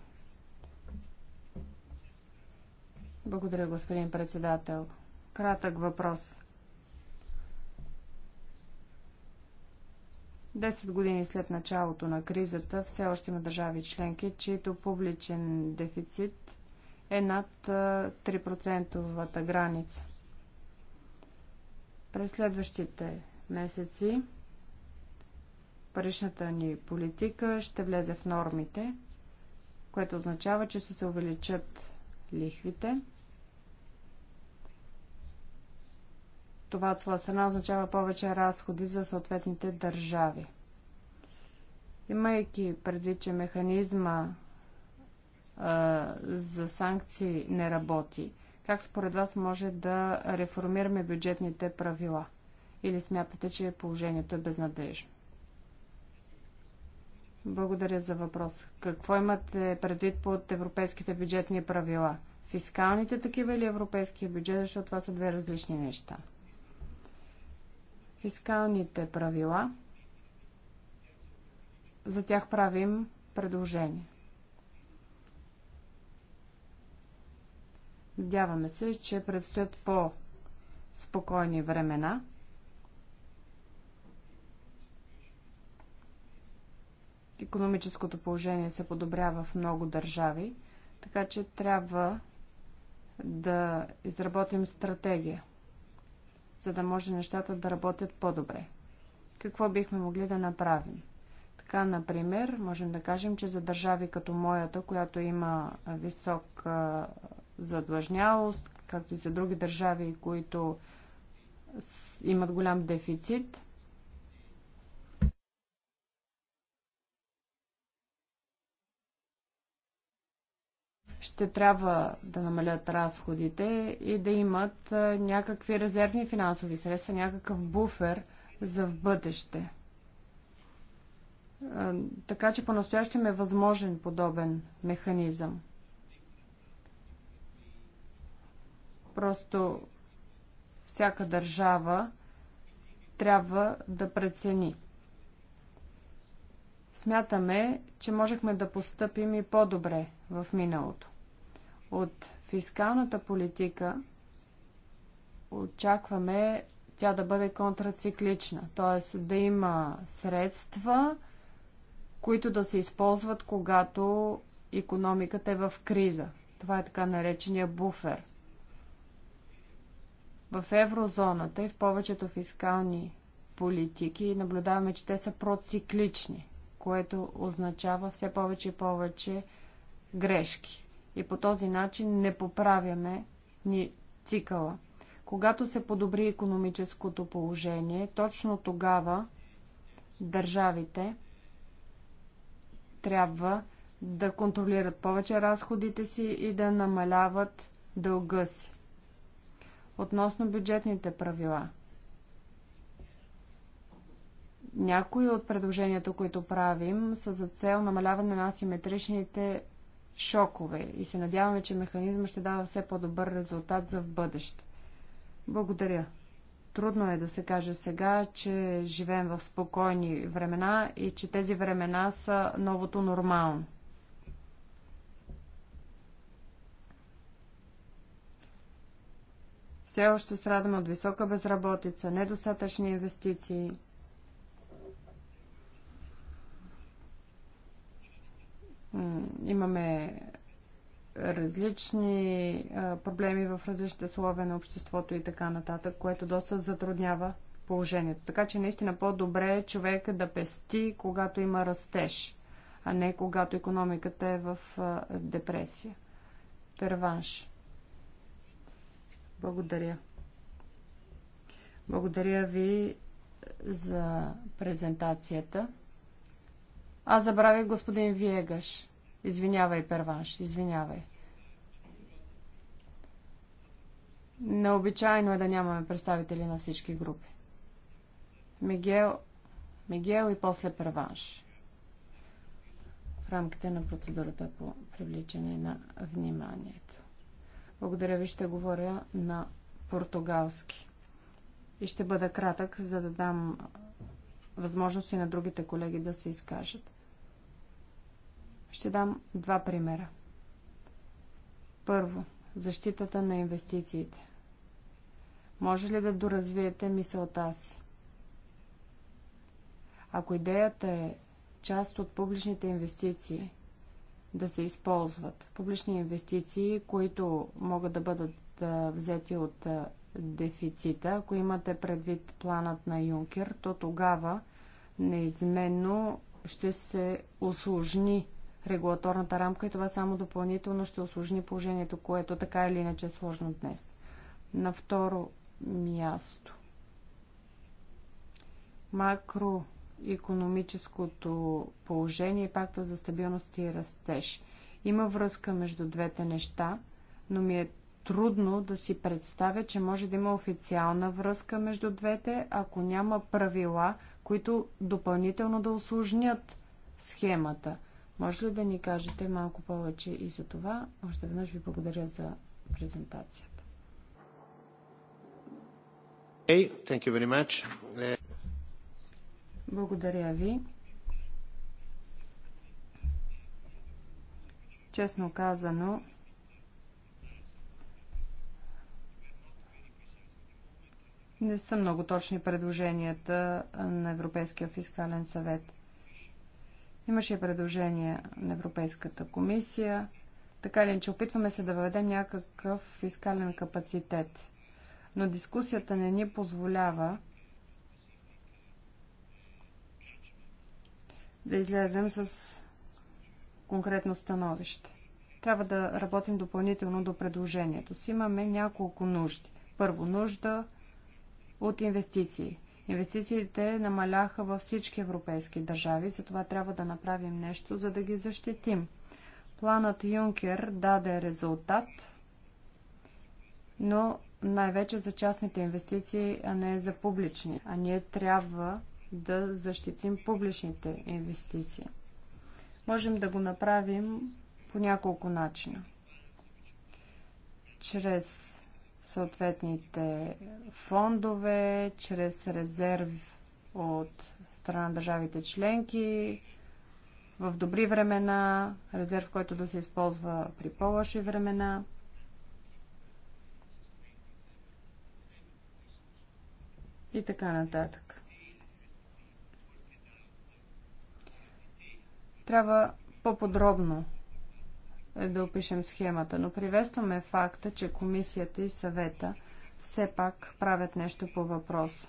S3: Благодаря, господин председател. Кратък въпрос. Десет години след началото на кризата все още има държави членки, чието публичен дефицит е над 3 граница. През следващите месеци паричната ни политика ще влезе в нормите, което означава, че ще се увеличат лихвите – Това от своя страна означава повече разходи за съответните държави. Имайки предвид, че механизма а, за санкции не работи, как според вас може да реформираме бюджетните правила? Или смятате, че положението е безнадежно? Благодаря за въпрос. Какво имате предвид под европейските бюджетни правила? Фискалните такива или европейския бюджет, защото това са две различни неща фискалните правила, за тях правим предложение. Надяваме се, че предстоят по-спокойни времена. Економическото положение се подобрява в много държави, така че трябва да изработим стратегия – за да може нещата да работят по-добре. Какво бихме могли да направим? Така, например, можем да кажем, че за държави като моята, която има висок задлъжнялост, както и за други държави, които имат голям дефицит, ще трябва да намалят разходите и да имат някакви резервни финансови средства, някакъв буфер за в бъдеще. Така че по-настоящем е възможен подобен механизъм. Просто всяка държава трябва да прецени. Смятаме, че можехме да постъпим и по-добре в миналото. От фискалната политика очакваме тя да бъде контрациклична, т.е. да има средства, които да се използват, когато економиката е в криза. Това е така наречения буфер. В еврозоната и в повечето фискални политики наблюдаваме, че те са проциклични, което означава все повече и повече грешки и по този начин не поправяме ни цикъла. Когато се подобри економическото положение, точно тогава държавите трябва да контролират повече разходите си и да намаляват дълга си. Относно бюджетните правила. Някои от предложенията, които правим, са за цел намаляване на асиметричните шокове и се надяваме, че механизма ще дава все по-добър резултат за в бъдеще. Благодаря. Трудно е да се каже сега, че живеем в спокойни времена и че тези времена са новото нормално. Все още страдаме от висока безработица, недостатъчни инвестиции – имаме различни проблеми в различните слове на обществото и така нататък, което доста затруднява положението. Така че наистина по-добре е човек да пести, когато има растеж, а не когато економиката е в депресия. Перванш. Благодаря. Благодаря ви за презентацията. Аз забравих господин Виегаш. Извинявай, Перванш, извинявай. Необичайно е да нямаме представители на всички групи. Мигел, Мигел и после Перванш. В рамките на процедурата по привличане на вниманието. Благодаря ви, ще говоря на португалски. И ще бъда кратък, за да дам възможности на другите колеги да се изкажат. Ще дам два примера. Първо, защитата на инвестициите. Може ли да доразвиете мисълта си? Ако идеята е част от публичните инвестиции да се използват, публични инвестиции, които могат да бъдат взети от дефицита, ако имате предвид планът на Юнкер, то тогава неизменно ще се осложни регулаторната рамка и това само допълнително ще осложни положението, което така или иначе е сложно днес. На второ място. Макроекономическото положение и пакта за стабилност и растеж. Има връзка между двете неща, но ми е трудно да си представя, че може да има официална връзка между двете, ако няма правила, които допълнително да осложнят схемата. Може ли да ни кажете малко повече и за това? Още веднъж ви благодаря за презентацията.
S1: Hey,
S5: thank you very much.
S3: Благодаря ви. Честно казано, не са много точни предложенията на Европейския фискален съвет. Имаше предложение на Европейската комисия. Така ли че опитваме се да въведем някакъв фискален капацитет. Но дискусията не ни позволява да излезем с конкретно становище. Трябва да работим допълнително до предложението си. Имаме няколко нужди. Първо нужда от инвестиции. Инвестициите намаляха във всички европейски държави, затова трябва да направим нещо, за да ги защитим. Планът Юнкер даде резултат, но най-вече за частните инвестиции, а не за публични. А ние трябва да защитим публичните инвестиции. Можем да го направим по няколко начина. Чрез съответните фондове, чрез резерв от страна на държавите членки, в добри времена, резерв, който да се използва при по-лоши времена. И така нататък. Трябва по-подробно да опишем схемата, но приветстваме факта, че комисията и съвета все пак правят нещо по въпрос.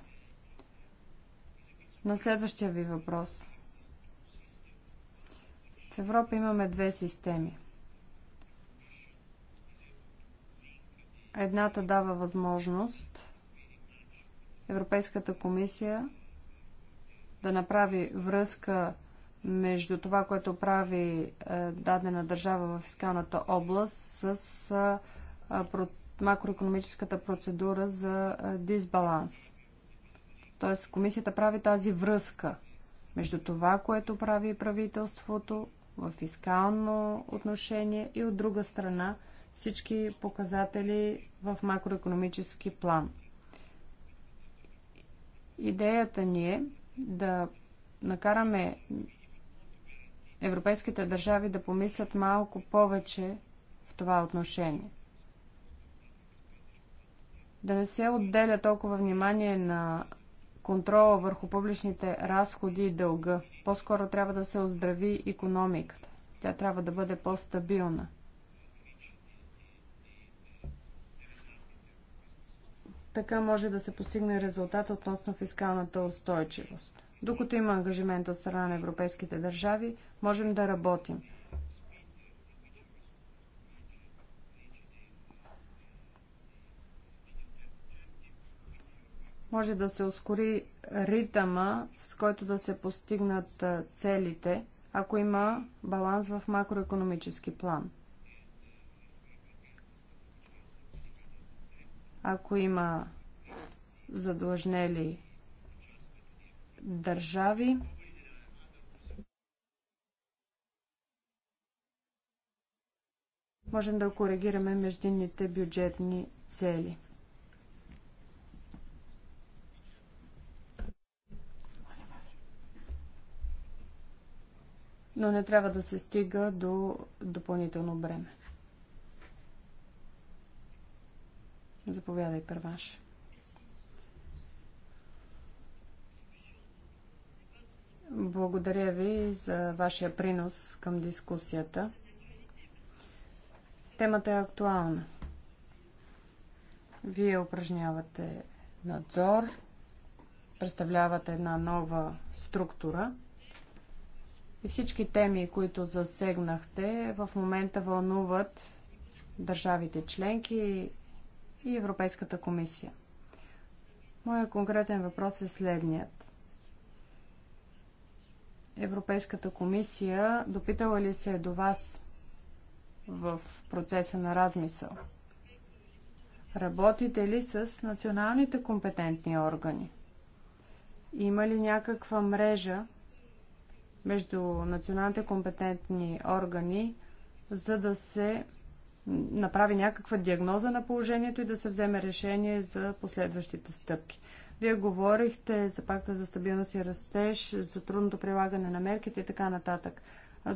S3: На следващия ви въпрос. В Европа имаме две системи. Едната дава възможност Европейската комисия да направи връзка между това, което прави е, дадена държава в фискалната област с е, макроекономическата процедура за е, дисбаланс. Тоест, комисията прави тази връзка между това, което прави правителството в фискално отношение и от друга страна всички показатели в макроекономически план. Идеята ни е да накараме европейските държави да помислят малко повече в това отношение. Да не се отделя толкова внимание на контрола върху публичните разходи и дълга. По-скоро трябва да се оздрави економиката. Тя трябва да бъде по-стабилна. Така може да се постигне резултат относно фискалната устойчивост. Докато има ангажимент от страна на европейските държави, можем да работим. Може да се ускори ритъма, с който да се постигнат целите, ако има баланс в макроекономически план. Ако има задлъжнели държави. Можем да коригираме междинните бюджетни цели. но не трябва да се стига до допълнително бреме. Заповядай, Първаш. Благодаря ви за вашия принос към дискусията. Темата е актуална. Вие упражнявате надзор, представлявате една нова структура и всички теми, които засегнахте, в момента вълнуват държавите членки и Европейската комисия. Моя конкретен въпрос е следният. Европейската комисия допитала ли се до вас в процеса на размисъл? Работите ли с националните компетентни органи? Има ли някаква мрежа между националните компетентни органи, за да се направи някаква диагноза на положението и да се вземе решение за последващите стъпки. Вие говорихте за пакта за стабилност и растеж, за трудното прилагане на мерките и така нататък.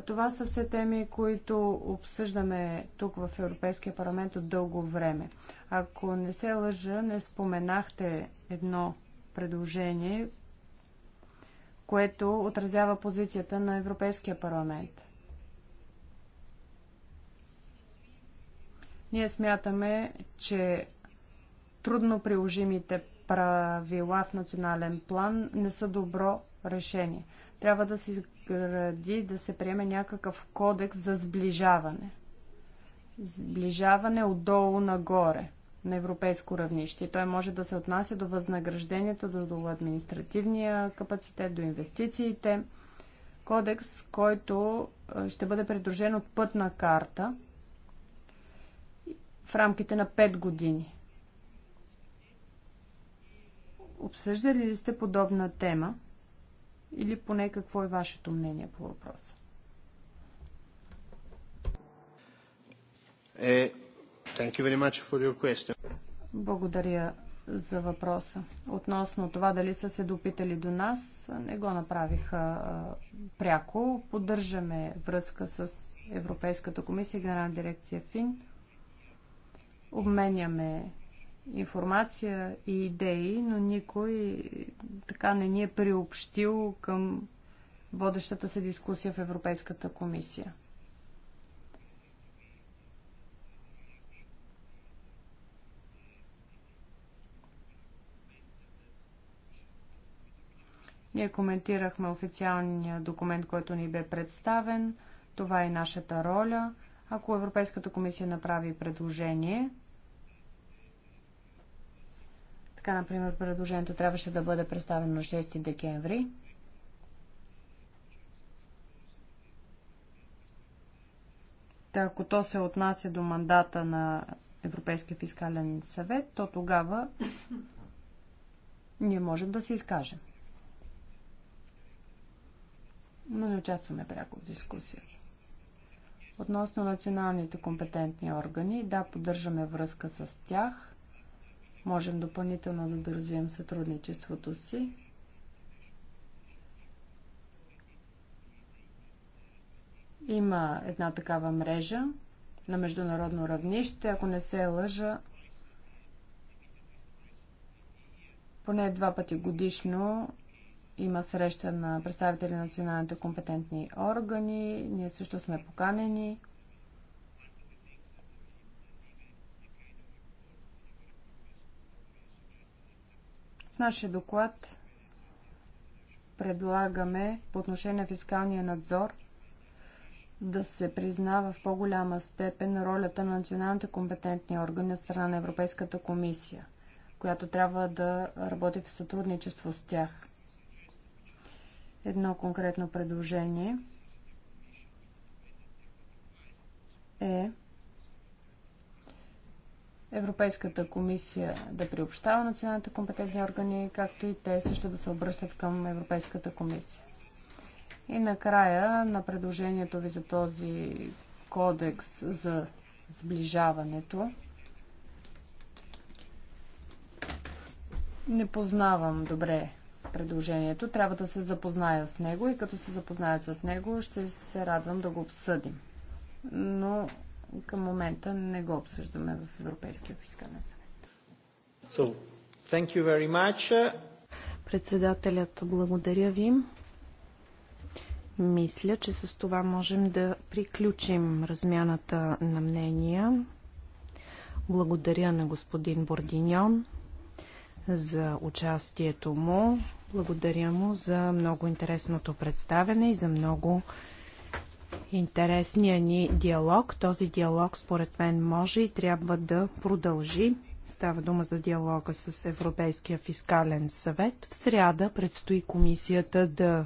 S3: Това са все теми, които обсъждаме тук в Европейския парламент от дълго време. Ако не се лъжа, не споменахте едно предложение, което отразява позицията на Европейския парламент. Ние смятаме, че трудно приложимите правила в национален план не са добро решение. Трябва да се изгради, да се приеме някакъв кодекс за сближаване. Сближаване отдолу нагоре на европейско равнище. И той може да се отнася до възнаграждението, до, до административния капацитет, до инвестициите. Кодекс, който ще бъде придружен от пътна карта в рамките на 5 години. Обсъждали ли сте подобна тема? Или поне какво е вашето мнение по въпроса?
S1: Е, thank you very much for your question.
S3: Благодаря за въпроса. Относно това дали са се допитали до нас, не го направиха пряко. Поддържаме връзка с Европейската комисия, Генерална дирекция ФИН. Обменяме информация и идеи, но никой така не ни е приобщил към водещата се дискусия в Европейската комисия. Ние коментирахме официалния документ, който ни бе представен. Това е нашата роля. Ако Европейската комисия направи предложение, така, например, предложението трябваше да бъде представено на 6 декември. Та, ако то се отнася до мандата на Европейския фискален съвет, то тогава ние можем да се изкажем. Но не участваме пряко в дискусия. Относно националните компетентни органи, да, поддържаме връзка с тях – можем допълнително да доразвием сътрудничеството си. Има една такава мрежа на международно равнище. Ако не се лъжа, поне два пъти годишно има среща на представители на националните компетентни органи. Ние също сме поканени. нашия доклад предлагаме по отношение на фискалния надзор да се признава в по-голяма степен ролята на националните компетентни органи от страна на Европейската комисия, която трябва да работи в сътрудничество с тях. Едно конкретно предложение е Европейската комисия да приобщава националните компетентни органи, както и те също да се обръщат към Европейската комисия. И накрая на предложението ви за този кодекс за сближаването. Не познавам добре предложението. Трябва да се запозная с него и като се запозная с него, ще се радвам да го обсъдим. Но към момента не го обсъждаме
S1: в Европейския фискален съвет. So, thank you very much.
S4: Председателят, благодаря ви. Мисля, че с това можем да приключим размяната на мнения. Благодаря на господин Бординьон за участието му. Благодаря му за много интересното представене и за много интересния ни диалог. Този диалог, според мен, може и трябва да продължи. Става дума за диалога с Европейския фискален съвет. В сряда предстои комисията да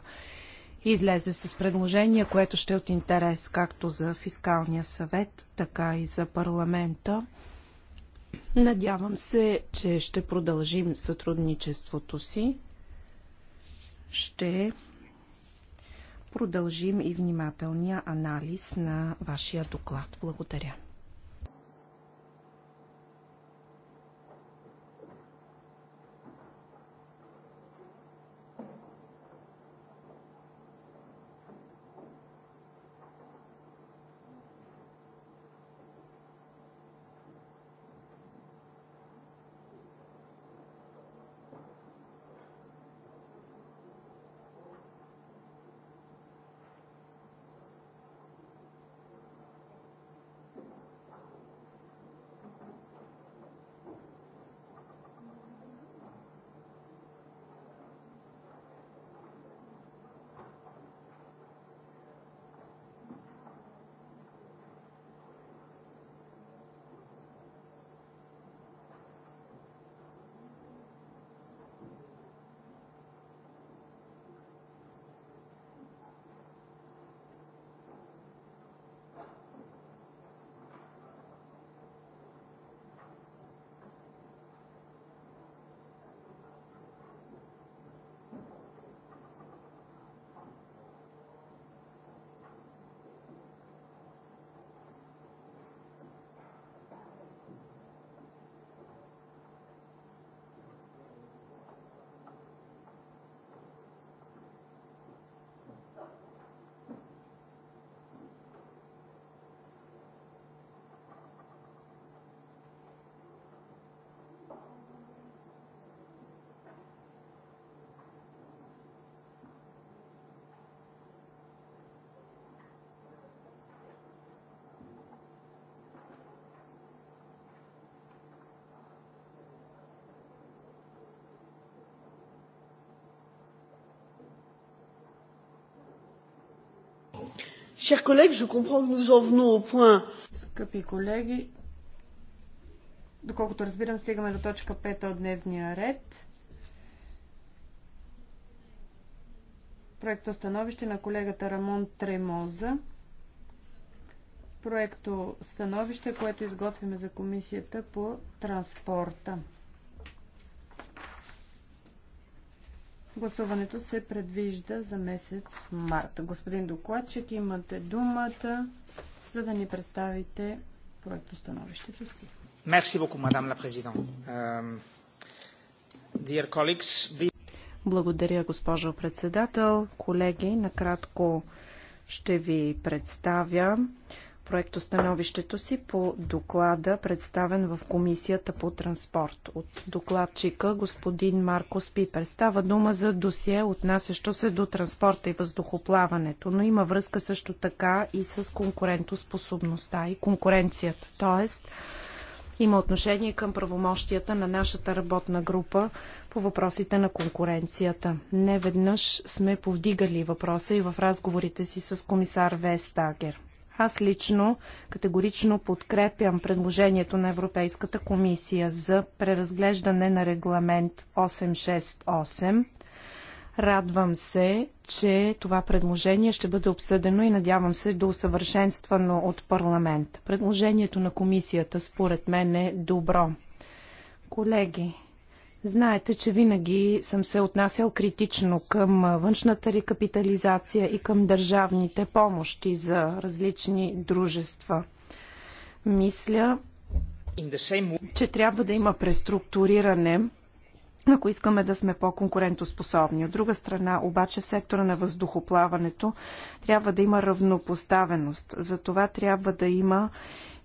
S4: излезе с предложение, което ще е от интерес както за фискалния съвет, така и за парламента. Надявам се, че ще продължим сътрудничеството си. Ще продължим и внимателния анализ на вашия доклад. Благодаря.
S3: Chers collègues, je comprends que nous en venons au point. Скъпи колеги, доколкото разбирам, стигаме до точка 5 от дневния ред. Проекто становище на колегата Рамон Тремоза. Проекто становище, което изготвяме за комисията по транспорта. Гласуването се предвижда за месец марта. Господин докладчик, имате думата, за да ни представите проектостановището си.
S1: Мерси боку, мадам ла президент. Dear colleagues,
S4: благодаря, госпожо председател. Колеги, накратко ще ви представя проектостановището си по доклада, представен в Комисията по транспорт от докладчика господин Марко Спипер Става дума за досие, отнасящо се до транспорта и въздухоплаването, но има връзка също така и с конкурентоспособността и конкуренцията. Тоест, има отношение към правомощията на нашата работна група по въпросите на конкуренцията. Не веднъж сме повдигали въпроса и в разговорите си с комисар Вестагер. Аз лично категорично подкрепям предложението на Европейската комисия за преразглеждане на регламент 868. Радвам се, че това предложение ще бъде обсъдено и надявам се до усъвършенствано от парламент. Предложението на комисията според мен е добро. Колеги, Знаете, че винаги съм се отнасял критично към външната рекапитализация и към държавните помощи за различни дружества. Мисля, че трябва да има преструктуриране ако искаме да сме по-конкурентоспособни. От друга страна, обаче в сектора на въздухоплаването трябва да има равнопоставеност. За това трябва да има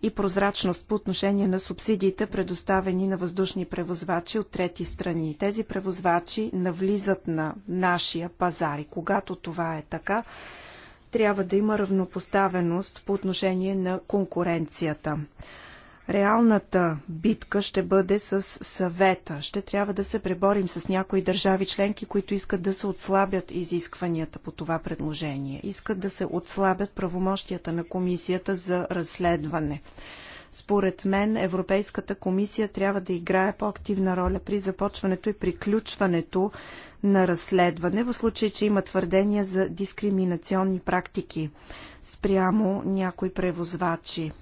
S4: и прозрачност по отношение на субсидиите, предоставени на въздушни превозвачи от трети страни. Тези превозвачи навлизат на нашия пазар и когато това е така, трябва да има равнопоставеност по отношение на конкуренцията. Реалната битка ще бъде с съвета. Ще трябва да се преборим с някои държави членки, които искат да се отслабят изискванията по това предложение. Искат да се отслабят правомощията на комисията за разследване. Според мен Европейската комисия трябва да играе по-активна роля при започването и приключването на разследване, в случай, че има твърдения за дискриминационни практики спрямо някои превозвачи.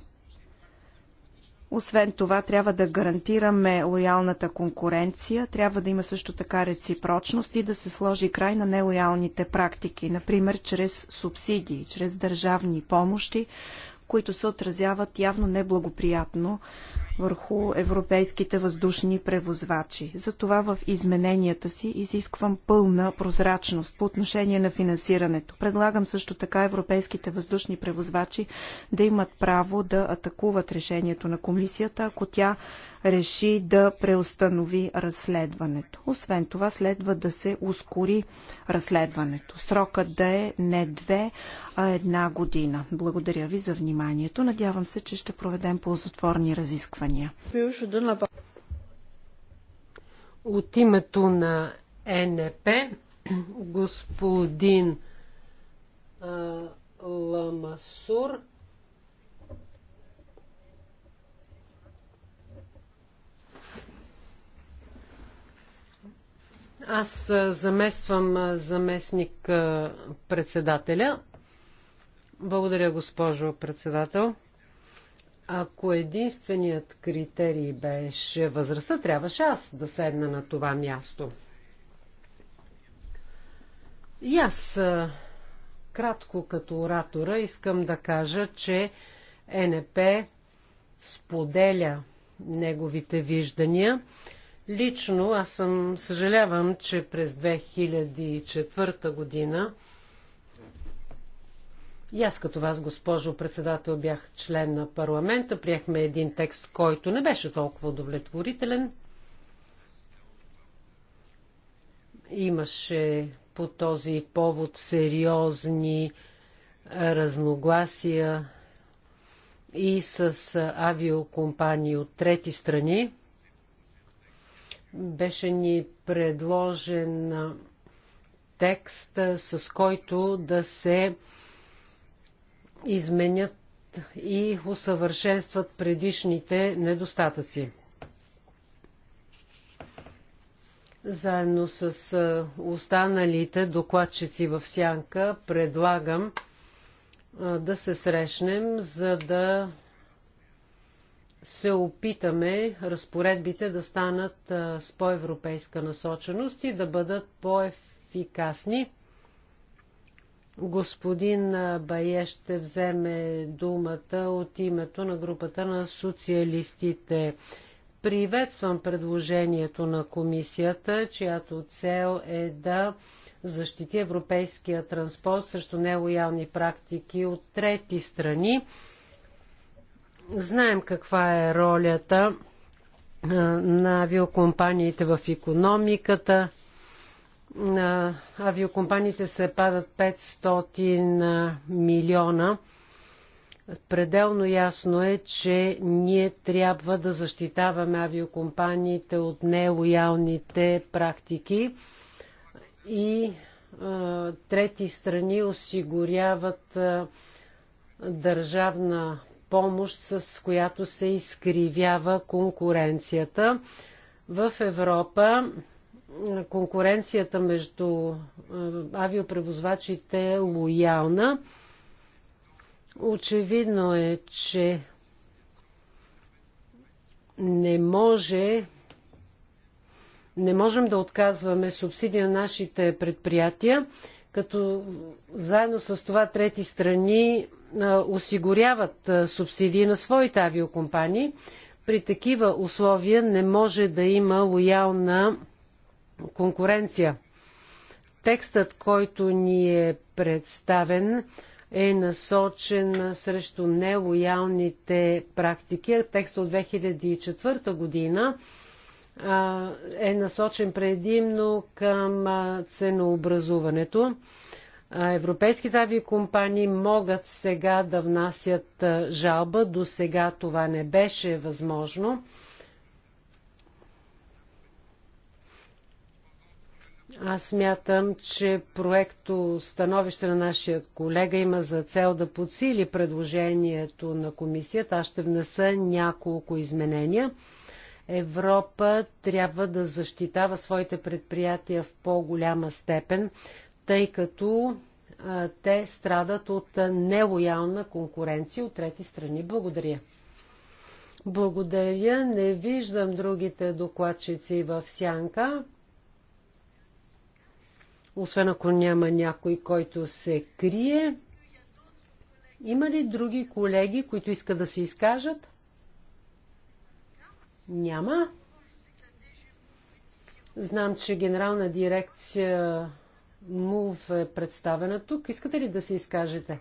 S4: Освен това, трябва да гарантираме лоялната конкуренция, трябва да има също така реципрочност и да се сложи край на нелоялните практики, например чрез субсидии, чрез държавни помощи, които се отразяват явно неблагоприятно върху европейските въздушни превозвачи. Затова в измененията си изисквам пълна прозрачност по отношение на финансирането. Предлагам също така европейските въздушни превозвачи да имат право да атакуват решението на комисията, ако тя реши да преустанови разследването. Освен това, следва да се ускори разследването. Срокът да е не две, а една година. Благодаря ви за вниманието. Надявам се, че ще проведем ползотворни разисквания. От името на
S2: НП, господин Ламасур, Аз замествам заместник председателя. Благодаря, госпожо председател. Ако единственият критерий беше възрастта, трябваше аз да седна на това място. И аз, кратко като оратора, искам да кажа, че НП споделя неговите виждания Лично аз съм съжалявам, че през 2004 година и аз като вас, госпожо председател, бях член на парламента. Приехме един текст, който не беше толкова удовлетворителен. Имаше по този повод сериозни разногласия и с авиокомпании от трети страни беше ни предложен текст, с който да се изменят и усъвършенстват предишните недостатъци. Заедно с останалите докладчици в Сянка предлагам да се срещнем, за да се опитаме разпоредбите да станат с по-европейска насоченост и да бъдат по-ефикасни. Господин Бае ще вземе думата от името на групата на социалистите. Приветствам предложението на комисията, чиято цел е да защити европейския транспорт срещу нелоялни практики от трети страни Знаем каква е ролята на авиокомпаниите в економиката. На авиокомпаниите се падат 500 милиона. Пределно ясно е, че ние трябва да защитаваме авиокомпаниите от нелоялните практики и трети страни осигуряват държавна помощ, с която се изкривява конкуренцията. В Европа конкуренцията между авиопревозвачите е лоялна. Очевидно е, че не може не можем да отказваме субсидия на нашите предприятия, като заедно с това трети страни осигуряват субсидии на своите авиокомпании. При такива условия не може да има лоялна конкуренция. Текстът, който ни е представен, е насочен срещу нелоялните практики. Текстът от 2004 година е насочен предимно към ценообразуването. Европейските авиакомпании могат сега да внасят жалба. До сега това не беше възможно. Аз смятам, че проекто становище на нашия колега има за цел да подсили предложението на комисията. Аз ще внеса няколко изменения. Европа трябва да защитава своите предприятия в по-голяма степен тъй като те страдат от нелоялна конкуренция от трети страни. Благодаря. Благодаря. Не виждам другите докладчици в сянка. Освен ако няма някой, който се крие. Има ли други колеги, които искат да се изкажат? Няма. Знам, че генерална дирекция му е представена тук. Искате ли да се изкажете?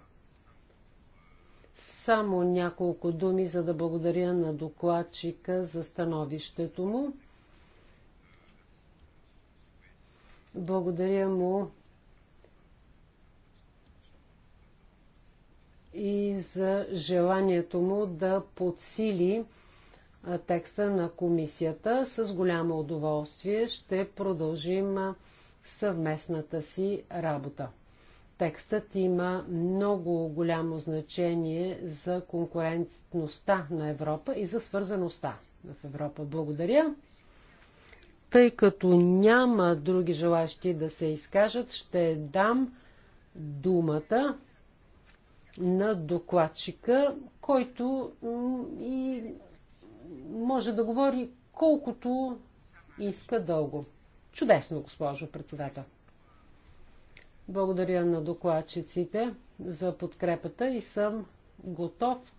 S2: Само няколко думи, за да благодаря на докладчика за становището му. Благодаря му и за желанието му да подсили текста на комисията. С голямо удоволствие ще продължим съвместната си работа. Текстът има много голямо значение за конкурентността на Европа и за свързаността в Европа. Благодаря. Тъй като няма други желащи да се изкажат, ще дам думата на докладчика, който и може да говори колкото иска дълго. Чудесно, госпожо председател. Благодаря на докладчиците за подкрепата и съм готов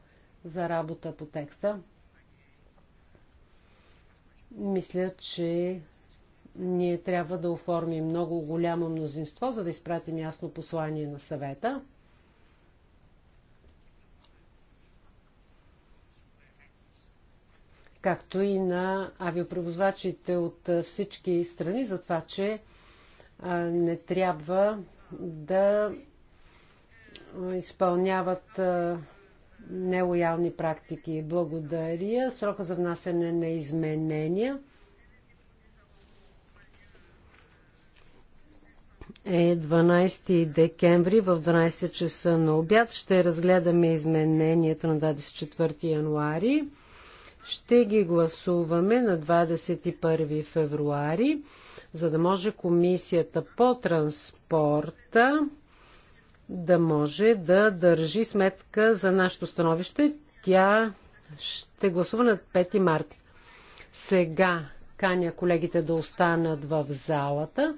S2: за работа по текста. Мисля, че ние трябва да оформим много голямо мнозинство, за да изпратим ясно послание на съвета. както и на авиопревозвачите от всички страни за това, че не трябва да изпълняват нелоялни практики. Благодаря. Срока за внасяне на изменения е 12 декември в 12 часа на обяд. Ще разгледаме изменението на 24 януари. Ще ги гласуваме на 21 февруари, за да може комисията по транспорта да може да държи сметка за нашето становище. Тя ще гласува на 5 марта. Сега каня колегите да останат в залата,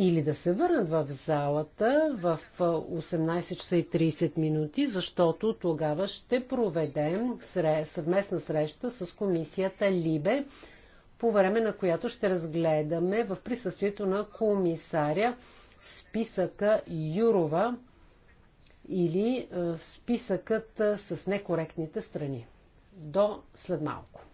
S2: или да се върнат в залата в 18 часа и 30 минути, защото тогава ще проведем съвместна среща с комисията Либе, по време на която ще разгледаме в присъствието на комисаря списъка Юрова или списъкът с некоректните страни. До след малко.